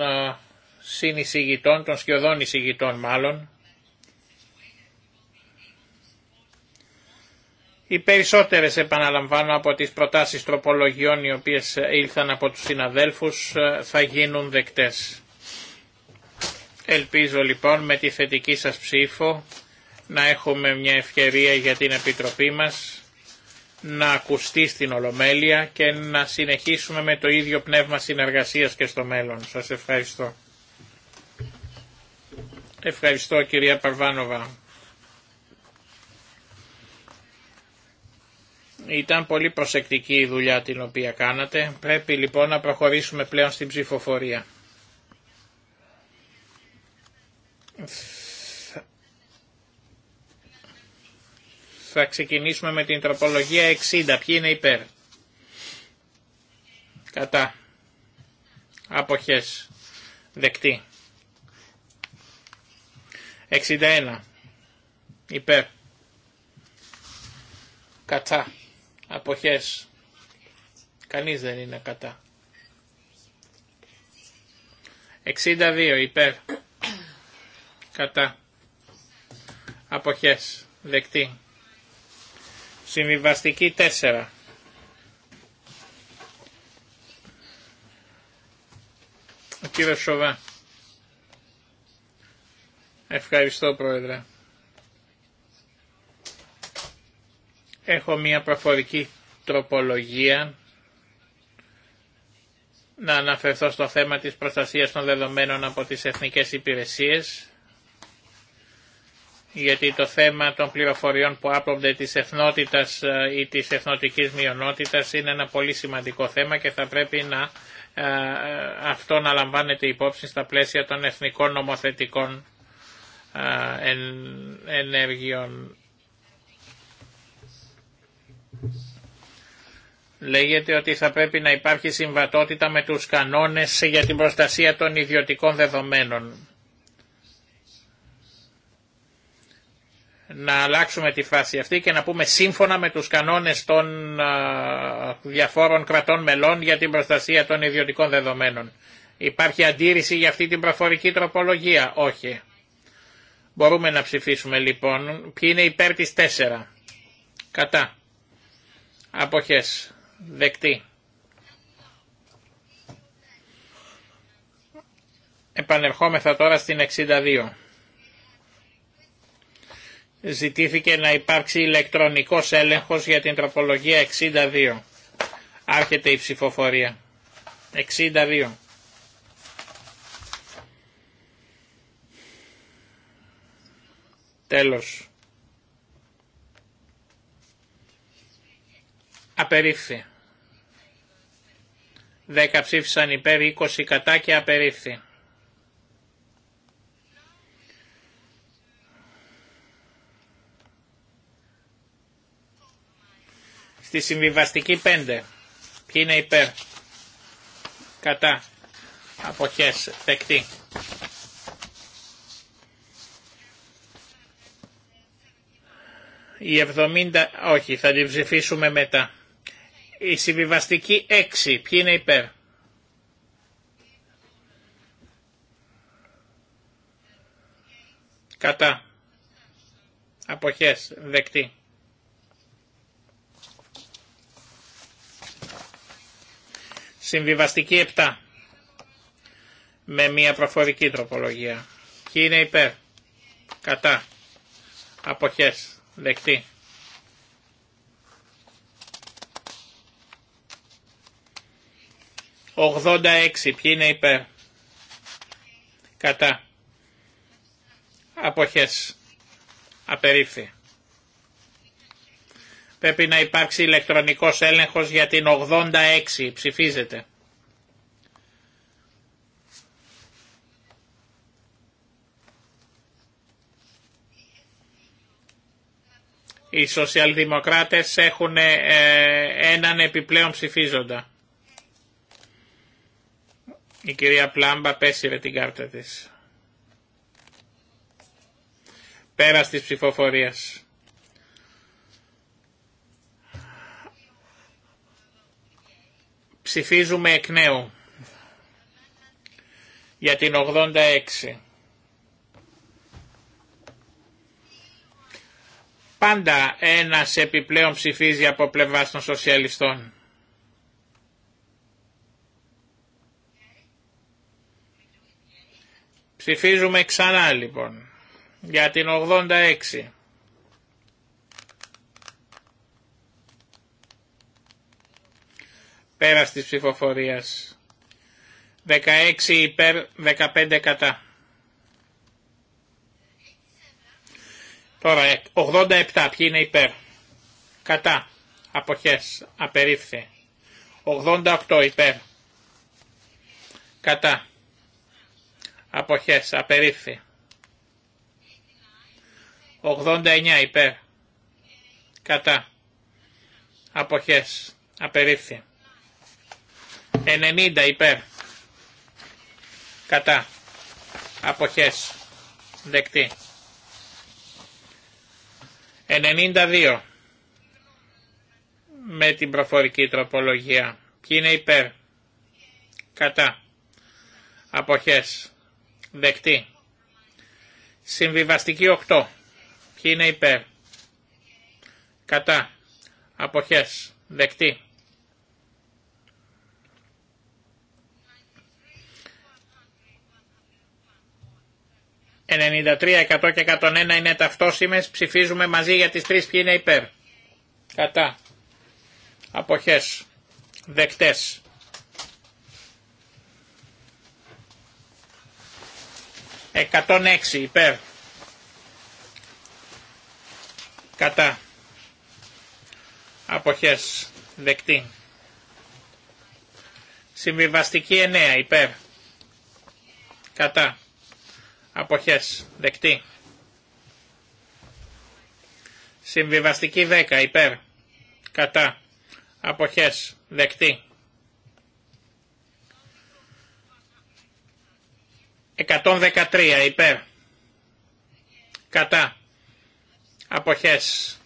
συνεισηγητών, των σκιωδών εισηγητών μάλλον. Οι περισσότερες επαναλαμβάνω από τις προτάσεις τροπολογιών οι οποίες ήλθαν από τους συναδέλφους ε, θα γίνουν δεκτές. Ελπίζω λοιπόν με τη θετική σας ψήφο να έχουμε μια ευκαιρία για την Επιτροπή μας να ακουστεί στην Ολομέλεια και να συνεχίσουμε με το ίδιο πνεύμα συνεργασίας και στο μέλλον. Σας ευχαριστώ. Ευχαριστώ κυρία Παρβάνοβα. Ήταν πολύ προσεκτική η δουλειά την οποία κάνατε. Πρέπει λοιπόν να προχωρήσουμε πλέον στην ψηφοφορία. Θα ξεκινήσουμε με την τροπολογία 60. Ποιοι είναι υπέρ. Κατά. Αποχές. Δεκτή. 61. Υπέρ. Κατά Αποχές. Κανείς δεν είναι κατά. 62 υπέρ. Κατά. Αποχές. Δεκτή. Συμβιβαστική 4. Ο κύριος Σοβά. Ευχαριστώ πρόεδρε. Έχω μια προφορική τροπολογία να αναφερθώ στο θέμα της προστασίας των δεδομένων από τις εθνικές υπηρεσίες γιατί το θέμα των πληροφοριών που άπλονται της εθνότητας ε, ή της εθνοτικής μειονότητας είναι ένα πολύ σημαντικό θέμα και θα πρέπει να, ε, ε, αυτό να λαμβάνεται υπόψη στα πλαίσια των εθνικών νομοθετικών ενέργειων. λέγεται ότι θα πρέπει να υπάρχει συμβατότητα με τους κανόνες για την προστασία των ιδιωτικών δεδομένων. Να αλλάξουμε τη φάση αυτή και να πούμε σύμφωνα με τους κανόνες των διαφόρων κρατών μελών για την προστασία των ιδιωτικών δεδομένων. Υπάρχει αντίρρηση για αυτή την προφορική τροπολογία. Όχι. Μπορούμε να ψηφίσουμε λοιπόν. Ποιοι είναι υπέρ της 4. Κατά. Αποχές. Δεκτή. Επανερχόμεθα τώρα στην 62. Ζητήθηκε να υπάρξει ηλεκτρονικός έλεγχος για την τροπολογία 62. Άρχεται η ψηφοφορία. 62. Τέλος. Απερίφθη. 10 ψήφισαν υπέρ, 20 κατά και απερίφθη. Στη συμβιβαστική 5. Ποιοι είναι υπέρ. Κατά. Αποχές. Δεκτή. 70, όχι, θα την ψηφίσουμε μετά. Η συμβιβαστική 6. Ποιοι είναι υπέρ. Κατά. Αποχές. Δεκτή. Συμβιβαστική 7. Με μια προφορική τροπολογία. Ποιοι είναι υπέρ. Κατά. Αποχές. Δεκτή. 86. Ποιοι είναι υπέρ. Κατά. Αποχές. Απερίφθη. Πρέπει να υπάρξει ηλεκτρονικός έλεγχος για την 86. Ψηφίζεται. Οι σοσιαλδημοκράτες έχουν ε, έναν επιπλέον ψηφίζοντα. Η κυρία Πλάμπα πέσυρε την κάρτα της. Πέρας της ψηφοφορίας. Ψηφίζουμε εκ νέου για την 86. Πάντα ένας επιπλέον ψηφίζει από πλευράς των σοσιαλιστών. Ψηφίζουμε ξανά λοιπόν για την 86. Πέρας της ψηφοφορίας. 16 υπέρ 15 κατά. Τώρα 87 ποιοι είναι υπέρ. Κατά. Αποχές. Απερίφθη. 88 υπέρ. Κατά. Αποχές. Απερίφθη. 89 υπέρ. Κατά. Αποχές. Απερίφθη. 90 υπέρ. Κατά. Αποχές. Δεκτή. 92. Με την προφορική τροπολογία. Ποιοι είναι υπέρ. Κατά. Αποχές. Δεκτή. Συμβιβαστική 8. Ποιοι είναι υπέρ. Κατά. Αποχές. Δεκτή. 93, και 101 είναι ταυτόσιμες. Ψηφίζουμε μαζί για τις τρεις ποιοι είναι υπέρ. Κατά. Αποχές. Δεκτές. 106 υπέρ. Κατά. Αποχές. Δεκτή. Συμβιβαστική 9 υπέρ. Κατά. Αποχές. Δεκτή. Συμβιβαστική 10 υπέρ. Κατά. Αποχές. Δεκτή. 113 υπέρ. Κατά. Αποχές.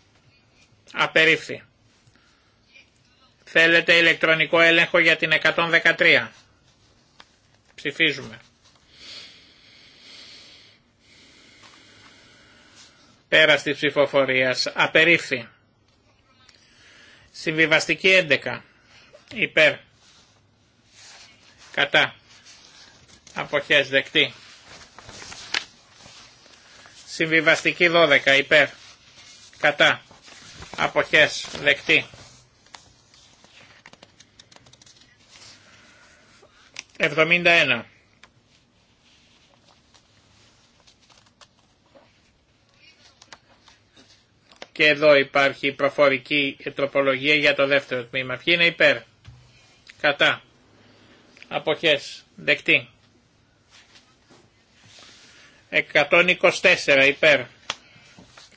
Απερίφθη. Θέλετε ηλεκτρονικό έλεγχο για την 113. Ψηφίζουμε. Πέρα στη ψηφοφορία. Απερίφθη. Συμβιβαστική 11. Υπέρ. Κατά αποχές δεκτή. Συμβιβαστική 12 υπέρ κατά αποχές δεκτή. 71. Και εδώ υπάρχει προφορική τροπολογία για το δεύτερο τμήμα. Ποιοι είναι υπέρ. Κατά. Αποχές. Δεκτή. 124 υπέρ.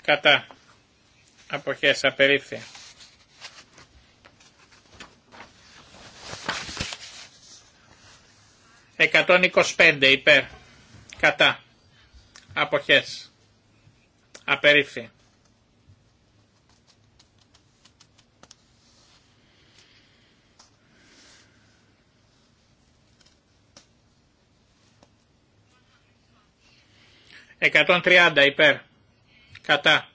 Κατά. Αποχές Απερίφθει. Εκατόν υπέρ. Κατά. Αποχές. απερίφθεια. 130 υπέρ. Κατά.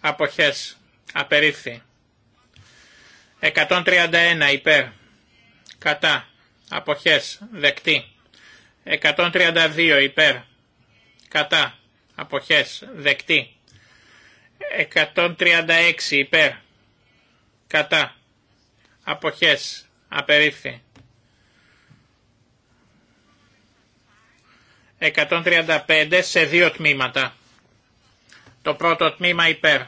Αποχές. Απερίφθη. 131 υπέρ. Κατά. Αποχές. Δεκτή. 132 υπέρ. Κατά. Αποχές. Δεκτή. 136 υπέρ. Κατά. Αποχές. Απερίφθη. 135 σε δύο τμήματα. Το πρώτο τμήμα υπέρ.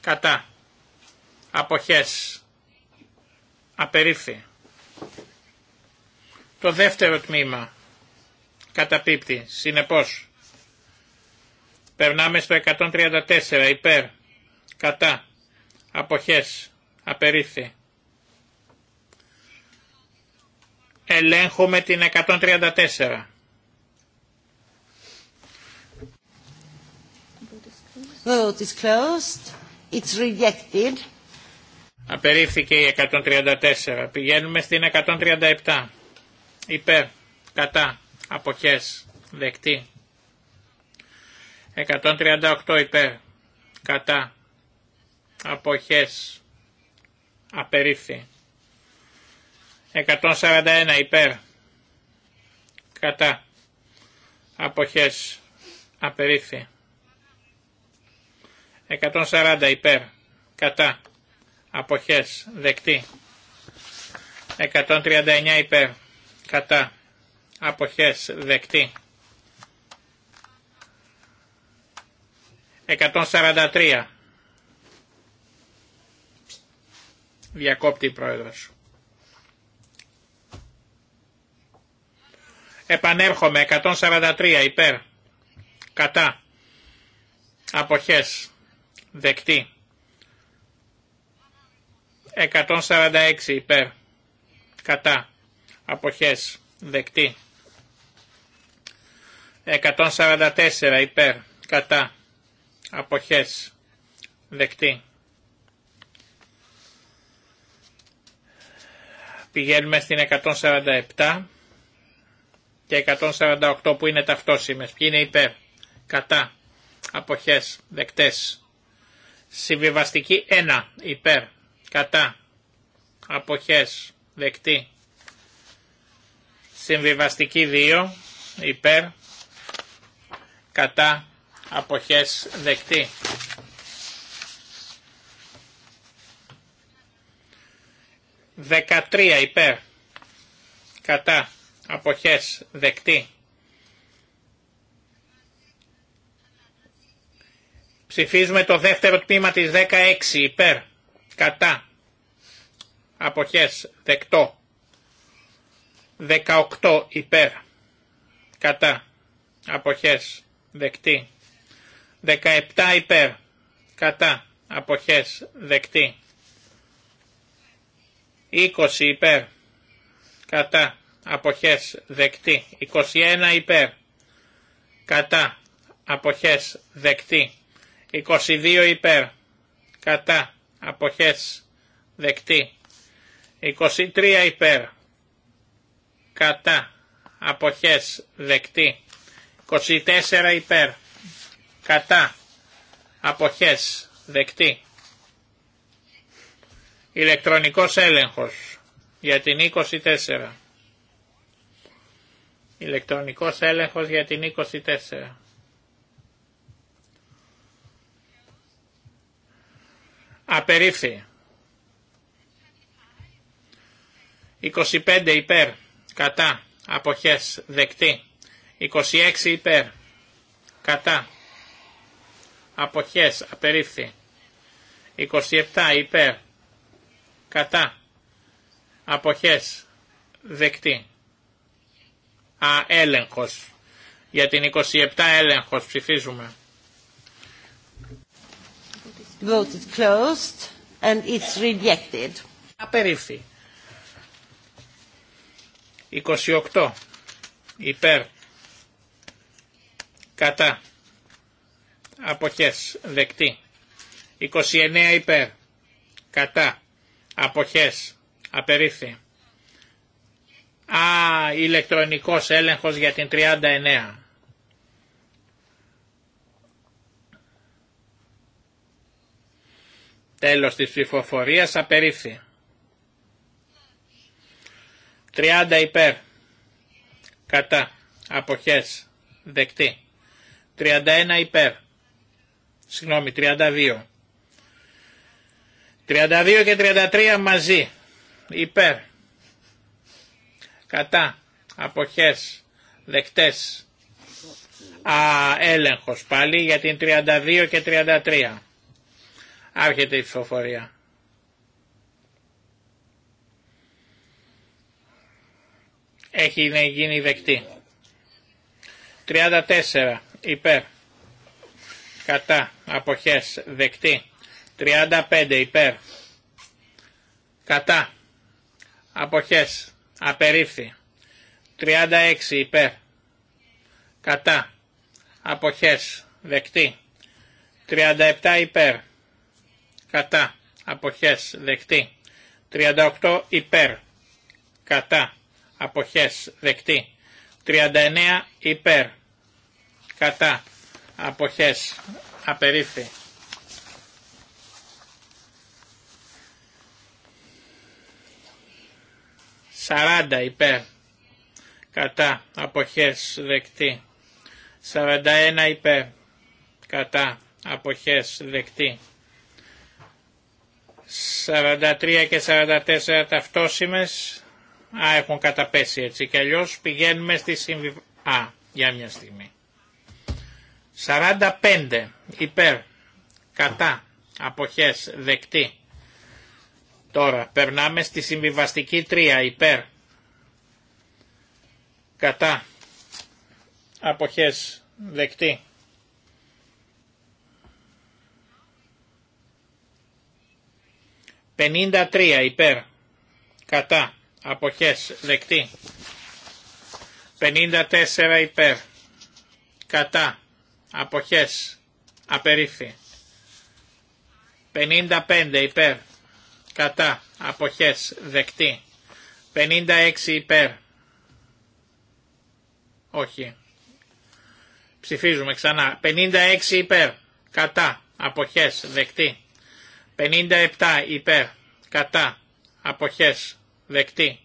Κατά. Αποχές. Απερίφθη. Το δεύτερο τμήμα. Καταπίπτει. Συνεπώς. Περνάμε στο 134 υπέρ. Κατά. Αποχές. Απερίφθη. Ελέγχουμε την 134. Vote Απερίφθηκε η 134. Πηγαίνουμε στην 137. Υπέρ. Κατά. Αποχές. Δεκτή. 138 υπέρ. Κατά. Αποχές. Απερίφθη. 141 υπέρ. Κατά. Αποχές. Απερίφθη. 140 υπέρ, κατά, αποχές, δεκτή. 139 υπέρ, κατά, αποχές, δεκτή. 143. Διακόπτη η πρόεδρος. Επανέρχομαι 143 υπέρ. Κατά. Αποχές. Δεκτή. 146 υπέρ. Κατά. Αποχές. Δεκτή. 144 υπέρ. Κατά. Αποχές. Δεκτή. Πηγαίνουμε στην 147 και 148 που είναι ταυτόσιμες. Ποιοι είναι υπέρ. Κατά. Αποχές. Δεκτές. Συμβιβαστική 1 υπέρ κατά αποχές δεκτή. Συμβιβαστική 2 υπέρ κατά αποχές δεκτή. 13 υπέρ κατά αποχές δεκτή. Ψηφίζουμε το δεύτερο τμήμα της 16 υπέρ. Κατά. Αποχές. Δεκτό. 18 υπέρ. Κατά. Αποχές. Δεκτή. 17 υπέρ. Κατά. Αποχές. Δεκτή. 20 υπέρ. Κατά. Αποχές. Δεκτή. 21 υπέρ. Κατά. Αποχές. Δεκτή. 22 υπέρ. Κατά. Αποχές. Δεκτή. 23 υπέρ. Κατά. Αποχές. Δεκτή. 24 υπέρ. Κατά. Αποχές. Δεκτή. Ηλεκτρονικός έλεγχος για την 24. Ηλεκτρονικός έλεγχος για την 24. Απερίφθη. 25 υπέρ. Κατά. Αποχές. Δεκτή. 26 υπέρ. Κατά. Αποχές. Απερίφθη. 27 υπέρ. Κατά. Αποχές. Δεκτή. Α, Για την 27 έλεγχος ψηφίζουμε closed and it's rejected. Απερίφθη. 28. Υπέρ. Κατά. Αποχές. Δεκτή. 29 υπέρ. Κατά. Αποχές. Απερίφθη. Α, ηλεκτρονικός έλεγχος για την 39. Τέλος της ψηφοφορίας απερίφθη. 30 υπέρ. Κατά. Αποχές. Δεκτή. 31 υπέρ. Συγγνώμη, 32. 32 και 33 μαζί. Υπέρ. Κατά. Αποχές. Δεκτές. Α, έλεγχος πάλι για την 32 και 33. Άρχεται η ψηφοφορία. Έχει γίνει δεκτή. 34 υπέρ. Κατά. Αποχές. Δεκτή. 35 υπέρ. Κατά. Αποχές. Απερίφθη. 36 υπέρ. Κατά. Αποχές. Δεκτή. 37 υπέρ κατά, αποχές, δεκτή. 38 υπέρ, κατά, αποχές, δεκτή. 39 υπέρ, κατά, αποχές, απερίφθη. Σαράντα υπέρ, κατά, αποχές, δεκτή. 41 υπέρ, κατά, αποχές, δεκτή. 43 και 44 ταυτόσιμες. Α, έχουν καταπέσει έτσι και αλλιώ πηγαίνουμε στη συμβιβαστική. Α, για μια στιγμή. 45 υπέρ, κατά, αποχές, δεκτή. Τώρα περνάμε στη συμβιβαστική 3 υπέρ, κατά, αποχές, δεκτή. 53 υπέρ. Κατά. Αποχές. Δεκτή. 54 υπέρ. Κατά. Αποχές. Απερίφη. 55 υπέρ. Κατά. Αποχές. Δεκτή. 56 υπέρ. Όχι. Ψηφίζουμε ξανά. 56 υπέρ. Κατά. Αποχές. Δεκτή. 57 υπέρ, κατά, αποχές, δεκτή.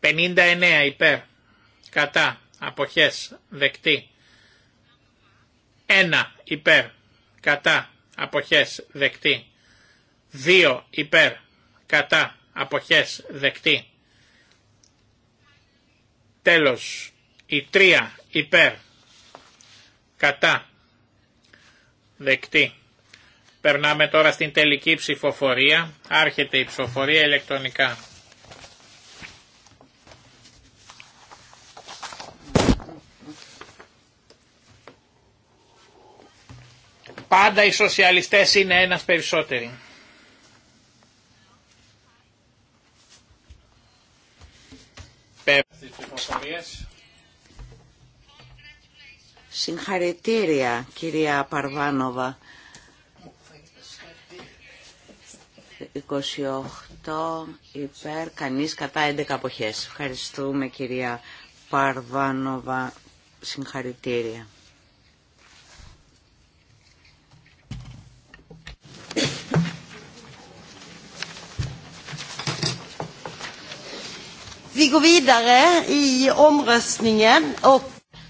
59 υπέρ, κατά, αποχές, δεκτή. 1 υπέρ, κατά, αποχές, δεκτή. 2 υπέρ, κατά, αποχές, δεκτή. Τέλος, η 3 υπέρ, κατά, δεκτή. Περνάμε τώρα στην τελική ψηφοφορία. Άρχεται η ψηφοφορία ηλεκτρονικά. Πάντα οι σοσιαλιστές είναι ένας περισσότεροι. Συγχαρητήρια κυρία Παρβάνοβα. 28 υπέρ, κανείς κατά 11 αποχές. Ευχαριστούμε κυρία Παρβάνοβα, συγχαρητήρια.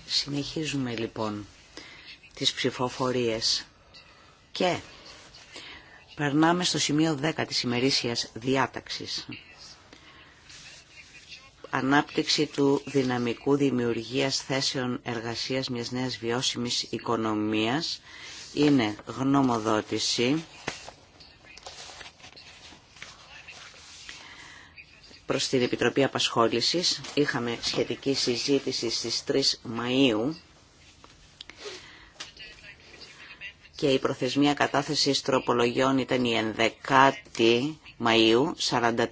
Συνεχίζουμε λοιπόν τις ψηφοφορίες και Περνάμε στο σημείο 10 της ημερήσιας διάταξης. Ανάπτυξη του δυναμικού δημιουργίας θέσεων εργασίας μιας νέας βιώσιμης οικονομίας είναι γνωμοδότηση προς την Επιτροπή Απασχόλησης. Είχαμε σχετική συζήτηση στις 3 Μαΐου και η προθεσμία κατάθεσης τροπολογιών ήταν η 11η Μαΐου, 44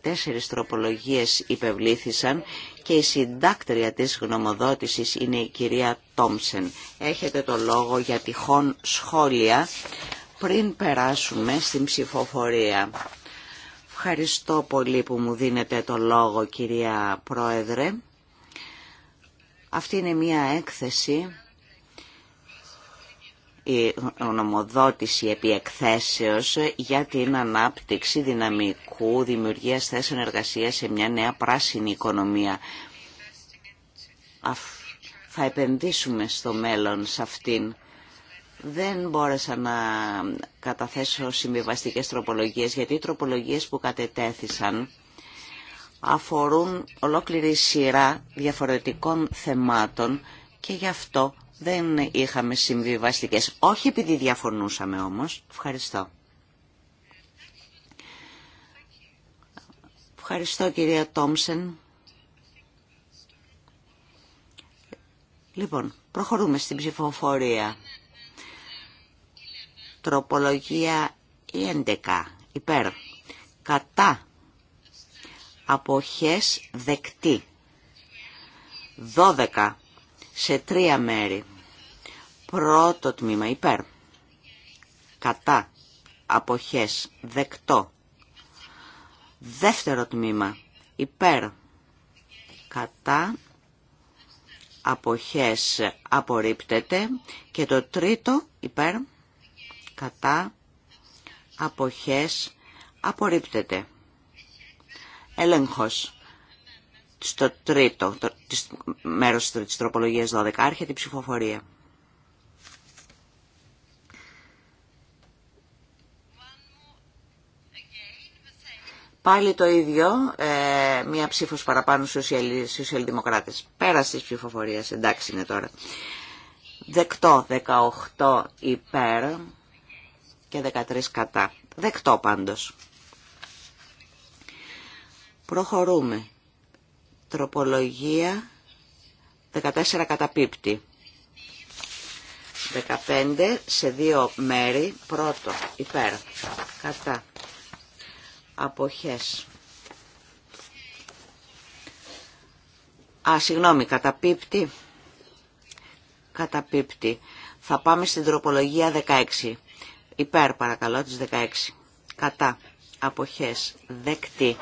τροπολογίες υπευλήθησαν και η συντάκτρια της γνωμοδότησης είναι η κυρία Τόμψεν. Έχετε το λόγο για τυχόν σχόλια πριν περάσουμε στην ψηφοφορία. Ευχαριστώ πολύ που μου δίνετε το λόγο κυρία Πρόεδρε. Αυτή είναι μια έκθεση η ονομοδότηση επί εκθέσεως για την ανάπτυξη δυναμικού δημιουργίας θέσεων εργασίας σε μια νέα πράσινη οικονομία. Θα επενδύσουμε στο μέλλον σε αυτήν. Δεν μπόρεσα να καταθέσω συμβιβαστικές τροπολογίες, γιατί οι τροπολογίες που κατετέθησαν αφορούν ολόκληρη σειρά διαφορετικών θεμάτων και γι' αυτό δεν είχαμε συμβιβαστικές. Όχι επειδή διαφωνούσαμε όμως. Ευχαριστώ. Ευχαριστώ κυρία Τόμσεν. Λοιπόν, προχωρούμε στην ψηφοφορία. Τροπολογία 11. Υπέρ. Κατά. Αποχές δεκτή. 12 σε τρία μέρη. Πρώτο τμήμα υπέρ. Κατά. Αποχές. Δεκτό. Δεύτερο τμήμα υπέρ. Κατά. Αποχές απορρίπτεται. Και το τρίτο υπέρ. Κατά. Αποχές απορρίπτεται. Έλεγχος στο τρίτο το, μέρος της τροπολογίας 12 άρχεται η ψηφοφορία. Πάλι το ίδιο, ε, μία ψήφος παραπάνω στους σοσιαλδημοκράτες. Πέρασε της ψηφοφορίας, εντάξει είναι τώρα. Δεκτό 18 υπέρ και 13 κατά. Δεκτό πάντως. Προχωρούμε. Τροπολογία 14 καταπίπτει. 15 σε δύο μέρη. Πρώτο υπέρ. Κατά. Αποχές. Α, συγγνώμη, καταπίπτει. Καταπίπτει. Θα πάμε στην τροπολογία 16. Υπέρ παρακαλώ της 16. Κατά. Αποχές. Δεκτή.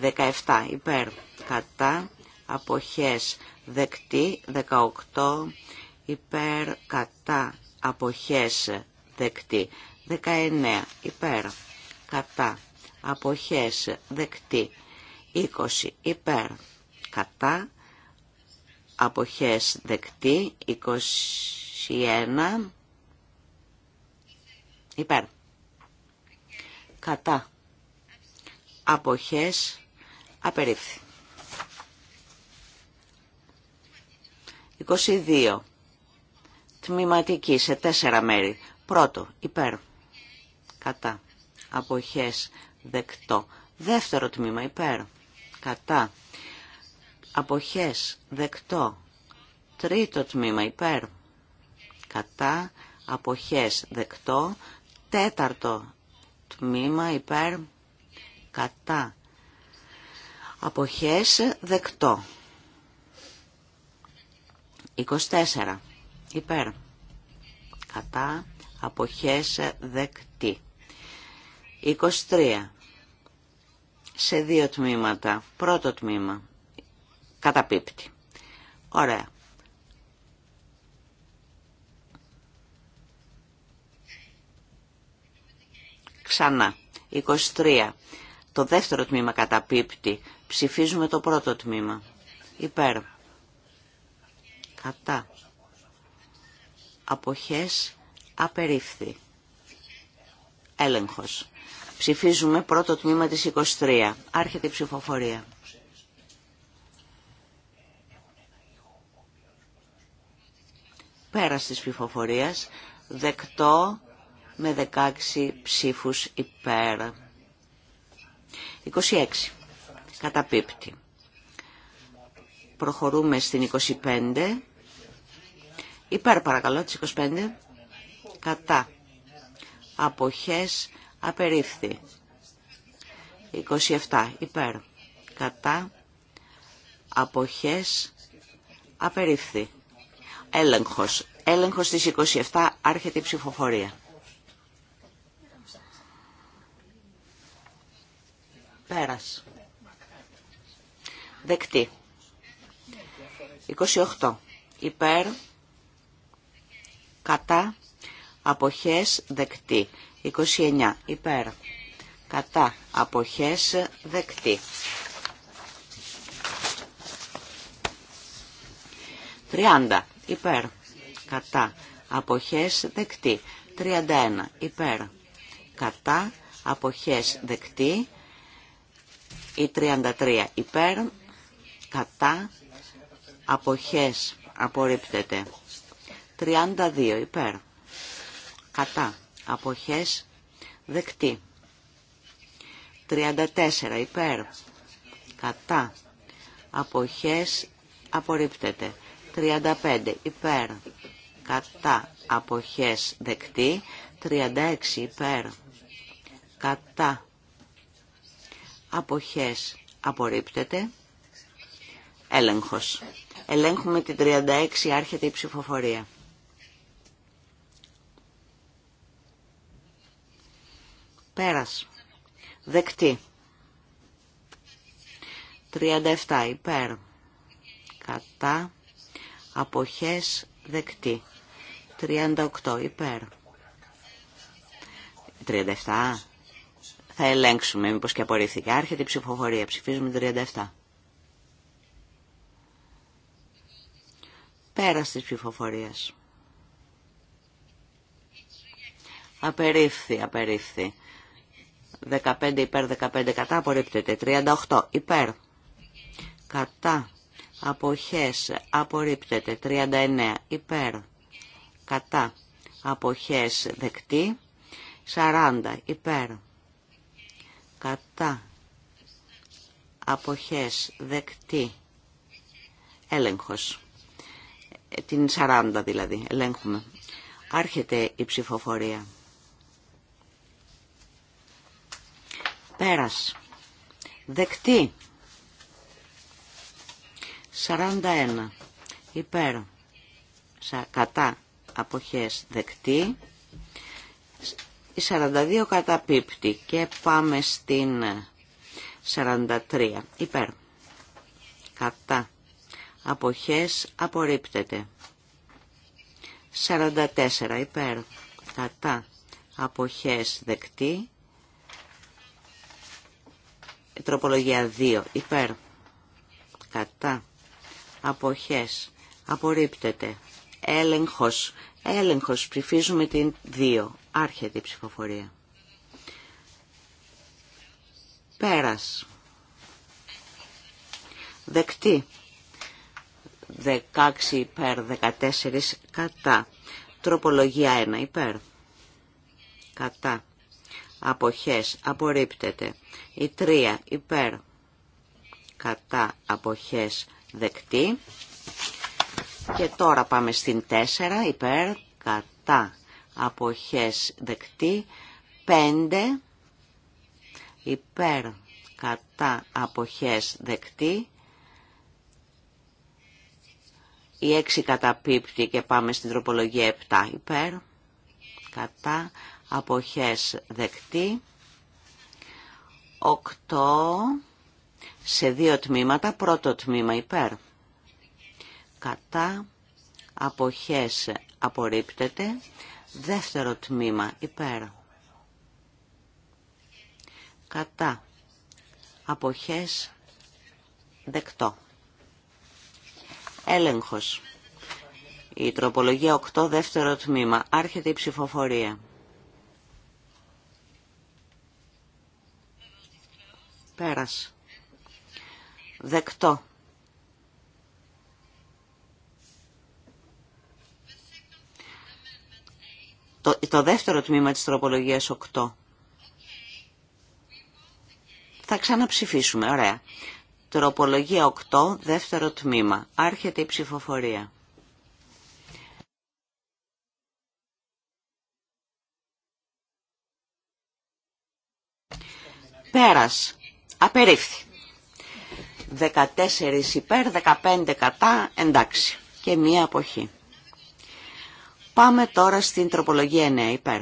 17 υπέρ κατά αποχές δεκτή 18 υπέρ κατά αποχές δεκτή 19 υπέρ κατά αποχές δεκτή 20 υπέρ κατά αποχές δεκτή 21 υπέρ κατά αποχές Απερίφθη. 22. Τμηματική σε τέσσερα μέρη. Πρώτο, υπέρ. Κατά. Αποχές. Δεκτό. Δεύτερο τμήμα, υπέρ. Κατά. Αποχές. Δεκτό. Τρίτο τμήμα, υπέρ. Κατά. Αποχές. Δεκτό. Τέταρτο τμήμα, υπέρ. Κατά. Αποχές δεκτό. 24. Υπέρ. Κατά. Αποχές δεκτή. 23. Σε δύο τμήματα. Πρώτο τμήμα. Καταπίπτει. Ωραία. Ξανά. 23. Το δεύτερο τμήμα καταπίπτει Ψηφίζουμε το πρώτο τμήμα. Υπέρ. Κατά. Αποχές απερίφθη. Έλεγχος. Ψηφίζουμε πρώτο τμήμα της 23. Άρχεται η ψηφοφορία. Πέρας της ψηφοφορίας, δεκτό με 16 ψήφους υπέρ. 26. Καταπίπτει. Προχωρούμε στην 25. Υπέρ παρακαλώ τις 25. Κατά. Αποχές απερίφθη. 27. Υπέρ. Κατά. Αποχές απερίφθη. Έλεγχος. Έλεγχος της 27. Άρχεται η ψηφοφορία. Πέρας. Δεκτή. 28. Υπέρ, κατά, αποχές, δεκτή. 29. Υπέρ, κατά, αποχές, δεκτή. 30. Υπέρ, κατά, αποχές, δεκτή. 31. Υπέρ, κατά, αποχές, δεκτή. Η 33. Υπέρ, κατά αποχές απορρίπτεται 32 υπέρ κατά αποχές δεκτή 34 υπέρ κατά αποχές απορρίπτεται 35 υπέρ κατά αποχές δεκτή 36 υπέρ κατά αποχές απορρίπτεται Έλεγχος. Ελέγχουμε την 36, άρχεται η ψηφοφορία. Πέρας. Δεκτή. 37 υπέρ. Κατά. Αποχές δεκτή. 38 υπέρ. 37. Θα ελέγξουμε μήπως και απορρίφθηκε. Άρχεται η ψηφοφορία. Ψηφίζουμε 37. Πέρας της ψηφοφορίας. Απερίφθη, απερίφθη. 15 υπέρ, 15 κατά, απορρίπτεται. 38 υπέρ, κατά, αποχές, απορρίπτεται. 39 υπέρ, κατά, αποχές, δεκτή. 40 υπέρ, κατά, αποχές, δεκτή. Έλεγχος την 40 δηλαδή, ελέγχουμε. Άρχεται η ψηφοφορία. Πέρας. Δεκτή. 41. Υπέρ. Σα Κατά αποχές δεκτή. Η 42 καταπίπτει και πάμε στην 43. Υπέρ. Κατά αποχές απορρίπτεται. 44 υπέρ κατά αποχές δεκτή. Τροπολογία 2 υπέρ κατά αποχές απορρίπτεται. Έλεγχος. Έλεγχος ψηφίζουμε την 2. Άρχεται η ψηφοφορία. Πέρας. Δεκτή. 16 υπέρ, 14 κατά. Τροπολογία 1 υπέρ. Κατά. Αποχές. Απορρίπτεται. Η 3 υπέρ. Κατά. Αποχές. Δεκτή. Και τώρα πάμε στην 4 υπέρ. Κατά. Αποχές. Δεκτή. 5 υπέρ. Κατά. Αποχές. Δεκτή. Η έξι καταπίπτει και πάμε στην τροπολογία επτά υπέρ. Κατά αποχές δεκτή. Οκτώ σε δύο τμήματα. Πρώτο τμήμα υπέρ. Κατά αποχές απορρίπτεται. Δεύτερο τμήμα υπέρ. Κατά αποχές δεκτό. Έλεγχος. Η τροπολογία 8, δεύτερο τμήμα. Άρχεται η ψηφοφορία. Πέρας. Δεκτό. Το, το δεύτερο τμήμα της τροπολογίας 8. Θα ξαναψηφίσουμε. Ωραία. Τροπολογία 8, δεύτερο τμήμα. Άρχεται η ψηφοφορία. Πέρας. Απερίφθη. 14 υπέρ, 15 κατά, εντάξει. Και μία αποχή. Πάμε τώρα στην τροπολογία 9 υπέρ.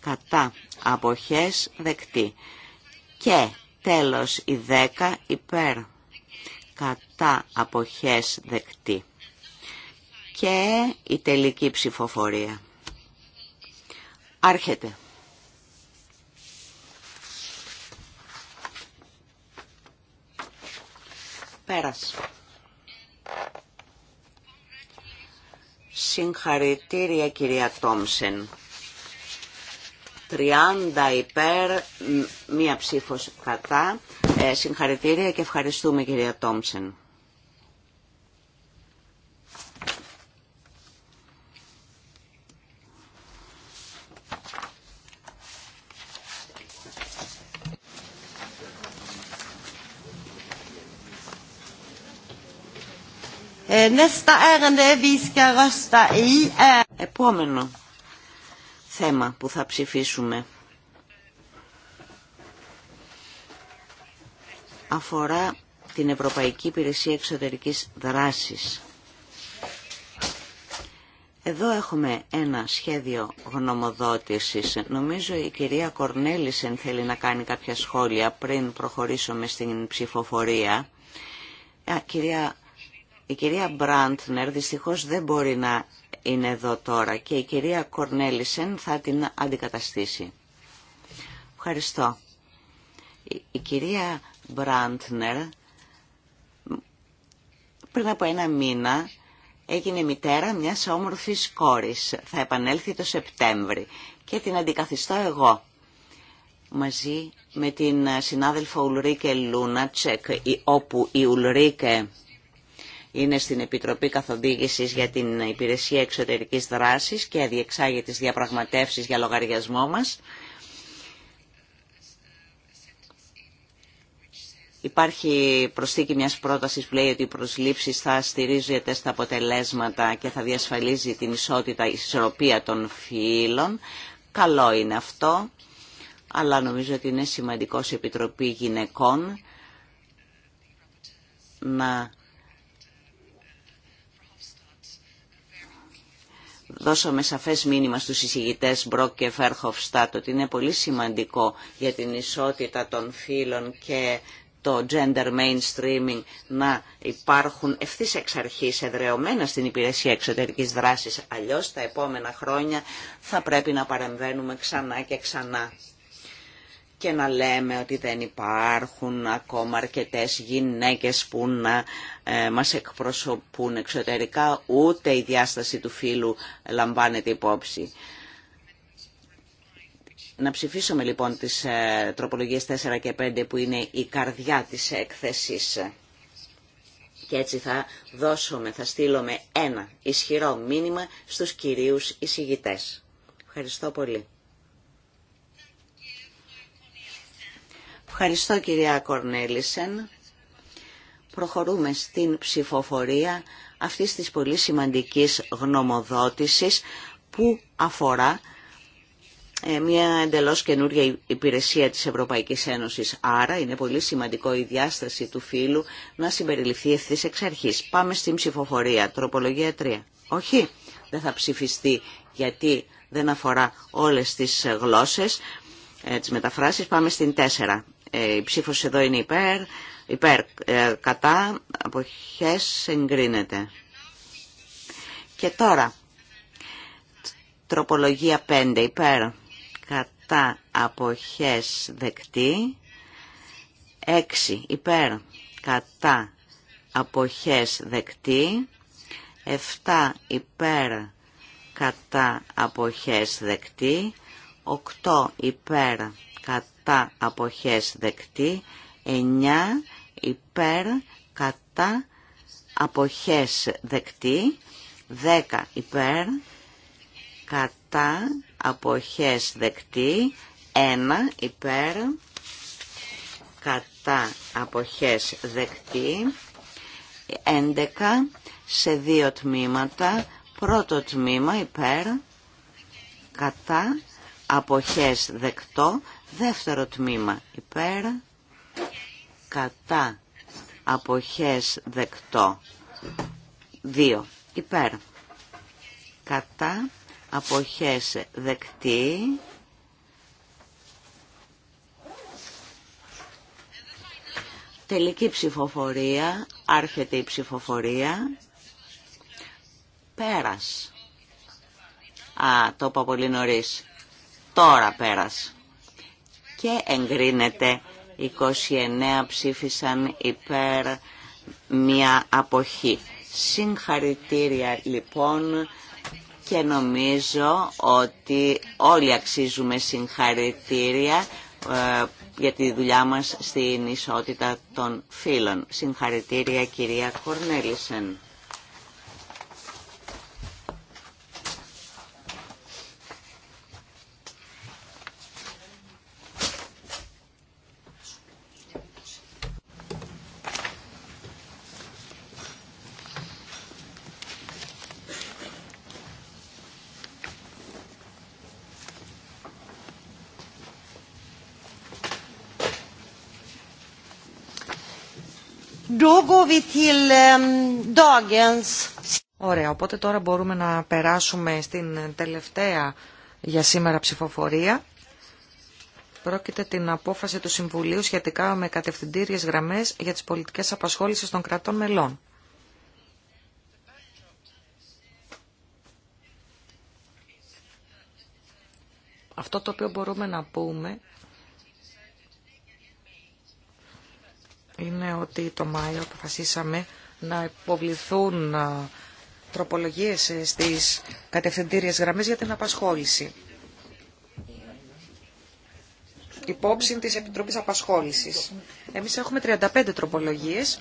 Κατά αποχές δεκτή. Και Τέλος, η δέκα υπέρ κατά αποχές δεκτή. Και η τελική ψηφοφορία. Άρχεται. Πέρας. Συγχαρητήρια κυρία Τόμσεν. 30 υπέρ, μία ψήφος κατά. Ε, συγχαρητήρια και ευχαριστούμε κυρία Τόμψεν. Ε, ε. Επόμενο θέμα που θα ψηφίσουμε. Αφορά την Ευρωπαϊκή Υπηρεσία Εξωτερικής Δράσης. Εδώ έχουμε ένα σχέδιο γνωμοδότησης. Νομίζω η κυρία Κορνέλησεν θέλει να κάνει κάποια σχόλια πριν προχωρήσουμε στην ψηφοφορία. Α, κυρία η κυρία Μπραντνερ δυστυχώς δεν μπορεί να είναι εδώ τώρα και η κυρία Κορνέλισεν θα την αντικαταστήσει. Ευχαριστώ. Η κυρία Μπραντνερ πριν από ένα μήνα έγινε μητέρα μιας όμορφης κόρης. Θα επανέλθει το Σεπτέμβρη και την αντικαθιστώ εγώ. Μαζί με την συνάδελφο Ουλρίκε Λούνατσεκ, όπου η Ουλρίκε είναι στην Επιτροπή Καθοδήγησης για την Υπηρεσία Εξωτερικής Δράσης και διεξάγει τις διαπραγματεύσεις για λογαριασμό μας. Υπάρχει προσθήκη μιας πρότασης που λέει ότι οι προσλήψεις θα στηρίζεται στα αποτελέσματα και θα διασφαλίζει την ισότητα, η ισορροπία των φύλων. Καλό είναι αυτό, αλλά νομίζω ότι είναι σημαντικό σε Επιτροπή Γυναικών να δώσαμε σαφές μήνυμα στους εισηγητές Μπροκ και Φέρχοφστάτ ότι είναι πολύ σημαντικό για την ισότητα των φύλων και το gender mainstreaming να υπάρχουν ευθύ εξ αρχή εδρεωμένα στην υπηρεσία εξωτερική δράση. Αλλιώ τα επόμενα χρόνια θα πρέπει να παρεμβαίνουμε ξανά και ξανά και να λέμε ότι δεν υπάρχουν ακόμα αρκετές γυναίκες που να ε, μας εκπροσωπούν εξωτερικά, ούτε η διάσταση του φύλου λαμβάνεται υπόψη. Να ψηφίσουμε λοιπόν τις ε, τροπολογίες 4 και 5 που είναι η καρδιά της έκθεσης. Και έτσι θα δώσουμε, θα στείλουμε ένα ισχυρό μήνυμα στους κυρίους εισηγητές. Ευχαριστώ πολύ. Ευχαριστώ κυρία Κορνέλισεν προχωρούμε στην ψηφοφορία αυτής της πολύ σημαντικής γνωμοδότησης που αφορά ε, μια εντελώς καινούρια υπηρεσία της Ευρωπαϊκής Ένωσης. Άρα είναι πολύ σημαντικό η διάσταση του φύλου να συμπεριληφθεί ευθύς εξ αρχής. Πάμε στην ψηφοφορία. Τροπολογία 3. Όχι, δεν θα ψηφιστεί γιατί δεν αφορά όλες τις γλώσσες, ε, τις μεταφράσεις. Πάμε στην 4. Ε, η ψήφος εδώ είναι υπέρ, Υπέρ, ε, κατά, αποχές, εγκρίνεται. Και τώρα, τροπολογία 5, υπέρ, κατά, αποχές, δεκτή. 6, υπέρ, κατά, αποχές, δεκτή. 7, υπέρ, κατά, αποχές, δεκτή. 8, υπέρ, κατά, αποχές, δεκτή. 9 υπέρ, κατά, αποχές δεκτή. 10 υπέρ, κατά, αποχές δεκτή. 1 υπέρ, κατά, αποχές δεκτή. 11 σε δύο τμήματα. Πρώτο τμήμα υπέρ, κατά, αποχές δεκτό. Δεύτερο τμήμα υπέρ, κατά αποχές δεκτό Δύο. υπέρ κατά αποχές δεκτή τελική ψηφοφορία άρχεται η ψηφοφορία πέρας α το είπα πολύ νωρίς τώρα πέρας και εγκρίνεται 29 ψήφισαν υπέρ μια αποχή. Συγχαρητήρια λοιπόν και νομίζω ότι όλοι αξίζουμε συγχαρητήρια ε, για τη δουλειά μας στην ισότητα των φίλων. Συγχαρητήρια κυρία Κορνέλισεν. Ehm, Ωραία, οπότε τώρα μπορούμε να περάσουμε στην τελευταία για σήμερα ψηφοφορία. Πρόκειται την απόφαση του Συμβουλίου σχετικά με κατευθυντήριες γραμμές για τις πολιτικές απασχόλησεις των κρατών μελών. Αυτό το οποίο μπορούμε να πούμε είναι ότι το Μάιο αποφασίσαμε να υποβληθούν τροπολογίες ε, στις κατευθυντήριες γραμμές για την απασχόληση. Υπόψη της Επιτροπής Απασχόλησης. Εμείς έχουμε 35 τροπολογίες.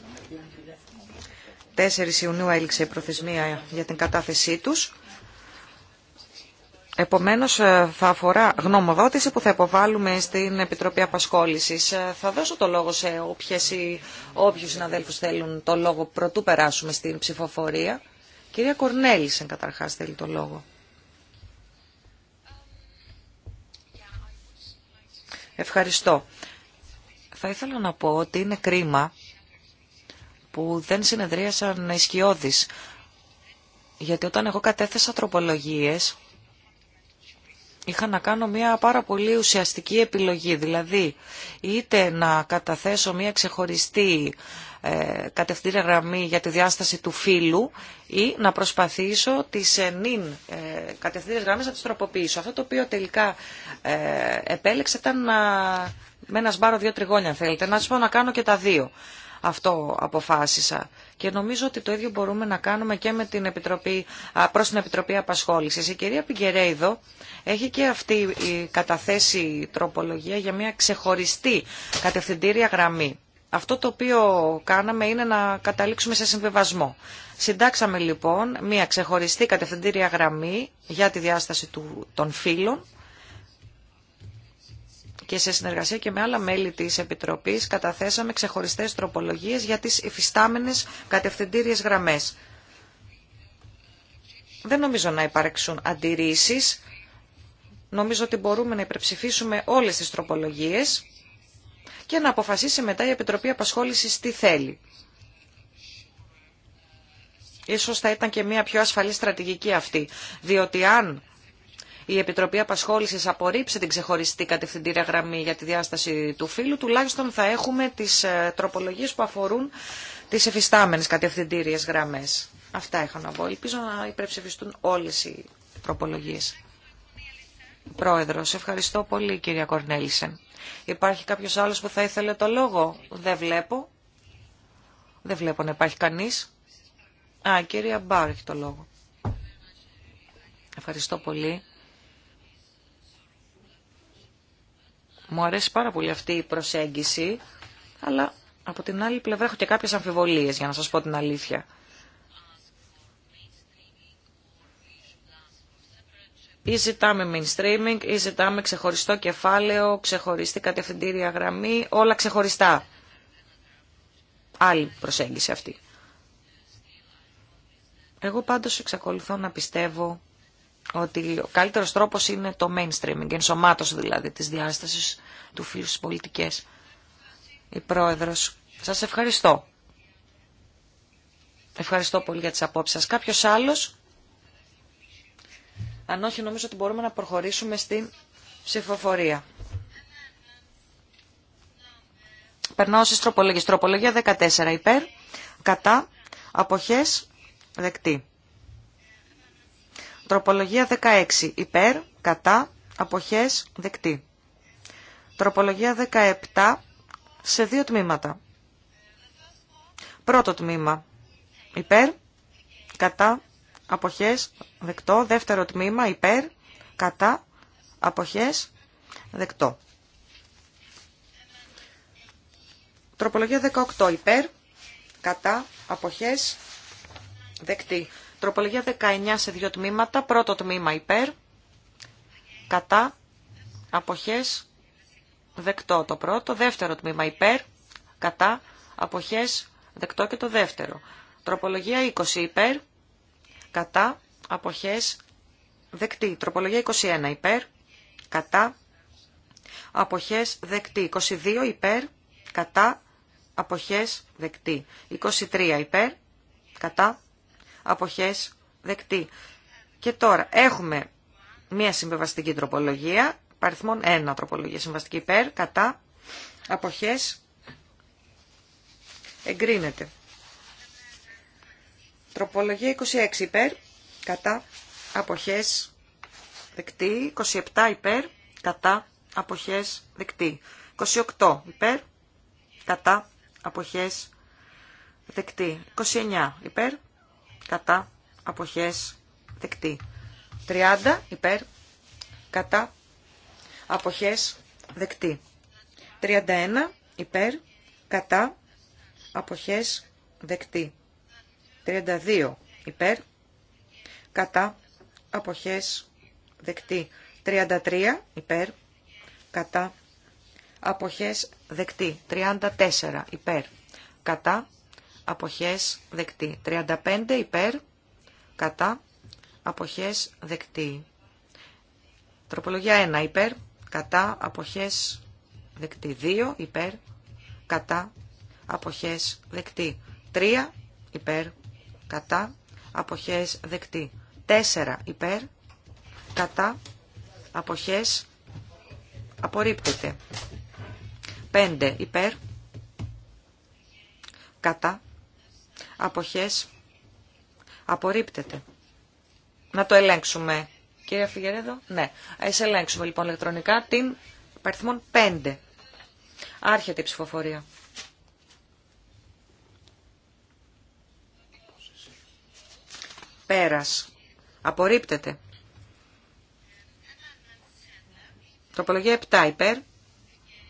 4 Ιουνίου έληξε η προθεσμία για την κατάθεσή τους. Επομένως ε, θα αφορά γνωμοδότηση που θα υποβάλουμε στην Επιτροπή Απασχόλησης. Ε, θα δώσω το λόγο σε όποιες ή όποιους συναδέλφους θέλουν το λόγο πρωτού περάσουμε στην ψηφοφορία. Κυρία Κορνέλησεν καταρχά θέλει το λόγο. Ευχαριστώ. Θα ήθελα να πω ότι είναι κρίμα που δεν συνεδρίασαν οι Γιατί όταν εγώ κατέθεσα τροπολογίες είχα να κάνω μια πάρα πολύ ουσιαστική επιλογή. Δηλαδή, είτε να καταθέσω μια ξεχωριστή ε, γραμμή για τη διάσταση του φύλου ή να προσπαθήσω τις ε, νυν ε, γραμμές να τις τροποποιήσω. Αυτό το οποίο τελικά ε, επέλεξε ήταν να, με ένα σπάρο δύο τριγώνια, θέλετε, να σου πω να κάνω και τα δύο. Αυτό αποφάσισα. Και νομίζω ότι το ίδιο μπορούμε να κάνουμε και με την Επιτροπή, προς την Επιτροπή Απασχόλησης. Η κυρία Πιγκερέιδο έχει και αυτή η καταθέσει τροπολογία για μια ξεχωριστή κατευθυντήρια γραμμή. Αυτό το οποίο κάναμε είναι να καταλήξουμε σε συμβιβασμό. Συντάξαμε λοιπόν μια ξεχωριστή κατευθυντήρια γραμμή για τη διάσταση των φύλων και σε συνεργασία και με άλλα μέλη της Επιτροπής καταθέσαμε ξεχωριστές τροπολογίες για τις υφιστάμενες κατευθυντήριες γραμμές. Δεν νομίζω να υπάρξουν αντιρρήσεις. Νομίζω ότι μπορούμε να υπερψηφίσουμε όλες τις τροπολογίες και να αποφασίσει μετά η Επιτροπή Απασχόλησης τι θέλει. Ίσως θα ήταν και μια πιο ασφαλή στρατηγική αυτή, διότι αν η Επιτροπή Απασχόληση απορρίψει την ξεχωριστή κατευθυντήρια γραμμή για τη διάσταση του φύλου, τουλάχιστον θα έχουμε τι ε, τροπολογίε που αφορούν τι εφιστάμενες κατευθυντήριε γραμμέ. Αυτά είχα να πω. Ελπίζω να υπερψηφιστούν όλε οι τροπολογίες. Πρόεδρος, ευχαριστώ πολύ κυρία Κορνέλισεν. Υπάρχει κάποιος άλλος που θα ήθελε το λόγο. Δεν βλέπω. Δεν βλέπω να υπάρχει κανεί Α, κυρία Μπάρ έχει το λόγο. Ευχαριστώ πολύ. Μου αρέσει πάρα πολύ αυτή η προσέγγιση, αλλά από την άλλη πλευρά έχω και κάποιες αμφιβολίες, για να σας πω την αλήθεια. Ή ζητάμε mainstreaming, ή ζητάμε ξεχωριστό κεφάλαιο, ξεχωριστή κατευθυντήρια γραμμή, όλα ξεχωριστά. Άλλη προσέγγιση αυτή. Εγώ πάντως εξακολουθώ να πιστεύω ότι ο καλύτερος τρόπος είναι το mainstreaming, ενσωμάτωση δηλαδή τη διάσταση του φίλου στι πολιτικέ. Η Πρόεδρος, σας ευχαριστώ. Ευχαριστώ πολύ για τι απόψεις σα. Κάποιος άλλος, αν όχι νομίζω ότι μπορούμε να προχωρήσουμε στην ψηφοφορία. Περνάω στις τροπολογίες. Τροπολογία 14 υπέρ, κατά, αποχές, δεκτή. Τροπολογία 16. Υπέρ, κατά, αποχές, δεκτή. Τροπολογία 17 σε δύο τμήματα. Πρώτο τμήμα. Υπέρ, κατά, αποχές, δεκτό. Δεύτερο τμήμα. Υπέρ, κατά, αποχές, δεκτό. Τροπολογία 18. Υπέρ, κατά, αποχές, δεκτή. Τροπολογία 19 σε δύο τμήματα. Πρώτο τμήμα υπέρ, κατά, αποχές, δεκτό το πρώτο. Δεύτερο τμήμα υπέρ, κατά, αποχές, δεκτό και το δεύτερο. Τροπολογία 20 υπέρ, κατά, αποχές, δεκτή. Τροπολογία 21 υπέρ, κατά, αποχές, δεκτή. 22 υπέρ, κατά, αποχές, δεκτή. 23 υπέρ, κατά, αποχές δεκτή. Και τώρα έχουμε μία συμβεβαστική τροπολογία, παριθμόν ένα τροπολογία συμβαστική υπέρ, κατά, αποχές, εγκρίνεται. Τροπολογία 26 υπέρ, κατά, αποχές, δεκτή. 27 υπέρ, κατά, αποχές, δεκτή. 28 υπέρ, κατά, αποχές, δεκτή. 29 υπέρ, κατά αποχές δεκτή. 30 υπέρ κατά αποχές δεκτή. 31 υπέρ κατά αποχές δεκτή. 32 υπέρ κατά αποχές δεκτή. 33 υπέρ κατά αποχές δεκτή. 34 υπέρ κατά αποχές δεκτή. 35 υπέρ, κατά, αποχές δεκτή. Τροπολογία 1 υπέρ, κατά, αποχές δεκτή. 2 υπέρ, κατά, αποχές δεκτή. 3 υπέρ, κατά, αποχές δεκτή. 4 υπέρ, κατά, αποχές απορρίπτεται. 5 υπέρ, κατά, αποχές απορρίπτεται. Να το ελέγξουμε. Κύριε Φιγερέδο, ναι. Ας ελέγξουμε λοιπόν ηλεκτρονικά την παριθμόν 5. Άρχεται η ψηφοφορία. Πέρας. Απορρίπτεται. Τροπολογία 7 υπέρ,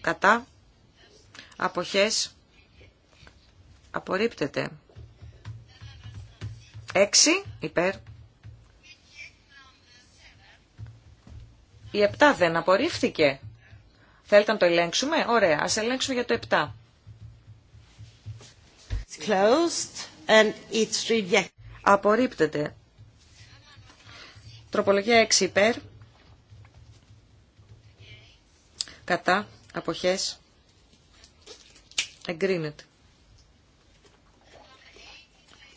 κατά, αποχές, απορρίπτεται. 6 υπέρ. Η 7 δεν απορρίφθηκε. Θέλετε να το ελέγξουμε. Ωραία, ας ελέγξουμε για το 7. It's closed and it's rejected. Απορρίπτεται. Τροπολογία 6 υπέρ. Κατά. Αποχές. Εγκρίνεται.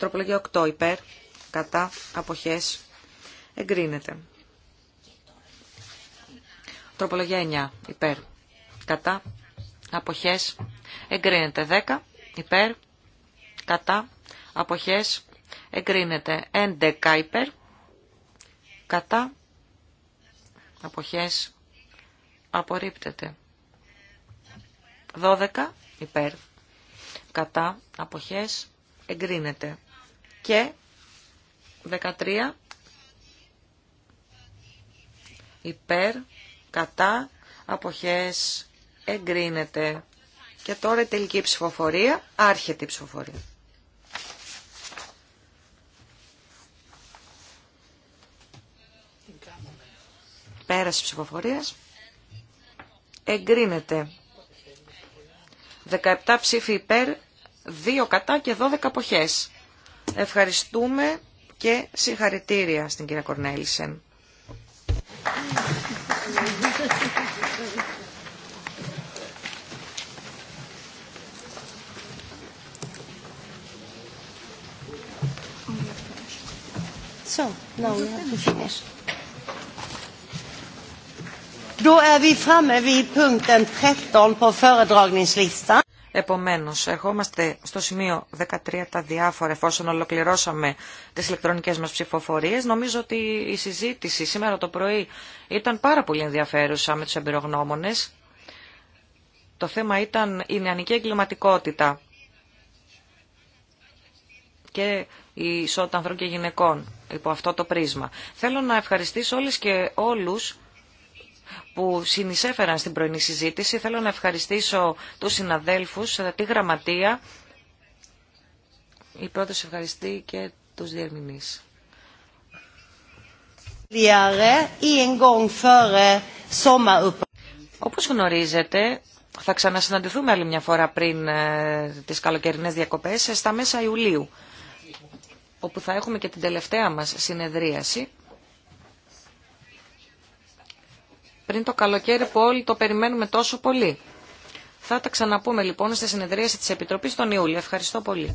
Τροπολογία 8 υπέρ, κατά, αποχές, εγκρίνεται. Τροπολογία 9 υπέρ, κατά, αποχές, εγκρίνεται. 10 υπέρ, κατά, αποχές, εγκρίνεται. 11 υπέρ, κατά, αποχές, απορρίπτεται. 12 υπέρ, κατά, αποχές, εγκρίνεται και 13 υπέρ, κατά, αποχές, εγκρίνεται. Και τώρα η τελική ψηφοφορία, άρχεται η ψηφοφορία. Πέραση ψηφοφορίας. Εγκρίνεται. 17 ψήφοι υπέρ, 2 κατά και 12 αποχές. Ευχαριστούμε και συγχαρητήρια στην κυρία Κορνέλισεν. So, now we have to finish. Då är vi framme vid punkten 13 på föredragningslistan. Επομένως, ερχόμαστε στο σημείο 13 τα διάφορα εφόσον ολοκληρώσαμε τις ηλεκτρονικές μας ψηφοφορίες. Νομίζω ότι η συζήτηση σήμερα το πρωί ήταν πάρα πολύ ενδιαφέρουσα με τους εμπειρογνώμονες. Το θέμα ήταν η νεανική εγκληματικότητα και η ισότητα ανθρώπων και γυναικών υπό αυτό το πρίσμα. Θέλω να ευχαριστήσω όλες και όλους που συνεισέφεραν στην πρωινή συζήτηση. Θέλω να ευχαριστήσω τους συναδέλφους, ε, τη γραμματεία. Η πρώτος ευχαριστεί και τους διερμηνείς. Όπως γνωρίζετε, θα ξανασυναντηθούμε άλλη μια φορά πριν ε, τις καλοκαιρινές διακοπές, ε, στα μέσα Ιουλίου, όπου θα έχουμε και την τελευταία μας συνεδρίαση. πριν το καλοκαίρι που όλοι το περιμένουμε τόσο πολύ. Θα τα ξαναπούμε λοιπόν στη συνεδρίαση της Επιτροπής τον Ιούλιο. Ευχαριστώ πολύ.